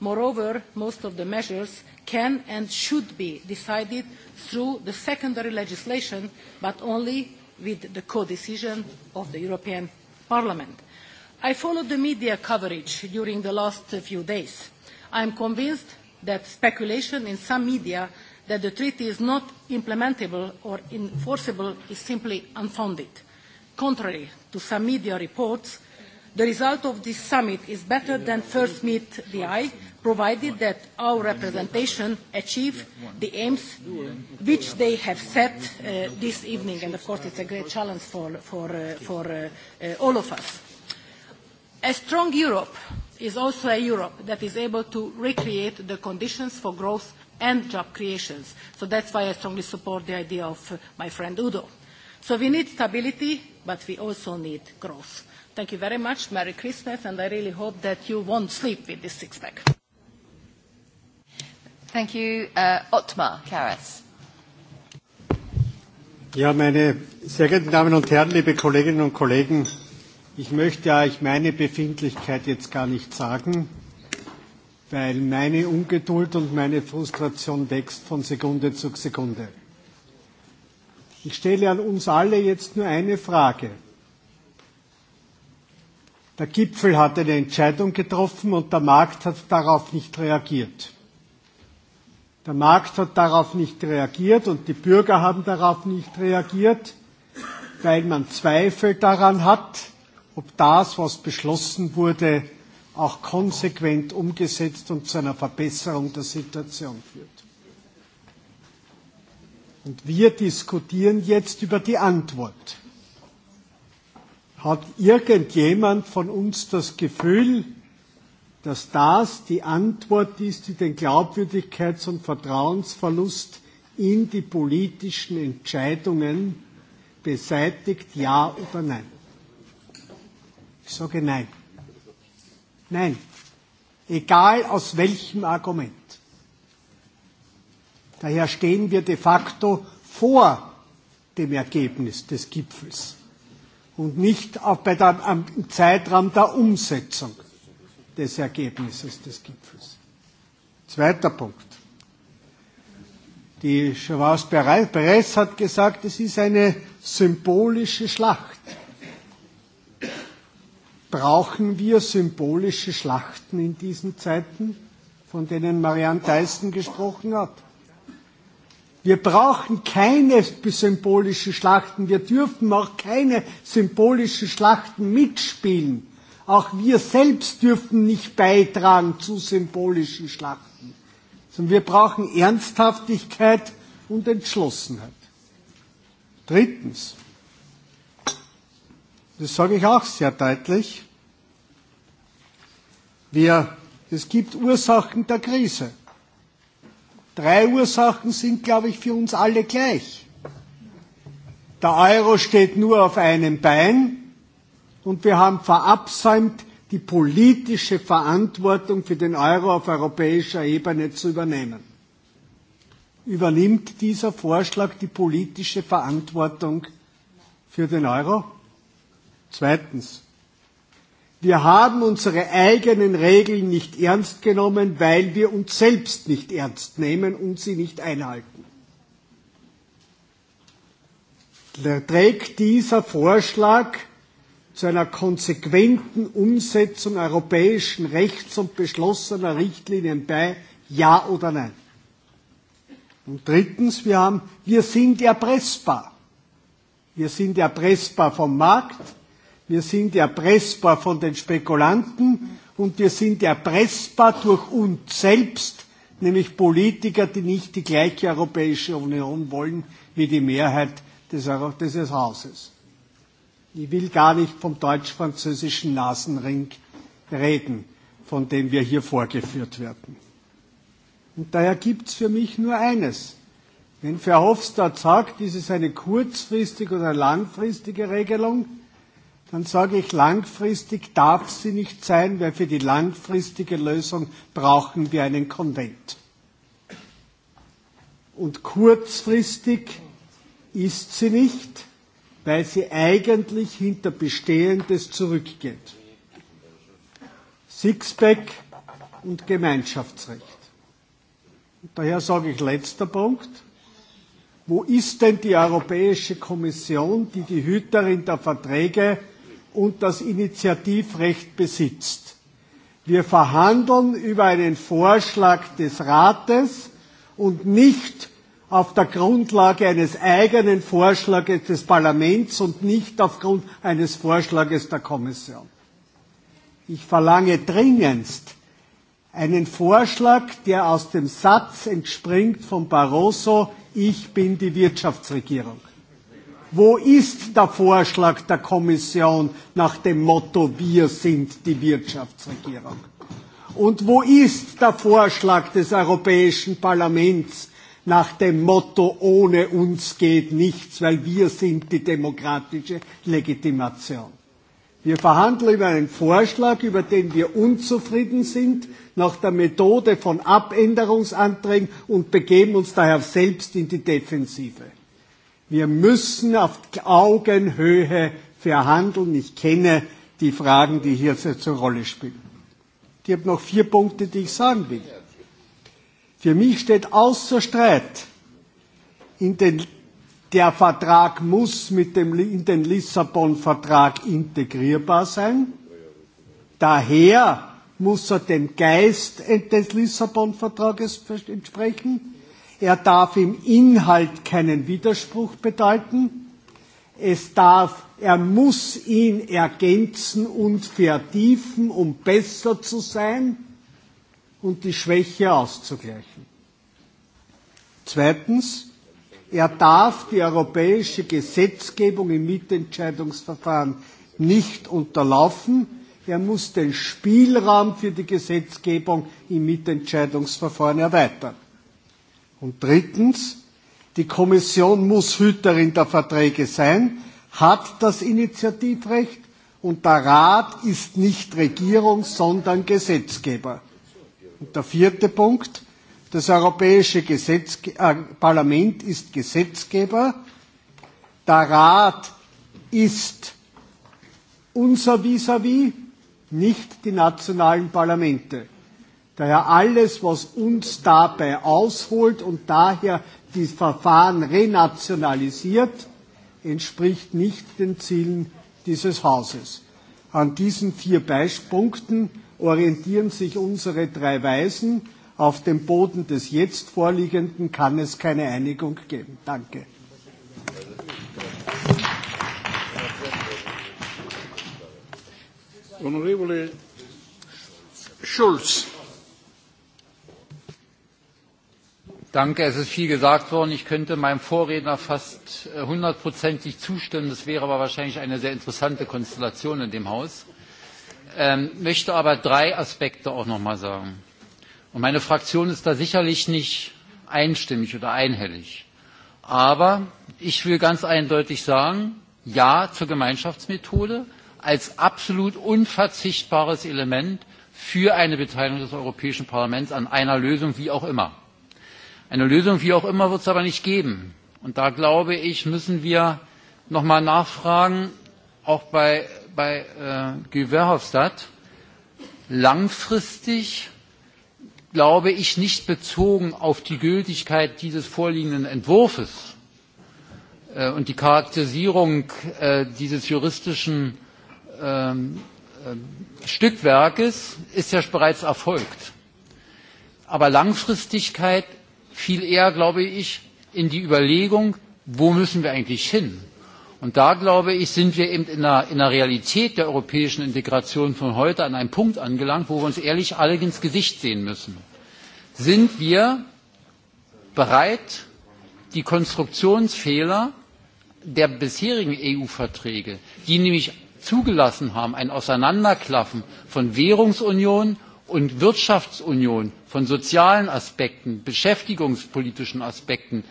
Moreover, most of the measures can and should be decided through the secondary legislation, but only with the co-decision of the European Parliament. I followed the media coverage during the last few days. I am convinced that speculation in some media that the treaty is not implementable or enforceable is simply unfounded. Contrary to some media reports, The result of this summit is better than first meet the eye, provided that our representation achieve the aims which they have set uh, this evening. And of course, it's a great challenge for, for, uh, for uh, uh, all of us. A strong Europe is also a Europe that is able to recreate the conditions for growth and job creations. So that's why I strongly support the idea of uh, my friend Udo. So we need stability, but we also need growth. Thank you very much. Merry Christmas, and I really hope that you won't sleep with this six-pack. Thank you. Uh, Otmar Karas. Ja, meine sehr geehrten Damen und Herren, liebe Kolleginnen und Kollegen, ich möchte euch meine Befindlichkeit jetzt gar nicht sagen, weil meine Ungeduld und meine Frustration wächst von Sekunde zu Sekunde. Ich stelle an uns alle jetzt nur eine Frage. Der Gipfel hat eine Entscheidung getroffen und der Markt hat darauf nicht reagiert. Der Markt hat darauf nicht reagiert und die Bürger haben darauf nicht reagiert, weil man Zweifel daran hat, ob das, was beschlossen wurde, auch konsequent umgesetzt und zu einer Verbesserung der Situation führt. Und wir diskutieren jetzt über die Antwort. Hat irgendjemand von uns das Gefühl, dass das die Antwort ist, die den Glaubwürdigkeits- und Vertrauensverlust in die politischen Entscheidungen beseitigt, ja oder nein? Ich sage nein. Nein. Egal aus welchem Argument. Daher stehen wir de facto vor dem Ergebnis des Gipfels und nicht auch bei der, am Zeitraum der Umsetzung des Ergebnisses des Gipfels. Zweiter Punkt. Die Schwarz Perez hat gesagt, es ist eine symbolische Schlacht. Brauchen wir symbolische Schlachten in diesen Zeiten, von denen Marianne Theissen gesprochen hat? Wir brauchen keine symbolischen Schlachten. Wir dürfen auch keine symbolischen Schlachten mitspielen. Auch wir selbst dürfen nicht beitragen zu symbolischen Schlachten. Sondern wir brauchen Ernsthaftigkeit und Entschlossenheit. Drittens, das sage ich auch sehr deutlich, wir, es gibt Ursachen der Krise. Drei Ursachen sind, glaube ich, für uns alle gleich. Der Euro steht nur auf einem Bein und wir haben verabsäumt, die politische Verantwortung für den Euro auf europäischer Ebene zu übernehmen. Übernimmt dieser Vorschlag die politische Verantwortung für den Euro? Zweitens. Wir haben unsere eigenen Regeln nicht ernst genommen, weil wir uns selbst nicht ernst nehmen und sie nicht einhalten. Trägt dieser Vorschlag zu einer konsequenten Umsetzung europäischen Rechts und beschlossener Richtlinien bei, ja oder nein? Und drittens, wir, haben, wir sind erpressbar. Wir sind erpressbar vom Markt, Wir sind erpressbar von den Spekulanten und wir sind erpressbar durch uns selbst, nämlich Politiker, die nicht die gleiche Europäische Union wollen wie die Mehrheit des, dieses Hauses. Ich will gar nicht vom deutsch-französischen Nasenring reden, von dem wir hier vorgeführt werden. Und daher gibt es für mich nur eines. Wenn Verhofstadt sagt, dies ist eine kurzfristige oder langfristige Regelung, dann sage ich, langfristig darf sie nicht sein, weil für die langfristige Lösung brauchen wir einen Konvent. Und kurzfristig ist sie nicht, weil sie eigentlich hinter Bestehendes zurückgeht. Sixpack und Gemeinschaftsrecht. Und daher sage ich letzter Punkt. Wo ist denn die Europäische Kommission, die die Hüterin der Verträge und das Initiativrecht besitzt. Wir verhandeln über einen Vorschlag des Rates und nicht auf der Grundlage eines eigenen Vorschlags des Parlaments und nicht aufgrund eines Vorschlags der Kommission. Ich verlange dringendst einen Vorschlag, der aus dem Satz entspringt von Barroso, ich bin die Wirtschaftsregierung. Wo ist der Vorschlag der Kommission nach dem Motto Wir sind die Wirtschaftsregierung? Und wo ist der Vorschlag des Europäischen Parlaments nach dem Motto Ohne uns geht nichts, weil wir sind die demokratische Legitimation? Wir verhandeln über einen Vorschlag, über den wir unzufrieden sind, nach der Methode von Abänderungsanträgen und begeben uns daher selbst in die Defensive. Wir müssen auf Augenhöhe verhandeln. Ich kenne die Fragen, die hier zur Rolle spielen. Ich habe noch vier Punkte, die ich sagen will. Für mich steht außer Streit, in den, der Vertrag muss mit dem, in den Lissabon-Vertrag integrierbar sein. Daher muss er dem Geist des Lissabon-Vertrages entsprechen. Er darf im Inhalt keinen Widerspruch bedeuten. Es darf, er muss ihn ergänzen und vertiefen, um besser zu sein und die Schwäche auszugleichen. Zweitens, er darf die europäische Gesetzgebung im Mitentscheidungsverfahren nicht unterlaufen. Er muss den Spielraum für die Gesetzgebung im Mitentscheidungsverfahren erweitern. Und drittens, die Kommission muss Hüterin der Verträge sein, hat das Initiativrecht und der Rat ist nicht Regierung, sondern Gesetzgeber. Und der vierte Punkt, das Europäische Gesetzge äh, Parlament ist Gesetzgeber, der Rat ist unser vis-à-vis, -vis, nicht die nationalen Parlamente. Daher alles, was uns dabei ausholt und daher die Verfahren renationalisiert, entspricht nicht den Zielen dieses Hauses. An diesen vier Beispielen orientieren sich unsere drei Weisen. Auf dem Boden des jetzt vorliegenden kann es keine Einigung geben. Danke. Honorable Schulz. Danke, es ist viel gesagt worden. Ich könnte meinem Vorredner fast äh, hundertprozentig zustimmen. Das wäre aber wahrscheinlich eine sehr interessante Konstellation in dem Haus. Ähm, möchte aber drei Aspekte auch noch mal sagen. Und meine Fraktion ist da sicherlich nicht einstimmig oder einhellig. Aber ich will ganz eindeutig sagen, ja zur Gemeinschaftsmethode als absolut unverzichtbares Element für eine Beteiligung des Europäischen Parlaments an einer Lösung, wie auch immer. Eine Lösung, wie auch immer, wird es aber nicht geben. Und da glaube ich, müssen wir nochmal nachfragen, auch bei, bei äh, Guy Verhofstadt, langfristig glaube ich nicht bezogen auf die Gültigkeit dieses vorliegenden Entwurfs äh, und die Charakterisierung äh, dieses juristischen ähm, äh, Stückwerkes ist ja bereits erfolgt. Aber Langfristigkeit viel eher, glaube ich, in die Überlegung, wo müssen wir eigentlich hin? Und da, glaube ich, sind wir eben in der, in der Realität der europäischen Integration von heute an einem Punkt angelangt, wo wir uns ehrlich alle ins Gesicht sehen müssen. Sind wir bereit, die Konstruktionsfehler der bisherigen EU-Verträge, die nämlich zugelassen haben, ein Auseinanderklaffen von Währungsunion und Wirtschaftsunion von sozialen Aspekten, beschäftigungspolitischen Aspekten,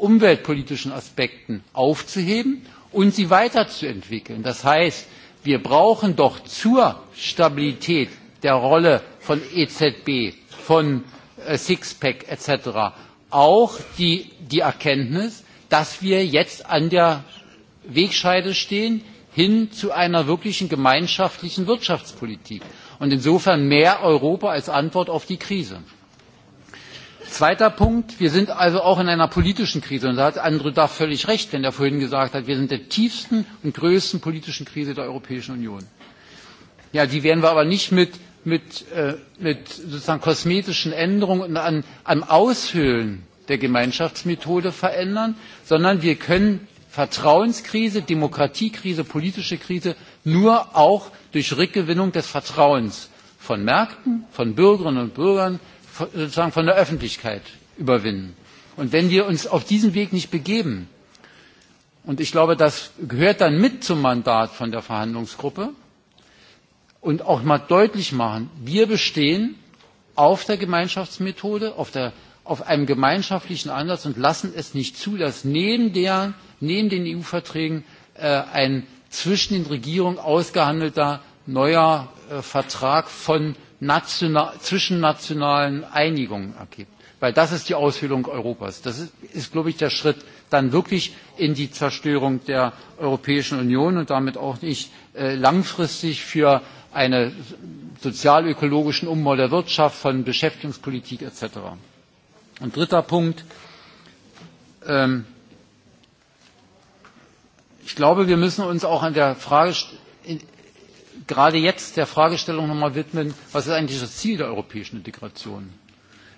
umweltpolitischen Aspekten aufzuheben und sie weiterzuentwickeln. Das heißt, wir brauchen doch zur Stabilität der Rolle von EZB, von äh, Sixpack etc. auch die, die Erkenntnis, dass wir jetzt an der Wegscheide stehen hin zu einer wirklichen gemeinschaftlichen Wirtschaftspolitik und insofern mehr Europa als Antwort auf die Krise. Zweiter Punkt, wir sind also auch in einer politischen Krise und da hat Andrew Duff völlig recht, wenn er vorhin gesagt hat, wir sind der tiefsten und größten politischen Krise der Europäischen Union. Ja, die werden wir aber nicht mit, mit, äh, mit sozusagen kosmetischen Änderungen und an, am Aushöhlen der Gemeinschaftsmethode verändern, sondern wir können Vertrauenskrise, Demokratiekrise, politische Krise nur auch durch Rückgewinnung des Vertrauens von Märkten, von Bürgerinnen und Bürgern, sozusagen von der Öffentlichkeit überwinden. Und wenn wir uns auf diesen Weg nicht begeben, und ich glaube, das gehört dann mit zum Mandat von der Verhandlungsgruppe, und auch mal deutlich machen, wir bestehen auf der Gemeinschaftsmethode, auf, der, auf einem gemeinschaftlichen Ansatz und lassen es nicht zu, dass neben, der, neben den EU-Verträgen äh, ein zwischen den Regierungen ausgehandelter neuer äh, Vertrag von national, zwischennationalen Einigungen ergibt. Weil das ist die Aushöhlung Europas. Das ist, ist, glaube ich, der Schritt dann wirklich in die Zerstörung der Europäischen Union und damit auch nicht äh, langfristig für einen sozialökologischen Umbau der Wirtschaft, von Beschäftigungspolitik etc. Und dritter Punkt. Ähm, ich glaube, wir müssen uns auch an der Frage, gerade jetzt der Fragestellung nochmal widmen, was ist eigentlich das Ziel der europäischen Integration?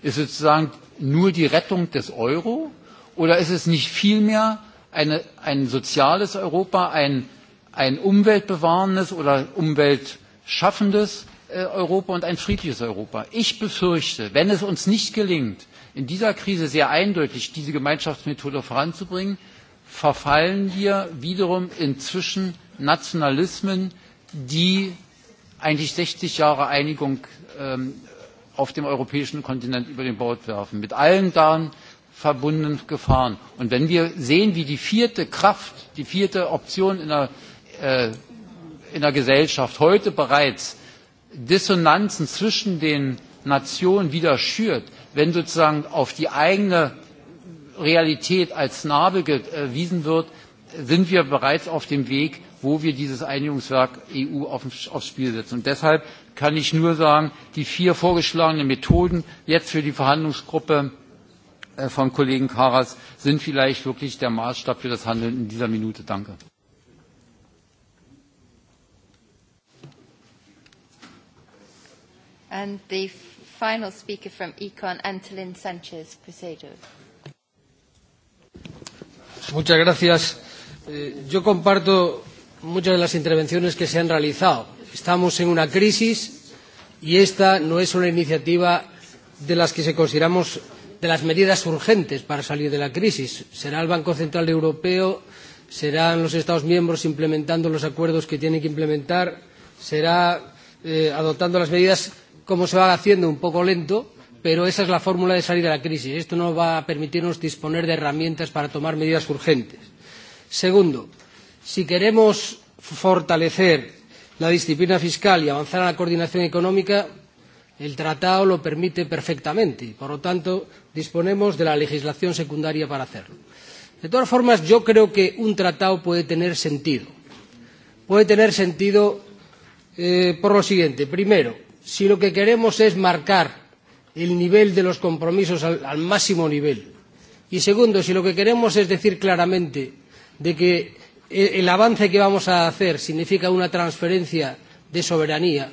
Ist es sozusagen nur die Rettung des Euro oder ist es nicht vielmehr eine, ein soziales Europa, ein, ein umweltbewahrendes oder umweltschaffendes äh, Europa und ein friedliches Europa? Ich befürchte, wenn es uns nicht gelingt, in dieser Krise sehr eindeutig diese Gemeinschaftsmethode voranzubringen, verfallen wir wiederum inzwischen Nationalismen, die eigentlich 60 Jahre Einigung ähm, auf dem europäischen Kontinent über den Bord werfen, mit allen daran verbundenen Gefahren. Und wenn wir sehen, wie die vierte Kraft, die vierte Option in der, äh, in der Gesellschaft heute bereits Dissonanzen zwischen den Nationen wieder schürt, wenn sozusagen auf die eigene Realität als Narbe gewiesen wird, sind wir bereits auf dem Weg, wo wir dieses Einigungswerk EU aufs Spiel setzen. Und deshalb kann ich nur sagen, die vier vorgeschlagenen Methoden jetzt für die Verhandlungsgruppe äh, von Kollegen Karas sind vielleicht wirklich der Maßstab für das Handeln in dieser Minute. Danke. And the final speaker from Econ, Antolin Sanchez Muchas gracias. Eh, yo comparto muchas de las intervenciones que se han realizado. Estamos en una crisis y esta no es una iniciativa de las que se consideramos de las medidas urgentes para salir de la crisis. Será el Banco Central Europeo, serán los Estados miembros implementando los acuerdos que tienen que implementar, será eh, adoptando las medidas como se va haciendo un poco lento, pero esa es la fórmula de salida de la crisis. Esto no va a permitirnos disponer de herramientas para tomar medidas urgentes. Segundo, si queremos fortalecer la disciplina fiscal y avanzar a la coordinación económica, el tratado lo permite perfectamente. Por lo tanto, disponemos de la legislación secundaria para hacerlo. De todas formas, yo creo que un tratado puede tener sentido. Puede tener sentido eh, por lo siguiente. Primero, si lo que queremos es marcar el nivel de los compromisos al, al máximo nivel. Y segundo, si lo que queremos es decir claramente de que el, el avance que vamos a hacer significa una transferencia de soberanía,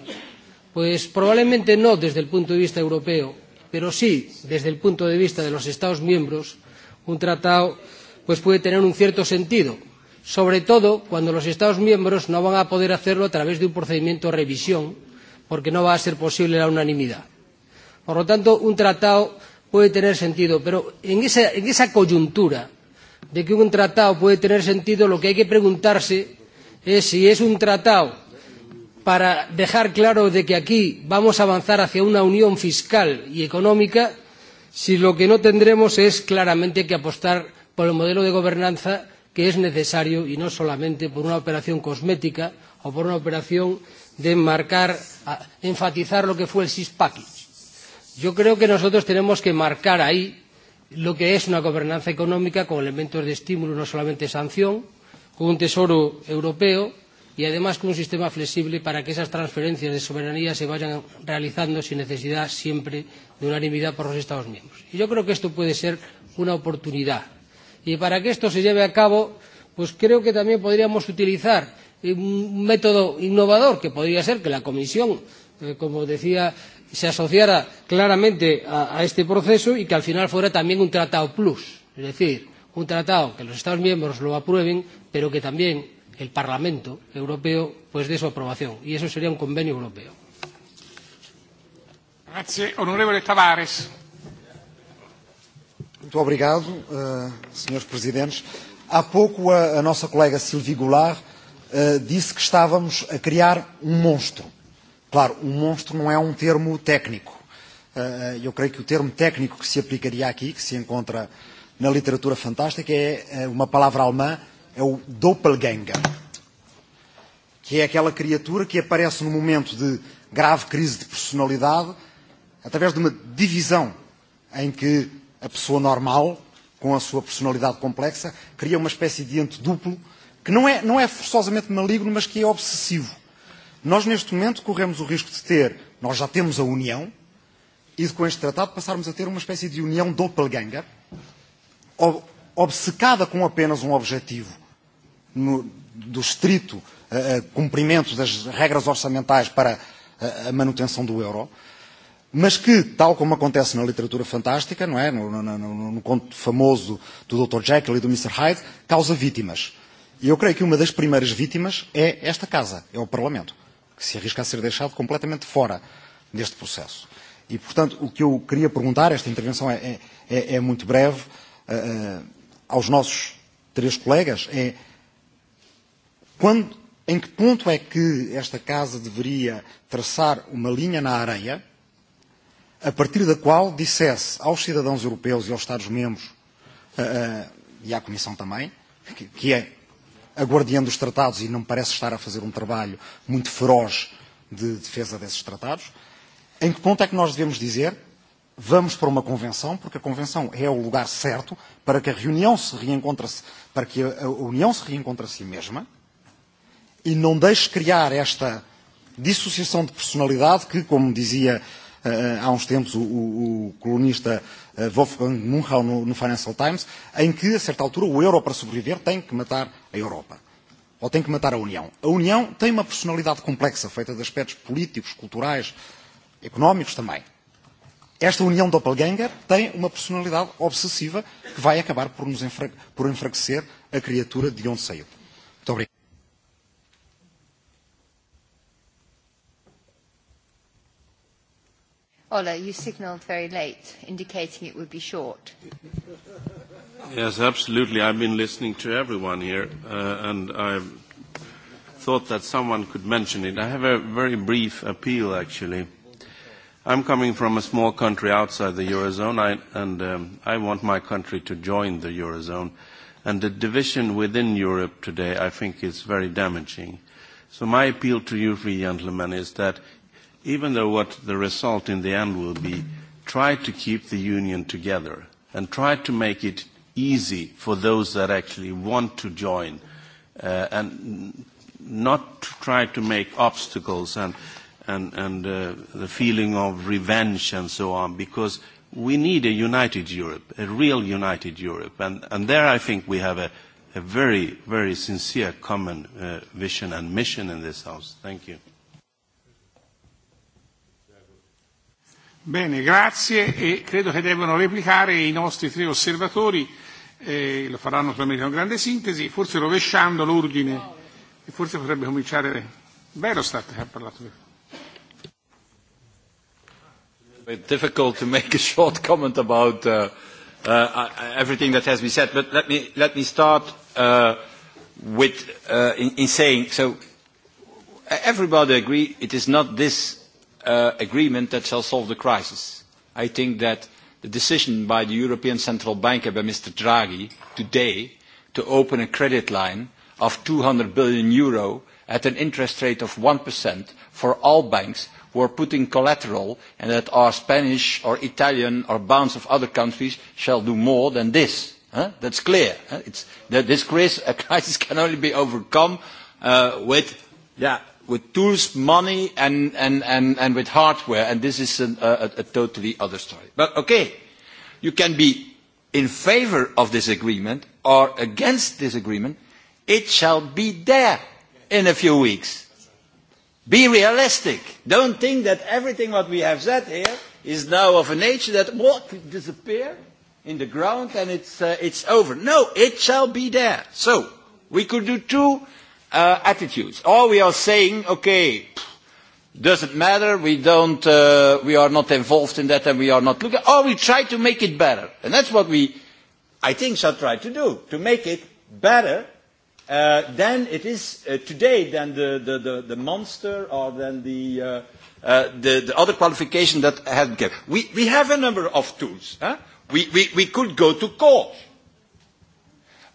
pues probablemente no desde el punto de vista europeo, pero sí desde el punto de vista de los Estados miembros, un tratado pues puede tener un cierto sentido, sobre todo cuando los Estados miembros no van a poder hacerlo a través de un procedimiento de revisión, porque no va a ser posible la unanimidad. Por lo tanto, un tratado puede tener sentido, pero en esa, en esa coyuntura de que un tratado puede tener sentido, lo que hay que preguntarse es si es un tratado para dejar claro de que aquí vamos a avanzar hacia una unión fiscal y económica, si lo que no tendremos es claramente que apostar por el modelo de gobernanza que es necesario y no solamente por una operación cosmética o por una operación de marcar, enfatizar lo que fue el SISPACI. Yo creo que nosotros tenemos que marcar ahí lo que es una gobernanza económica con elementos de estímulo, no solamente sanción, con un tesoro europeo y además con un sistema flexible para que esas transferencias de soberanía se vayan realizando sin necesidad siempre de unanimidad por los Estados miembros. Y yo creo que esto puede ser una oportunidad. Y para que esto se lleve a cabo, pues creo que también podríamos utilizar un método innovador que podría ser que la Comisión, eh, como decía se asociara claramente a, a este proceso y que al final fuera también un tratado plus, es decir, un tratado que los Estados miembros lo aprueben, pero que también el Parlamento europeo pues dé su aprobación y eso sería un convenio europeo. Grazie, onorevole Tavares. Muito obrigado, uh, senhores presidentes. Há pouco a, a nossa colega Sylvie Goulart uh, disse que estávamos a criar um monstro. Uh, Claro, um monstro não é um termo técnico. Eh, eh, eu creio que o termo técnico que se aplicaria aqui, que se encontra na literatura fantástica, é eh, uma palavra alemã, é o Doppelganger, que é aquela criatura que aparece no momento de grave crise de personalidade, através de uma divisão em que a pessoa normal, com a sua personalidade complexa, cria uma espécie de ente duplo, que não é, não é forçosamente maligno, mas que é obsessivo Nós, neste momento, corremos o risco de ter, nós já temos a União, e de, com este tratado passarmos a ter uma espécie de União doppelganger, ob obcecada com apenas um objetivo no, do estrito uh, cumprimento das regras orçamentais para uh, a manutenção do euro, mas que, tal como acontece na literatura fantástica, não é? no, no, no, no conto famoso do Dr. Jekyll e do Mr. Hyde, causa vítimas. E eu creio que uma das primeiras vítimas é esta casa, é o Parlamento que se arrisca a ser deixado completamente fora deste processo. E, portanto, o que eu queria perguntar, esta intervenção é, é, é muito breve, uh, aos nossos três colegas, é quando, em que ponto é que esta Casa deveria traçar uma linha na areia a partir da qual dissesse aos cidadãos europeus e aos Estados-membros, uh, uh, e à Comissão também, que, que é a guardiã dos tratados e não parece estar a fazer um trabalho muito feroz de defesa desses tratados. Em que ponto é que nós devemos dizer vamos para uma convenção, porque a convenção é o lugar certo para que a reunião se reencontre, para que a União se reencontre a si mesma e não deixe criar esta dissociação de personalidade que, como dizia uh, há uns tempos o, o, o colunista Wolfgang eh, Munchau no, no Financial Times, em que, a certa altura, o euro para sobreviver tem que matar a Europa. Ou tem que matar a União. A União tem uma personalidade complexa, feita de aspectos políticos, culturais, económicos também. Esta União Doppelganger tem uma personalidade obsessiva que vai acabar por, nos enfra por enfraquecer a criatura de onde saiu. Muito obrigado. Ola, you signaled very late, indicating it would be short. Yes, absolutely. I've been listening to everyone here, uh, and I thought that someone could mention it. I have a very brief appeal, actually. I'm coming from a small country outside the Eurozone, I, and um, I want my country to join the Eurozone. And the division within Europe today, I think, is very damaging. So my appeal to you three gentlemen is that even though what the result in the end will be, try to keep the union together and try to make it easy for those that actually want to join uh, and not to try to make obstacles and, and, and uh, the feeling of revenge and so on because we need a united Europe, a real united Europe. And, and there I think we have a, a very, very sincere common uh, vision and mission in this house. Thank you. Bene, grazie e credo che devono replicare i nostri tre osservatori, eh, lo faranno solamente con grande sintesi, forse rovesciando l'ordine e forse potrebbe cominciare Verostat che ha parlato prima. bit difficult to make a short comment about uh, uh, everything that has been said, but let me, let me start uh, with, uh, in, in saying, so everybody agree it is not this uh, agreement that shall solve the crisis. I think that the decision by the European Central Bank and by Mr. Draghi today to open a credit line of 200 billion euro at an interest rate of 1% for all banks who are putting collateral and that are Spanish or Italian or bonds of other countries shall do more than this. Huh? That's clear. Huh? It's, that this crisis, a crisis can only be overcome uh, with yeah, with tools, money, and, and, and, and with hardware, and this is an, a, a totally other story. But okay, you can be in favor of this agreement or against this agreement. It shall be there in a few weeks. Be realistic. Don't think that everything what we have said here is now of a nature that what could disappear in the ground and it's, uh, it's over. No, it shall be there. So, we could do two uh, attitudes. Or we are saying, okay, doesn't matter, we, don't, uh, we are not involved in that and we are not looking, or we try to make it better. And that's what we, I think, shall try to do, to make it better uh, than it is uh, today, than the, the, the, the monster or than the, uh, uh, the, the other qualification that had given. We, we have a number of tools. Huh? We, we, we could go to court.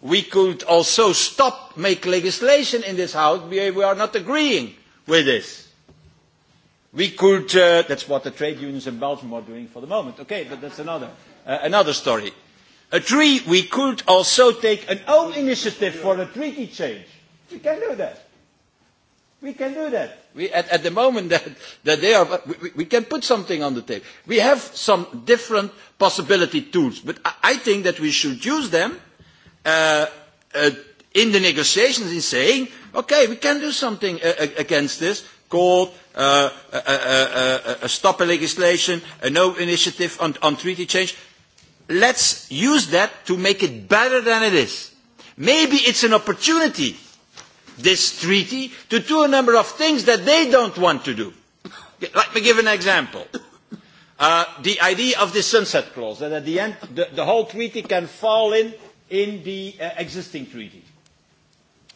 We could also stop make legislation in this House we are not agreeing with this. We could, uh, that's what the trade unions in Belgium are doing for the moment. Okay, but that's another, uh, another story. A tree, we could also take an own initiative for a treaty change. We can do that. We can do that. We, at, at the moment that, that they are, we, we can put something on the table. We have some different possibility tools, but I, I think that we should use them Uh, uh, in the negotiations in saying, okay, we can do something uh, uh against this called uh, uh a, a, a, a stopper legislation, a no initiative on, on treaty change. Let's use that to make it better than it is. Maybe it's an opportunity, this treaty, to do a number of things that they don't want to do. Let me give an example. Uh, the idea of the sunset clause, that at the end the, the whole treaty can fall in in the uh, existing treaty.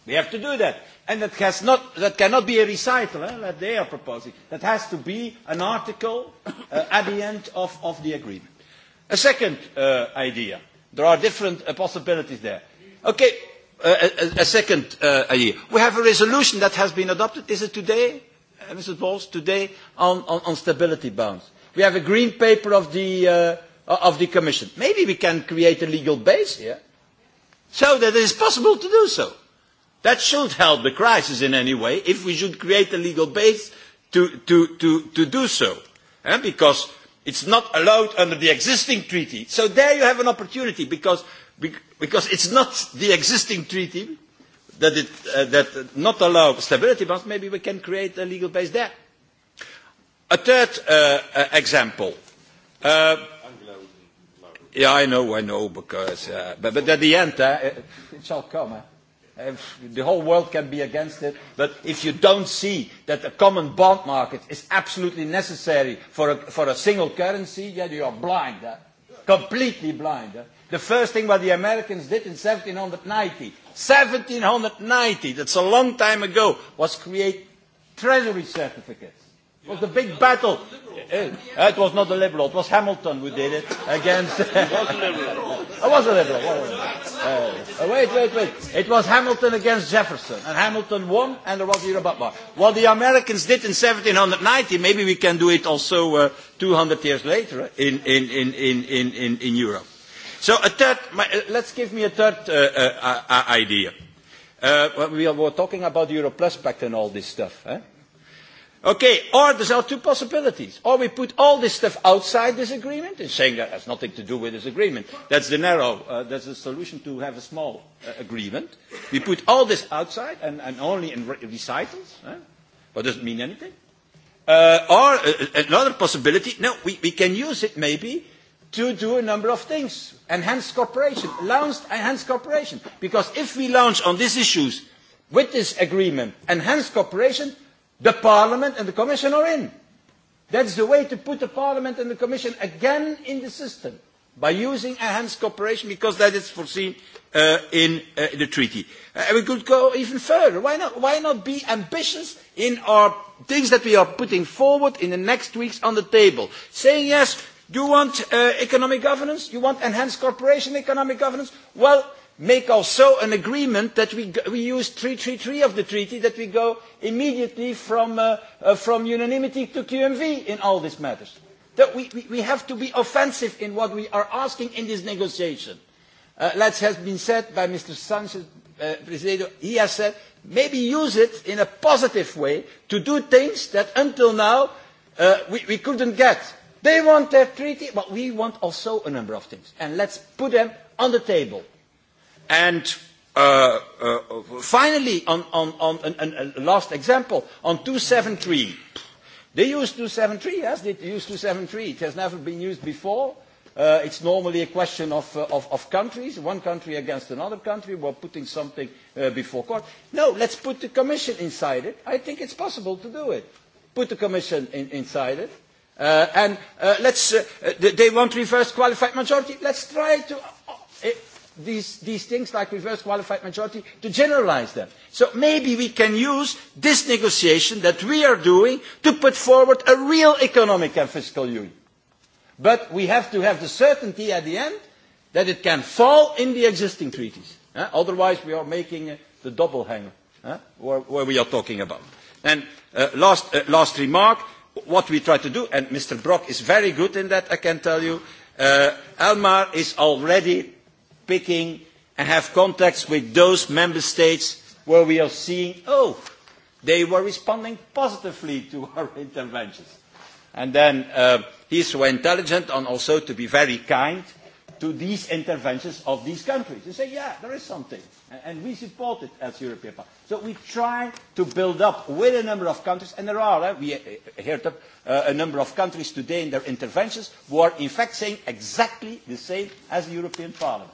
We have to do that. And that, has not, that cannot be a recital eh, that they are proposing. That has to be an article uh, at the end of, of the agreement. A second uh, idea. There are different uh, possibilities there. Okay, uh, a, a second uh, idea. We have a resolution that has been adopted. Is it today, uh, Mrs. Balls, today on, on, on stability bounds? We have a green paper of the, uh, of the Commission. Maybe we can create a legal base here. Yeah? so that it is possible to do so. That should help the crisis in any way if we should create a legal base to, to, to, to do so. Eh? Because it's not allowed under the existing treaty. So there you have an opportunity because, because it's not the existing treaty that, it, uh, that not allow stability, but maybe we can create a legal base there. A third uh, uh, example. Uh, Yeah, I know, I know, because, uh, but, but at the end, uh, it, it shall come. Uh, if the whole world can be against it, but if you don't see that a common bond market is absolutely necessary for a, for a single currency, yeah, you are blind, uh, completely blind. Uh. The first thing what the Americans did in 1790, 1790, that's a long time ago, was create treasury certificates. It was a big battle. Eh, it was not a liberal. It was Hamilton who did it against. It was a liberal. it was a liberal. Uh, wait, wait, wait. It was Hamilton against Jefferson, and Hamilton won, and there was a about bar. What the Americans did in 1790, maybe we can do it also uh, 200 years later uh, in in in in in in, in Europe. So a third. My, uh, let's give me a third uh, uh, uh, idea. Uh, we were talking about the Euro Plus Pact and all this stuff. Eh? Okay, or there's are two possibilities. Or we put all this stuff outside this agreement, and saying that has nothing to do with this agreement. That's the narrow, uh, that's the solution to have a small uh, agreement. We put all this outside and, and only in re recitals, eh? but doesn't mean anything. Uh, or uh, uh, another possibility, no, we, we can use it maybe to do a number of things. enhanced cooperation, launched enhanced cooperation. Because if we launch on these issues with this agreement enhanced cooperation, The Parliament and the Commission are in. That's the way to put the Parliament and the Commission again in the system, by using enhanced cooperation, because that is foreseen uh, in uh, the treaty. Uh, we could go even further. Why not, why not be ambitious in our things that we are putting forward in the next weeks on the table? Saying yes, you want uh, economic governance? You want enhanced cooperation economic governance? Well, make also an agreement that we, we use 333 of the treaty, that we go immediately from, uh, uh, from unanimity to QMV in all these matters. That we, we, we have to be offensive in what we are asking in this negotiation. Uh, that has been said by Mr. Sanchez, uh, Presidio, he has said, maybe use it in a positive way to do things that until now uh, we, we couldn't get. They want their treaty, but we want also a number of things. And let's put them on the table And uh, uh, finally, on, on, on an, an, a last example, on 273. They use 273, yes, they use 273. It has never been used before. Uh, it's normally a question of, uh, of, of countries, one country against another country, we're putting something uh, before court. No, let's put the Commission inside it. I think it's possible to do it. Put the Commission in, inside it. Uh, and uh, let's, uh, they want reverse qualified majority. Let's try to uh, these, these things like reverse qualified majority to generalize them. So maybe we can use this negotiation that we are doing to put forward a real economic and fiscal union. But we have to have the certainty at the end that it can fall in the existing treaties. Eh? Otherwise we are making uh, the double hanger eh? where, where we are talking about. And uh, last, uh, last remark, what we try to do, and Mr. Brock is very good in that, I can tell you, uh, Elmar is already picking and have contacts with those member states where we are seeing, oh, they were responding positively to our interventions. And then uh, he's so intelligent and also to be very kind to these interventions of these countries and say, yeah, there is something. And, we support it as European Parliament. So we try to build up with a number of countries, and there are, eh, we uh, heard up, uh, a number of countries today in their interventions who are in fact saying exactly the same as the European Parliament.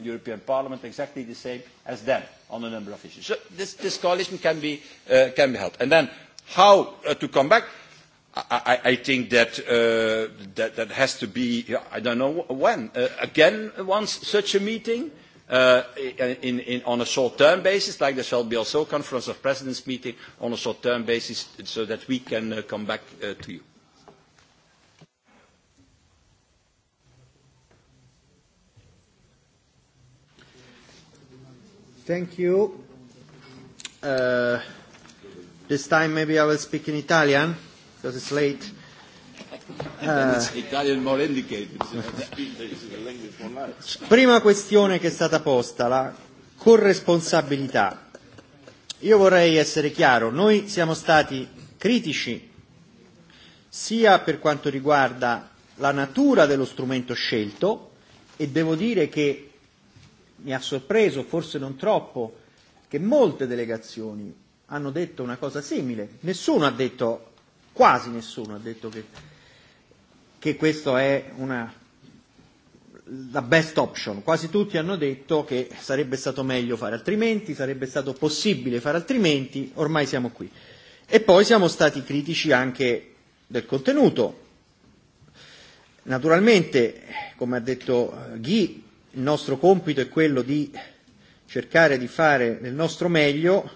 European Parliament exactly the same as them on a number of issues. So this, this coalition can be, uh, can be helped. And then how uh, to come back? I, I, I think that, uh, that that has to be, I don't know when, uh, again once such a meeting uh, in, in, on a short-term basis, like there shall be also a conference of presidents meeting on a short-term basis so that we can uh, come back uh, to you. Thank you. Uh, this time maybe I will speak in Italian because it's late. Uh, Prima questione che è stata posta, la corresponsabilità. Io vorrei essere chiaro, noi siamo stati critici sia per quanto riguarda la natura dello strumento scelto e devo dire che mi ha sorpreso, forse non troppo, che molte delegazioni hanno detto una cosa simile. Nessuno ha detto, quasi nessuno ha detto che, che questa è una, la best option. Quasi tutti hanno detto che sarebbe stato meglio fare altrimenti, sarebbe stato possibile fare altrimenti, ormai siamo qui. E poi siamo stati critici anche del contenuto. Naturalmente, come ha detto eh, Guy, il nostro compito è quello di cercare di fare del nostro meglio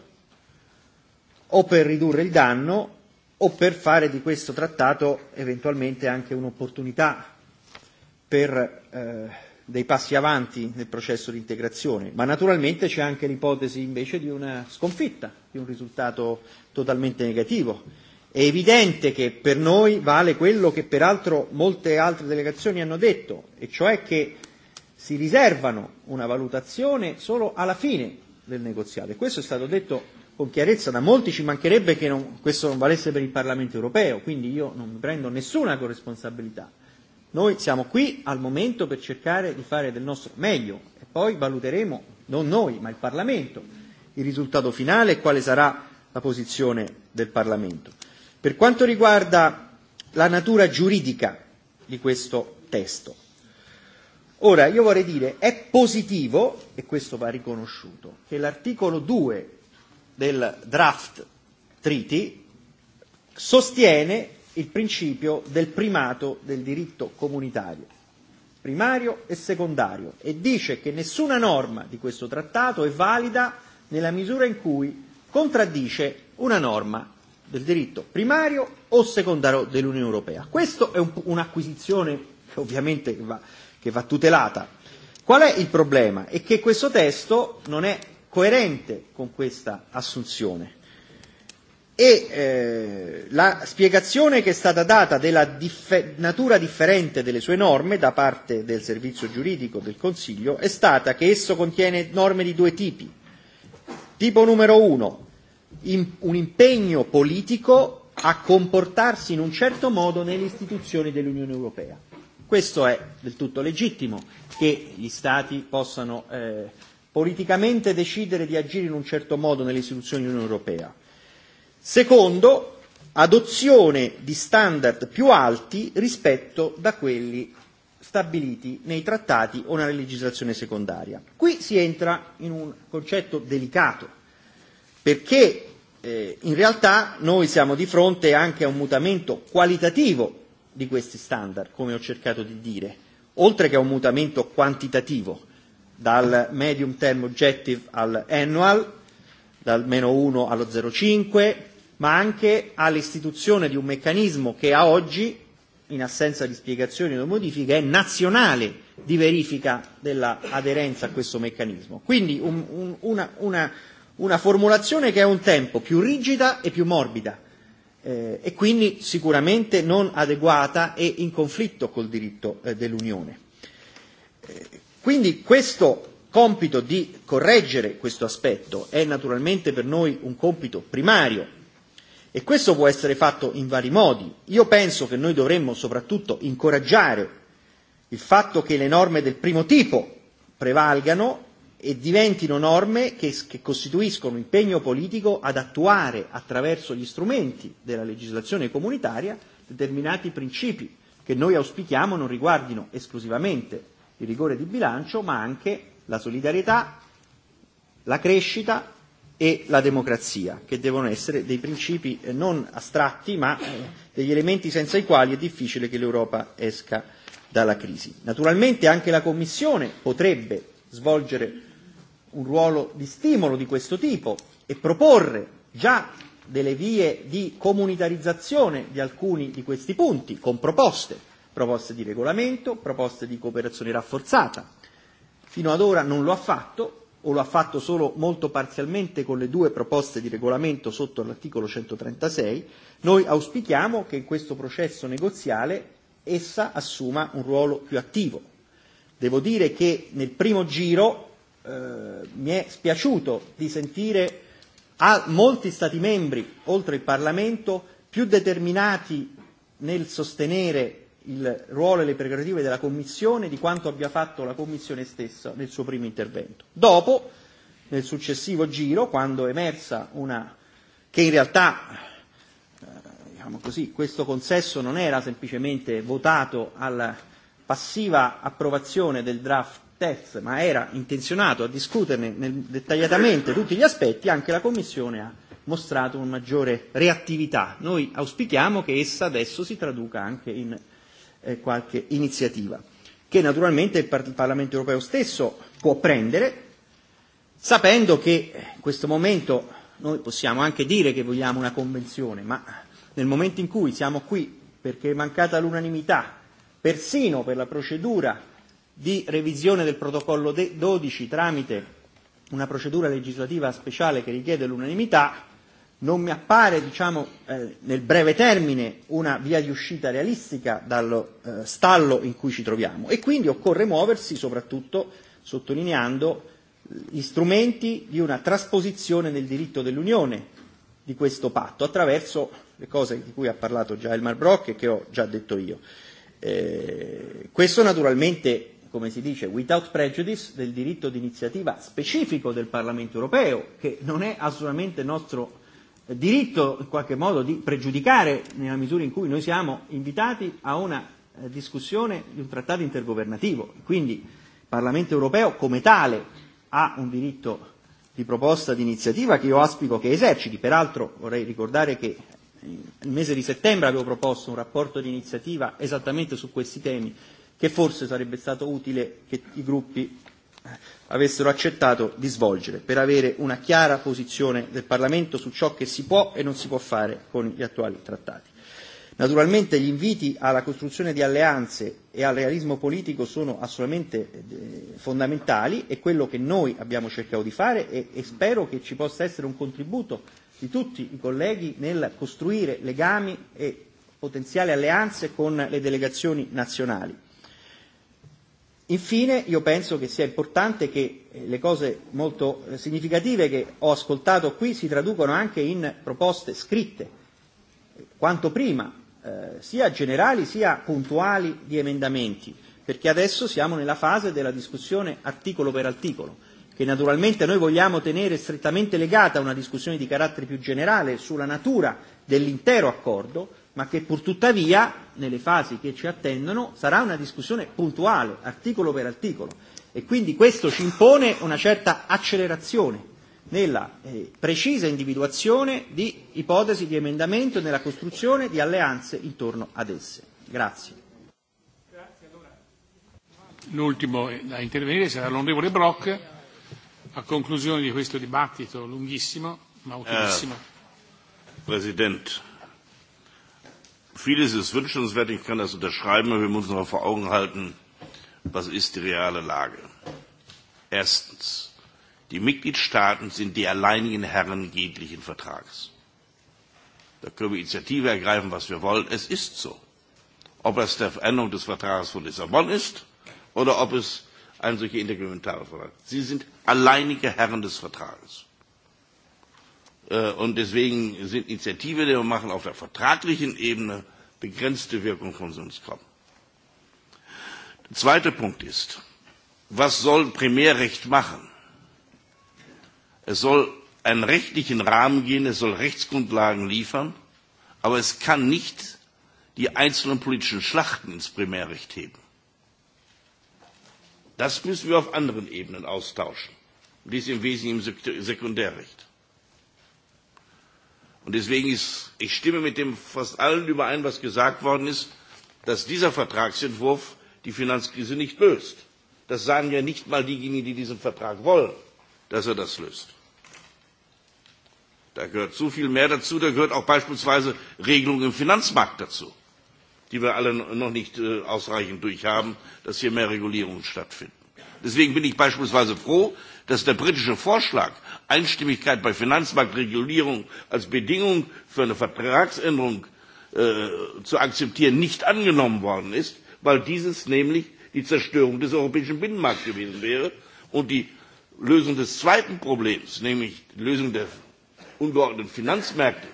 o per ridurre il danno o per fare di questo trattato eventualmente anche un'opportunità per eh, dei passi avanti nel processo di integrazione, ma naturalmente c'è anche l'ipotesi invece di una sconfitta, di un risultato totalmente negativo. È evidente che per noi vale quello che peraltro molte altre delegazioni hanno detto, e cioè che si riservano una valutazione solo alla fine del negoziato. E questo è stato detto con chiarezza da molti, ci mancherebbe che non, questo non valesse per il Parlamento europeo, quindi io non mi prendo nessuna corresponsabilità. Noi siamo qui al momento per cercare di fare del nostro meglio e poi valuteremo, non noi, ma il Parlamento, il risultato finale e quale sarà la posizione del Parlamento. Per quanto riguarda la natura giuridica di questo testo, Ora, io vorrei dire, è positivo, e questo va riconosciuto, che l'articolo 2 del draft treaty sostiene il principio del primato del diritto comunitario, primario e secondario, e dice che nessuna norma di questo trattato è valida nella misura in cui contraddice una norma del diritto primario o secondario dell'Unione Europea. Questo è un, un'acquisizione che ovviamente va che va tutelata. Qual è il problema? È che questo testo non è coerente con questa assunzione. E eh, la spiegazione che è stata data della differ- natura differente delle sue norme da parte del servizio giuridico del Consiglio è stata che esso contiene norme di due tipi. Tipo numero uno, in, un impegno politico a comportarsi in un certo modo nelle istituzioni dell'Unione Europea. Questo è del tutto legittimo che gli Stati possano eh, politicamente decidere di agire in un certo modo nelle istituzioni dell'Unione Europea. Secondo, adozione di standard più alti rispetto da quelli stabiliti nei trattati o nella legislazione secondaria. Qui si entra in un concetto delicato, perché eh, in realtà noi siamo di fronte anche a un mutamento qualitativo di questi standard, come ho cercato di dire, oltre che a un mutamento quantitativo dal medium term objective al annual, dal meno 1 allo 0,5, ma anche all'istituzione di un meccanismo che a oggi, in assenza di spiegazioni o modifiche, è nazionale di verifica dell'aderenza a questo meccanismo. Quindi un, un, una, una, una formulazione che è un tempo più rigida e più morbida, eh, e quindi sicuramente non adeguata e in conflitto col diritto eh, dell'Unione. Eh, quindi questo compito di correggere questo aspetto è naturalmente per noi un compito primario e questo può essere fatto in vari modi. Io penso che noi dovremmo soprattutto incoraggiare il fatto che le norme del primo tipo prevalgano e diventino norme che, che costituiscono impegno politico ad attuare attraverso gli strumenti della legislazione comunitaria determinati principi che noi auspichiamo non riguardino esclusivamente il rigore di bilancio ma anche la solidarietà, la crescita e la democrazia, che devono essere dei principi eh, non astratti ma eh, degli elementi senza i quali è difficile che l'Europa esca dalla crisi. Naturalmente anche la Commissione potrebbe svolgere un ruolo di stimolo di questo tipo e proporre già delle vie di comunitarizzazione di alcuni di questi punti con proposte, proposte di regolamento, proposte di cooperazione rafforzata. Fino ad ora non lo ha fatto o lo ha fatto solo molto parzialmente con le due proposte di regolamento sotto l'articolo 136, noi auspichiamo che in questo processo negoziale essa assuma un ruolo più attivo. Devo dire che nel primo giro Eh, mi è spiaciuto di sentire a molti Stati membri, oltre il Parlamento, più determinati nel sostenere il ruolo e le prerogative della Commissione di quanto abbia fatto la Commissione stessa nel suo primo intervento. Dopo, nel successivo giro, quando è emersa una che in realtà eh, diciamo così, questo consesso non era semplicemente votato alla passiva approvazione del draft Tex, ma era intenzionato a discuterne nel, dettagliatamente tutti gli aspetti, anche la Commissione ha mostrato una maggiore reattività. Noi auspichiamo che essa adesso si traduca anche in eh, qualche iniziativa, che naturalmente il, Par- il Parlamento europeo stesso può prendere, sapendo che in questo momento noi possiamo anche dire che vogliamo una convenzione, ma nel momento in cui siamo qui perché è mancata l'unanimità, persino per la procedura di revisione del protocollo 12 tramite una procedura legislativa speciale che richiede l'unanimità, non mi appare diciamo, eh, nel breve termine una via di uscita realistica dallo eh, stallo in cui ci troviamo e quindi occorre muoversi soprattutto sottolineando eh, gli strumenti di una trasposizione nel diritto dell'Unione di questo patto attraverso le cose di cui ha parlato già Elmar Brock e che ho già detto io. Eh, questo naturalmente come si dice, without prejudice del diritto di iniziativa specifico del Parlamento europeo, che non è assolutamente nostro eh, diritto in qualche modo di pregiudicare nella misura in cui noi siamo invitati a una eh, discussione di un trattato intergovernativo. Quindi il Parlamento europeo come tale ha un diritto di proposta di iniziativa che io aspico che eserciti. Peraltro vorrei ricordare che eh, nel mese di settembre avevo proposto un rapporto di iniziativa esattamente su questi temi che forse sarebbe stato utile che i gruppi avessero accettato di svolgere per avere una chiara posizione del Parlamento su ciò che si può e non si può fare con gli attuali trattati. Naturalmente gli inviti alla costruzione di alleanze e al realismo politico sono assolutamente eh, fondamentali e quello che noi abbiamo cercato di fare e, e spero che ci possa essere un contributo di tutti i colleghi nel costruire legami e potenziali alleanze con le delegazioni nazionali Infine io penso che sia importante che eh, le cose molto eh, significative che ho ascoltato qui si traducono anche in proposte scritte, quanto prima, eh, sia generali sia puntuali di emendamenti, perché adesso siamo nella fase della discussione articolo per articolo, che naturalmente noi vogliamo tenere strettamente legata a una discussione di carattere più generale sulla natura dell'intero accordo, ma che purtuttavia nelle fasi che ci attendono sarà una discussione puntuale, articolo per articolo. E quindi questo ci impone una certa accelerazione nella eh, precisa individuazione di ipotesi di emendamento e nella costruzione di alleanze intorno ad esse. Grazie. L'ultimo eh, da intervenire sarà l'onorevole Brock a conclusione di questo dibattito lunghissimo ma utilissimo. Uh, eh, Presidente, Vieles ist wünschenswert, ich kann das unterschreiben, aber wir müssen noch vor Augen halten, was ist die reale Lage. Erstens, die Mitgliedstaaten sind die alleinigen Herren jeglichen Vertrags. Da können wir Initiative ergreifen, was wir wollen. Es ist so. Ob es der Veränderung des Vertrags von Lissabon ist oder ob es ein solcher intergouvernementaler Vertrag ist. Sie sind alleinige Herren des Vertrages. Äh, und deswegen sind Initiative, die wir machen, auf der vertraglichen Ebene begrenzte Wirkung von sonst kommen. Der zweite Punkt ist, was soll Primärrecht machen? Es soll einen rechtlichen Rahmen gehen, es soll Rechtsgrundlagen liefern, aber es kann nicht die einzelnen politischen Schlachten ins Primärrecht heben. Das müssen wir auf anderen Ebenen austauschen. Dies im Wesentlichen im Sekundärrecht. Und deswegen ist, ich stimme mit dem fast allen überein, was gesagt worden ist, dass dieser Vertragsentwurf die Finanzkrise nicht löst. Das sagen ja nicht mal diejenigen, die diesen Vertrag wollen, dass er das löst. Da gehört zu viel mehr dazu, da gehört auch beispielsweise Regelungen im Finanzmarkt dazu, die wir alle noch nicht äh, ausreichend durchhaben, dass hier mehr Regulierungen stattfinden. Deswegen bin ich beispielsweise froh, dass der britische Vorschlag, Einstimmigkeit bei Finanzmarktregulierung als Bedingung für eine Vertragsänderung äh, zu akzeptieren, nicht angenommen worden ist, weil dieses nämlich die Zerstörung des europäischen Binnenmarkts gewesen wäre und die Lösung des zweiten Problems, nämlich die Lösung der ungeordneten Finanzmärkte,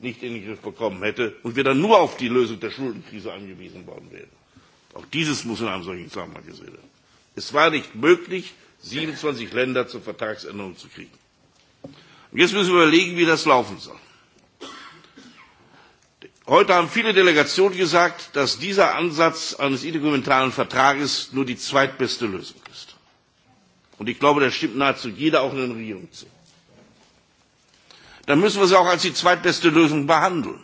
nicht in den Griff bekommen hätte und wir dann nur auf die Lösung der Schuldenkrise angewiesen worden wären. Auch dieses muss in einem solchen Zusammenhang gesehen werden. Es war nicht möglich, 27 Länder zur Vertragsänderung zu kriegen. Und jetzt müssen wir überlegen, wie das laufen soll. Heute haben viele Delegationen gesagt, dass dieser Ansatz eines intergouvernementalen Vertrages nur die zweitbeste Lösung ist. Und ich glaube, das stimmt nahezu jeder auch in den Regierungen zu. Dann müssen wir sie auch als die zweitbeste Lösung behandeln.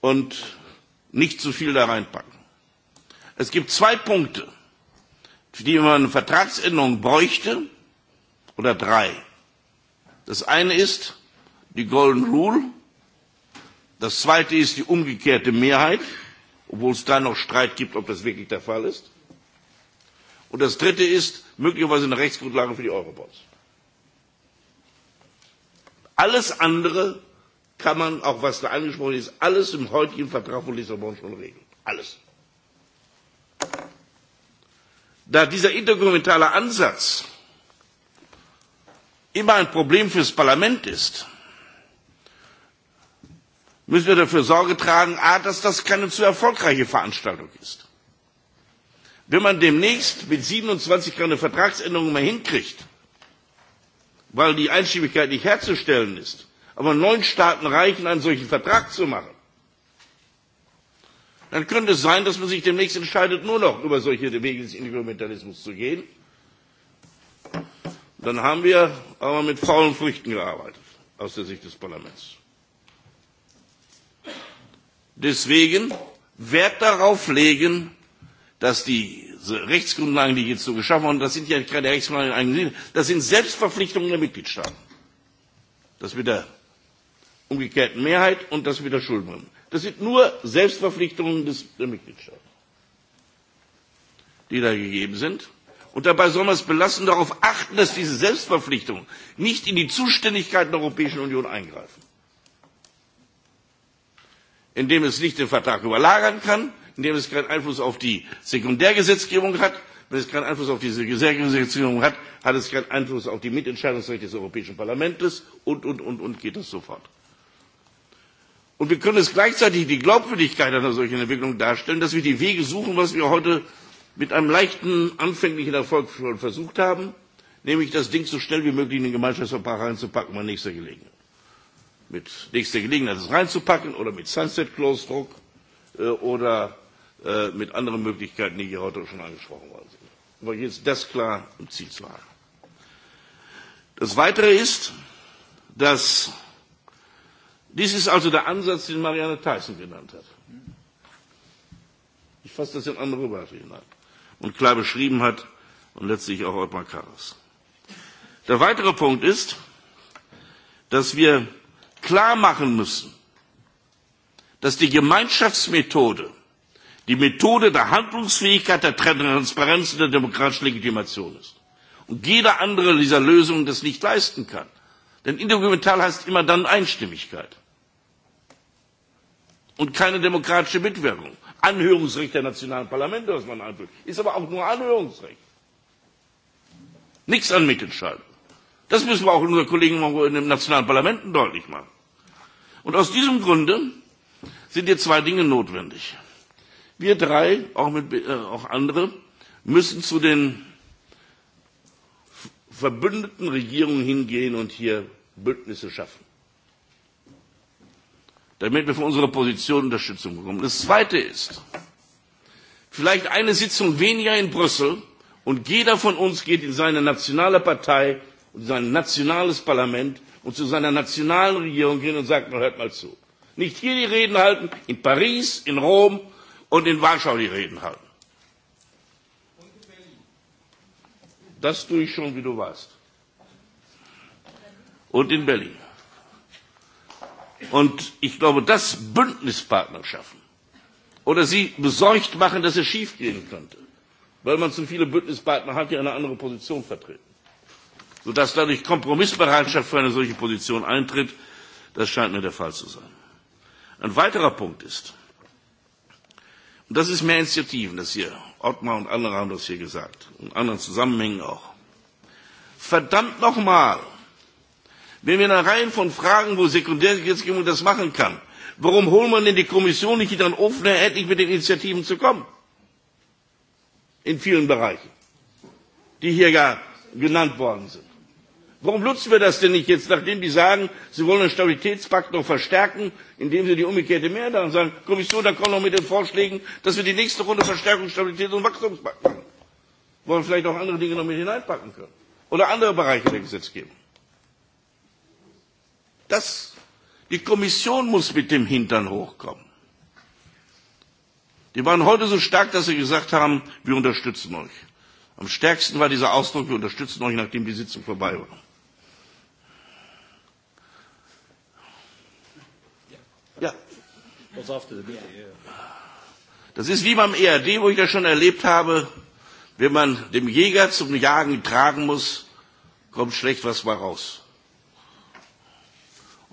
Und nicht zu viel da reinpacken. Es gibt zwei Punkte, für die man eine Vertragsänderung bräuchte, oder drei. Das eine ist die Golden Rule, das zweite ist die umgekehrte Mehrheit, obwohl es da noch Streit gibt, ob das wirklich der Fall ist. Und das dritte ist möglicherweise eine Rechtsgrundlage für die Eurobonds. Alles andere kann man, auch was da angesprochen ist, alles im heutigen Vertrag von Lissabon schon regeln. Alles da dieser intergouvernementale Ansatz immer ein Problem für das Parlament ist, müssen wir dafür Sorge tragen, a, dass das keine zu erfolgreiche Veranstaltung ist. Wenn man demnächst mit 27 keine Vertragsänderung mehr hinkriegt, weil die Einstimmigkeit nicht herzustellen ist, aber neun Staaten reichen, einen solchen Vertrag zu machen, dann könnte es sein, dass man sich demnächst entscheidet, nur noch über solche Wege des Instrumentalismus zu gehen. Dann haben wir aber mit faulen Früchten gearbeitet, aus der Sicht des Parlaments. Deswegen Wert darauf legen, dass die Rechtsgrundlagen, die jetzt so geschaffen wurden, das sind ja keine Rechtsgrundlagen in eigenen Sinne, das sind Selbstverpflichtungen der Mitgliedstaaten. Das mit der umgekehrten Mehrheit und das mit der Schuldenbremse. Das sind nur Selbstverpflichtungen des, der Mitgliedstaaten, die da gegeben sind. Und dabei soll man es belassen, darauf achten, dass diese Selbstverpflichtungen nicht in die Zuständigkeit der Europäischen Union eingreifen. Indem es nicht den Vertrag überlagern kann, indem es keinen Einfluss auf die Sekundärgesetzgebung hat, wenn es keinen Einfluss auf diese Gesetzgebung hat, hat es keinen Einfluss auf die Mitentscheidungsrechte des Europäischen Parlaments und, und, und, und geht das sofort. fort. Und wir können es gleichzeitig die Glaubwürdigkeit einer solchen Entwicklung darstellen, dass wir die Wege suchen, was wir heute mit einem leichten anfänglichen Erfolg schon versucht haben, nämlich das Ding so schnell wie möglich in den Gemeinschaftsvertrag reinzupacken bei nächster Gelegenheit. Mit nächster Gelegenheit es reinzupacken oder mit Sunset Close Druck äh, oder äh, mit anderen Möglichkeiten, die hier heute schon angesprochen worden sind. Aber jetzt das klar im Ziel zu haben. Das Weitere ist, dass Dies ist also der Ansatz, den Marianne Tyson genannt hat. Ich fasse das in andere Worte hinein und klar beschrieben hat und letztlich auch Ottmar Karas. Der weitere Punkt ist, dass wir klar machen müssen, dass die Gemeinschaftsmethode, die Methode der Handlungsfähigkeit, der Transparenz und der demokratischen Legitimation ist. Und jeder andere dieser Lösungen das nicht leisten kann. Denn Indokumental heißt immer dann Einstimmigkeit und keine demokratische Mitwirkung. Anhörungsrecht der nationalen Parlamente, was man anführt, ist aber auch nur Anhörungsrecht. Nichts an Mitentscheidung. Das müssen wir auch unseren Kollegen in den nationalen Parlamenten deutlich machen. Und aus diesem Grunde sind hier zwei Dinge notwendig. Wir drei, auch, mit, äh, auch andere, müssen zu den verbündeten Regierungen hingehen und hier Bündnisse schaffen damit wir von unserer Position Unterstützung bekommen. Das Zweite ist, vielleicht eine Sitzung weniger in Brüssel und jeder von uns geht in seine nationale Partei und in sein nationales Parlament und zu seiner nationalen Regierung hin und sagt, man hört mal zu. Nicht hier die Reden halten, in Paris, in Rom und in Warschau die Reden halten. Das tue ich schon, wie du weißt. Und in Berlin. Und ich glaube, das Bündnispartner schaffen oder sie besorgt machen, dass es schief gehen könnte, weil man zu viele Bündnispartner hat, die eine andere Position vertreten, sodass dadurch Kompromissbereitschaft für eine solche Position eintritt, das scheint mir der Fall zu sein. Ein weiterer Punkt ist, und das ist mehr Initiativen, das hier, Ottmar und andere haben das hier gesagt, und anderen Zusammenhängen auch, verdammt nochmal, Wenn wir in einer Reihe von Fragen, wo Sekundärgesetzgebung das machen kann, warum holt man denn die Kommission nicht dann offener, endlich mit den Initiativen zu kommen? In vielen Bereichen, die hier ja genannt worden sind. Warum nutzen wir das denn nicht jetzt, nachdem die sagen, sie wollen den Stabilitätspakt noch verstärken, indem sie die umgekehrte Mehrheit haben und sagen, Kommission, da kommen noch mit den Vorschlägen, dass wir die nächste Runde Verstärkung, Stabilität und Wachstumspakt machen. Wollen vielleicht auch andere Dinge noch mit hineinpacken können. Oder andere Bereiche der Gesetzgebung. Das, die Kommission muss mit dem Hintern hochkommen. Die waren heute so stark, dass sie gesagt haben, wir unterstützen euch. Am stärksten war dieser Ausdruck, wir unterstützen euch, nachdem die Sitzung vorbei war. Ja. Das ist wie beim ERD, wo ich das schon erlebt habe, wenn man dem Jäger zum Jagen tragen muss, kommt schlecht was mal raus.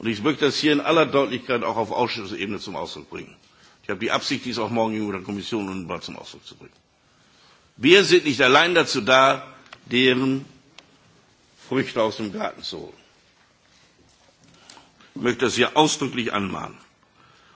Und ich möchte das hier in aller Deutlichkeit auch auf Ausschussebene zum Ausdruck bringen. Ich habe die Absicht, dies auch morgen in der Kommission und unmittelbar zum Ausdruck zu bringen. Wir sind nicht allein dazu da, deren Früchte aus dem Garten zu holen. Ich möchte das hier ausdrücklich anmahnen.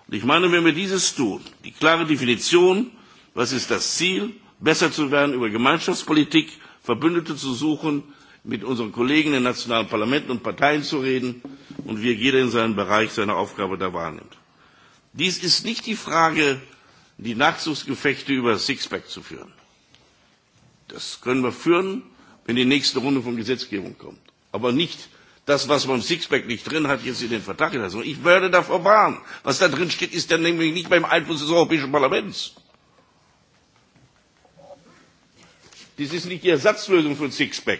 Und ich meine, wenn wir dieses tun, die klare Definition, was ist das Ziel, besser zu werden über Gemeinschaftspolitik, Verbündete zu suchen, mit unseren Kollegen in den nationalen Parlamenten und Parteien zu reden und wie jeder in seinem Bereich seine Aufgabe da wahrnimmt. Dies ist nicht die Frage, die Nachzugsgefechte über Sixpack zu führen. Das können wir führen, wenn die nächste Runde von Gesetzgebung kommt. Aber nicht das, was man im Sixpack nicht drin hat, jetzt in den Vertrag gelassen. Ich werde davor warnen. Was da drin steht, ist dann nämlich nicht beim Einfluss des Europäischen Parlaments. Dies ist nicht die Ersatzlösung für Sixpack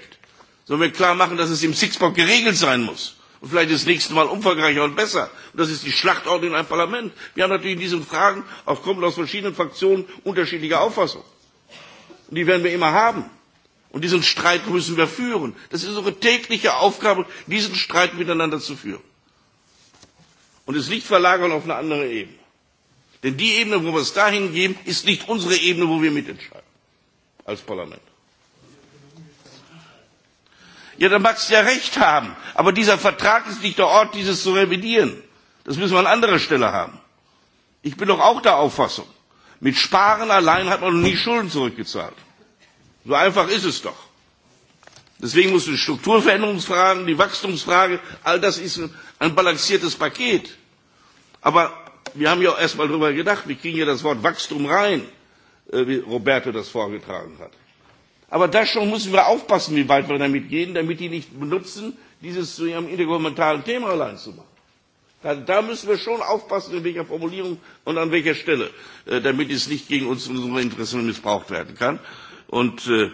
sondern wir klar machen, dass es im Sixpack geregelt sein muss. Und vielleicht das nächste Mal umfangreicher und besser. Und das ist die Schlachtordnung in einem Parlament. Wir haben natürlich in diesen Fragen aufgrund aus verschiedenen Fraktionen unterschiedliche Auffassungen. Und die werden wir immer haben. Und diesen Streit müssen wir führen. Das ist unsere tägliche Aufgabe, diesen Streit miteinander zu führen. Und es nicht verlagern auf eine andere Ebene. Denn die Ebene, wo wir es dahin geben, ist nicht unsere Ebene, wo wir mitentscheiden. Als Parlament. Ja, dann magst du ja recht haben. Aber dieser Vertrag ist nicht der Ort, dieses zu revidieren. Das müssen wir an anderer Stelle haben. Ich bin doch auch der Auffassung. Mit Sparen allein hat man noch nie Schulden zurückgezahlt. So einfach ist es doch. Deswegen muss die Strukturveränderungsfragen, die Wachstumsfrage, all das ist ein balanciertes Paket. Aber wir haben ja auch erstmal darüber gedacht, wir kriegen ja das Wort Wachstum rein, äh, wie Roberto das vorgetragen hat. Aber da schon müssen wir aufpassen, wie weit wir damit gehen, damit die nicht benutzen, dieses zu ihrem intergouvernementalen Thema allein zu machen. Da, da müssen wir schon aufpassen, in welcher Formulierung und an welcher Stelle, äh, damit es nicht gegen uns und unsere Interessen missbraucht werden kann. Und äh,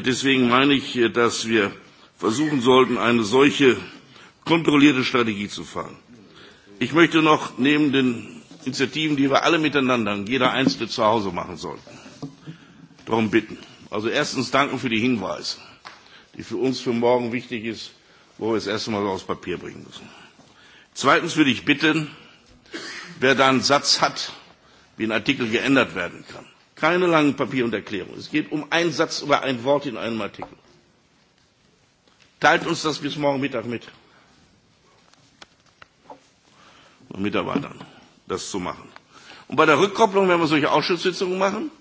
deswegen meine ich, äh, dass wir versuchen sollten, eine solche kontrollierte Strategie zu fahren. Ich möchte noch neben den Initiativen, die wir alle miteinander, jeder Einzelne zu Hause machen sollten, darum bitten Also erstens danken für die Hinweise, die für uns für morgen wichtig ist, wo wir es erstmal aufs Papier bringen müssen. Zweitens würde ich bitten, wer da einen Satz hat, wie ein Artikel geändert werden kann. Keine langen Papier und Erklärung. Es geht um einen Satz oder ein Wort in einem Artikel. Teilt uns das bis morgen Mittag mit. Und Mitarbeitern, das zu machen. Und bei der Rückkopplung werden wir solche Ausschusssitzungen machen,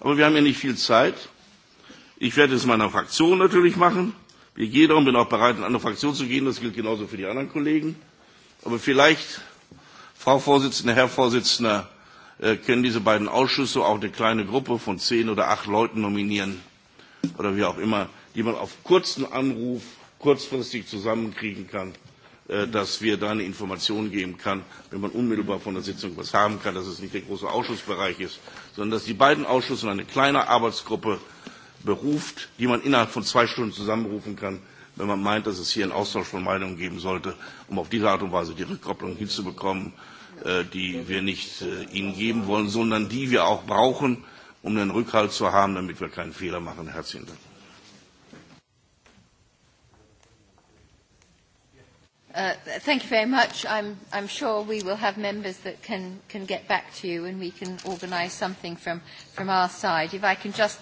aber wir haben ja nicht viel Zeit. Ich werde es meiner Fraktion natürlich machen. Wie jeder und bin auch bereit, in eine Fraktion zu gehen. Das gilt genauso für die anderen Kollegen. Aber vielleicht, Frau Vorsitzende, Herr Vorsitzender, äh, können diese beiden Ausschüsse auch eine kleine Gruppe von zehn oder acht Leuten nominieren oder wie auch immer, die man auf kurzen Anruf kurzfristig zusammenkriegen kann, äh, dass wir da eine Information geben kann, wenn man unmittelbar von der Sitzung was haben kann, dass es nicht der große Ausschussbereich ist, sondern dass die beiden Ausschüsse eine kleine Arbeitsgruppe beruft, die man innerhalb von zwei Stunden zusammenrufen kann, wenn man meint, dass es hier einen Austausch von Meinungen geben sollte, um auf diese Art und Weise die Rückkopplung hinzubekommen, äh, die wir nicht äh, Ihnen geben wollen, sondern die wir auch brauchen, um einen Rückhalt zu haben, damit wir keinen Fehler machen. Herzlichen Dank. Uh, thank you very much. I'm, I'm sure we will have members that can, can get back to you and we can organise something from, from our side. If I can just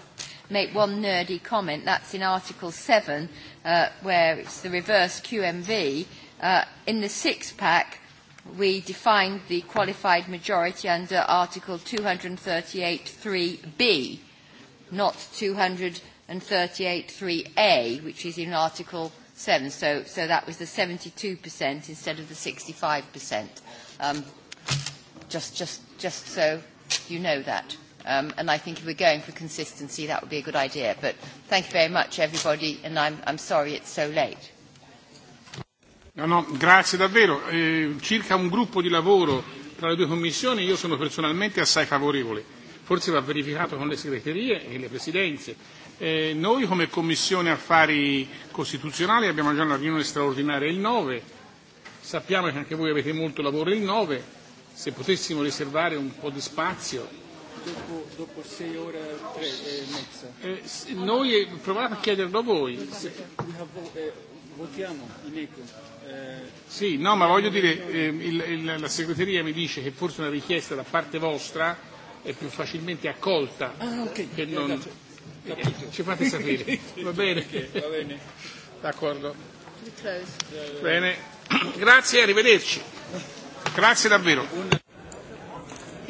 make one nerdy comment. That's in Article 7, uh, where it's the reverse QMV. Uh, in the six-pack, we defined the qualified majority under Article 238.3b, not 238.3a, which is in Article 7. So, so that was the 72% instead of the 65%. Um, just, just, just so you know that. Um, and I think if we're going for consistency, that would be a good idea. But thank you very much, everybody, and I'm, I'm sorry it's so late. No, no, grazie davvero. Eh, circa un gruppo di lavoro tra le due commissioni, io sono personalmente assai favorevole. Forse va verificato con le segreterie e le presidenze. Eh, noi come Commissione Affari Costituzionali abbiamo già una riunione straordinaria il 9, sappiamo che anche voi avete molto lavoro il 9, se potessimo riservare un po' di spazio dopo, dopo ore e, e mezza. Eh, noi eh, proviamo a chiederlo a voi. Eh, votiamo in eco. sì, no, ma voglio dire, eh, il, il, la segreteria mi dice che forse una richiesta da parte vostra è più facilmente accolta ah, okay. che non... Capito. Ci fate sapere. Va bene? va bene. D'accordo. Bene. Grazie e arrivederci. Grazie davvero.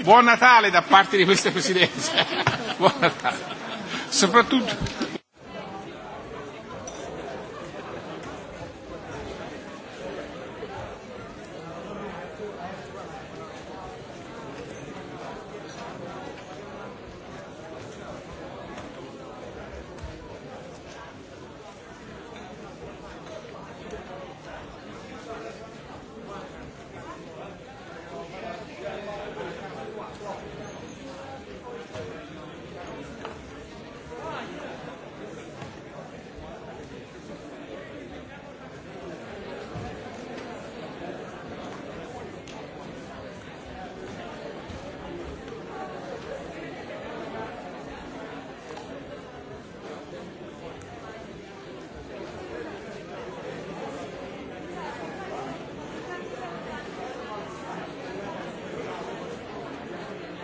Buon Natale da parte di questa Presidenza. Buon Natale. Soprattutto...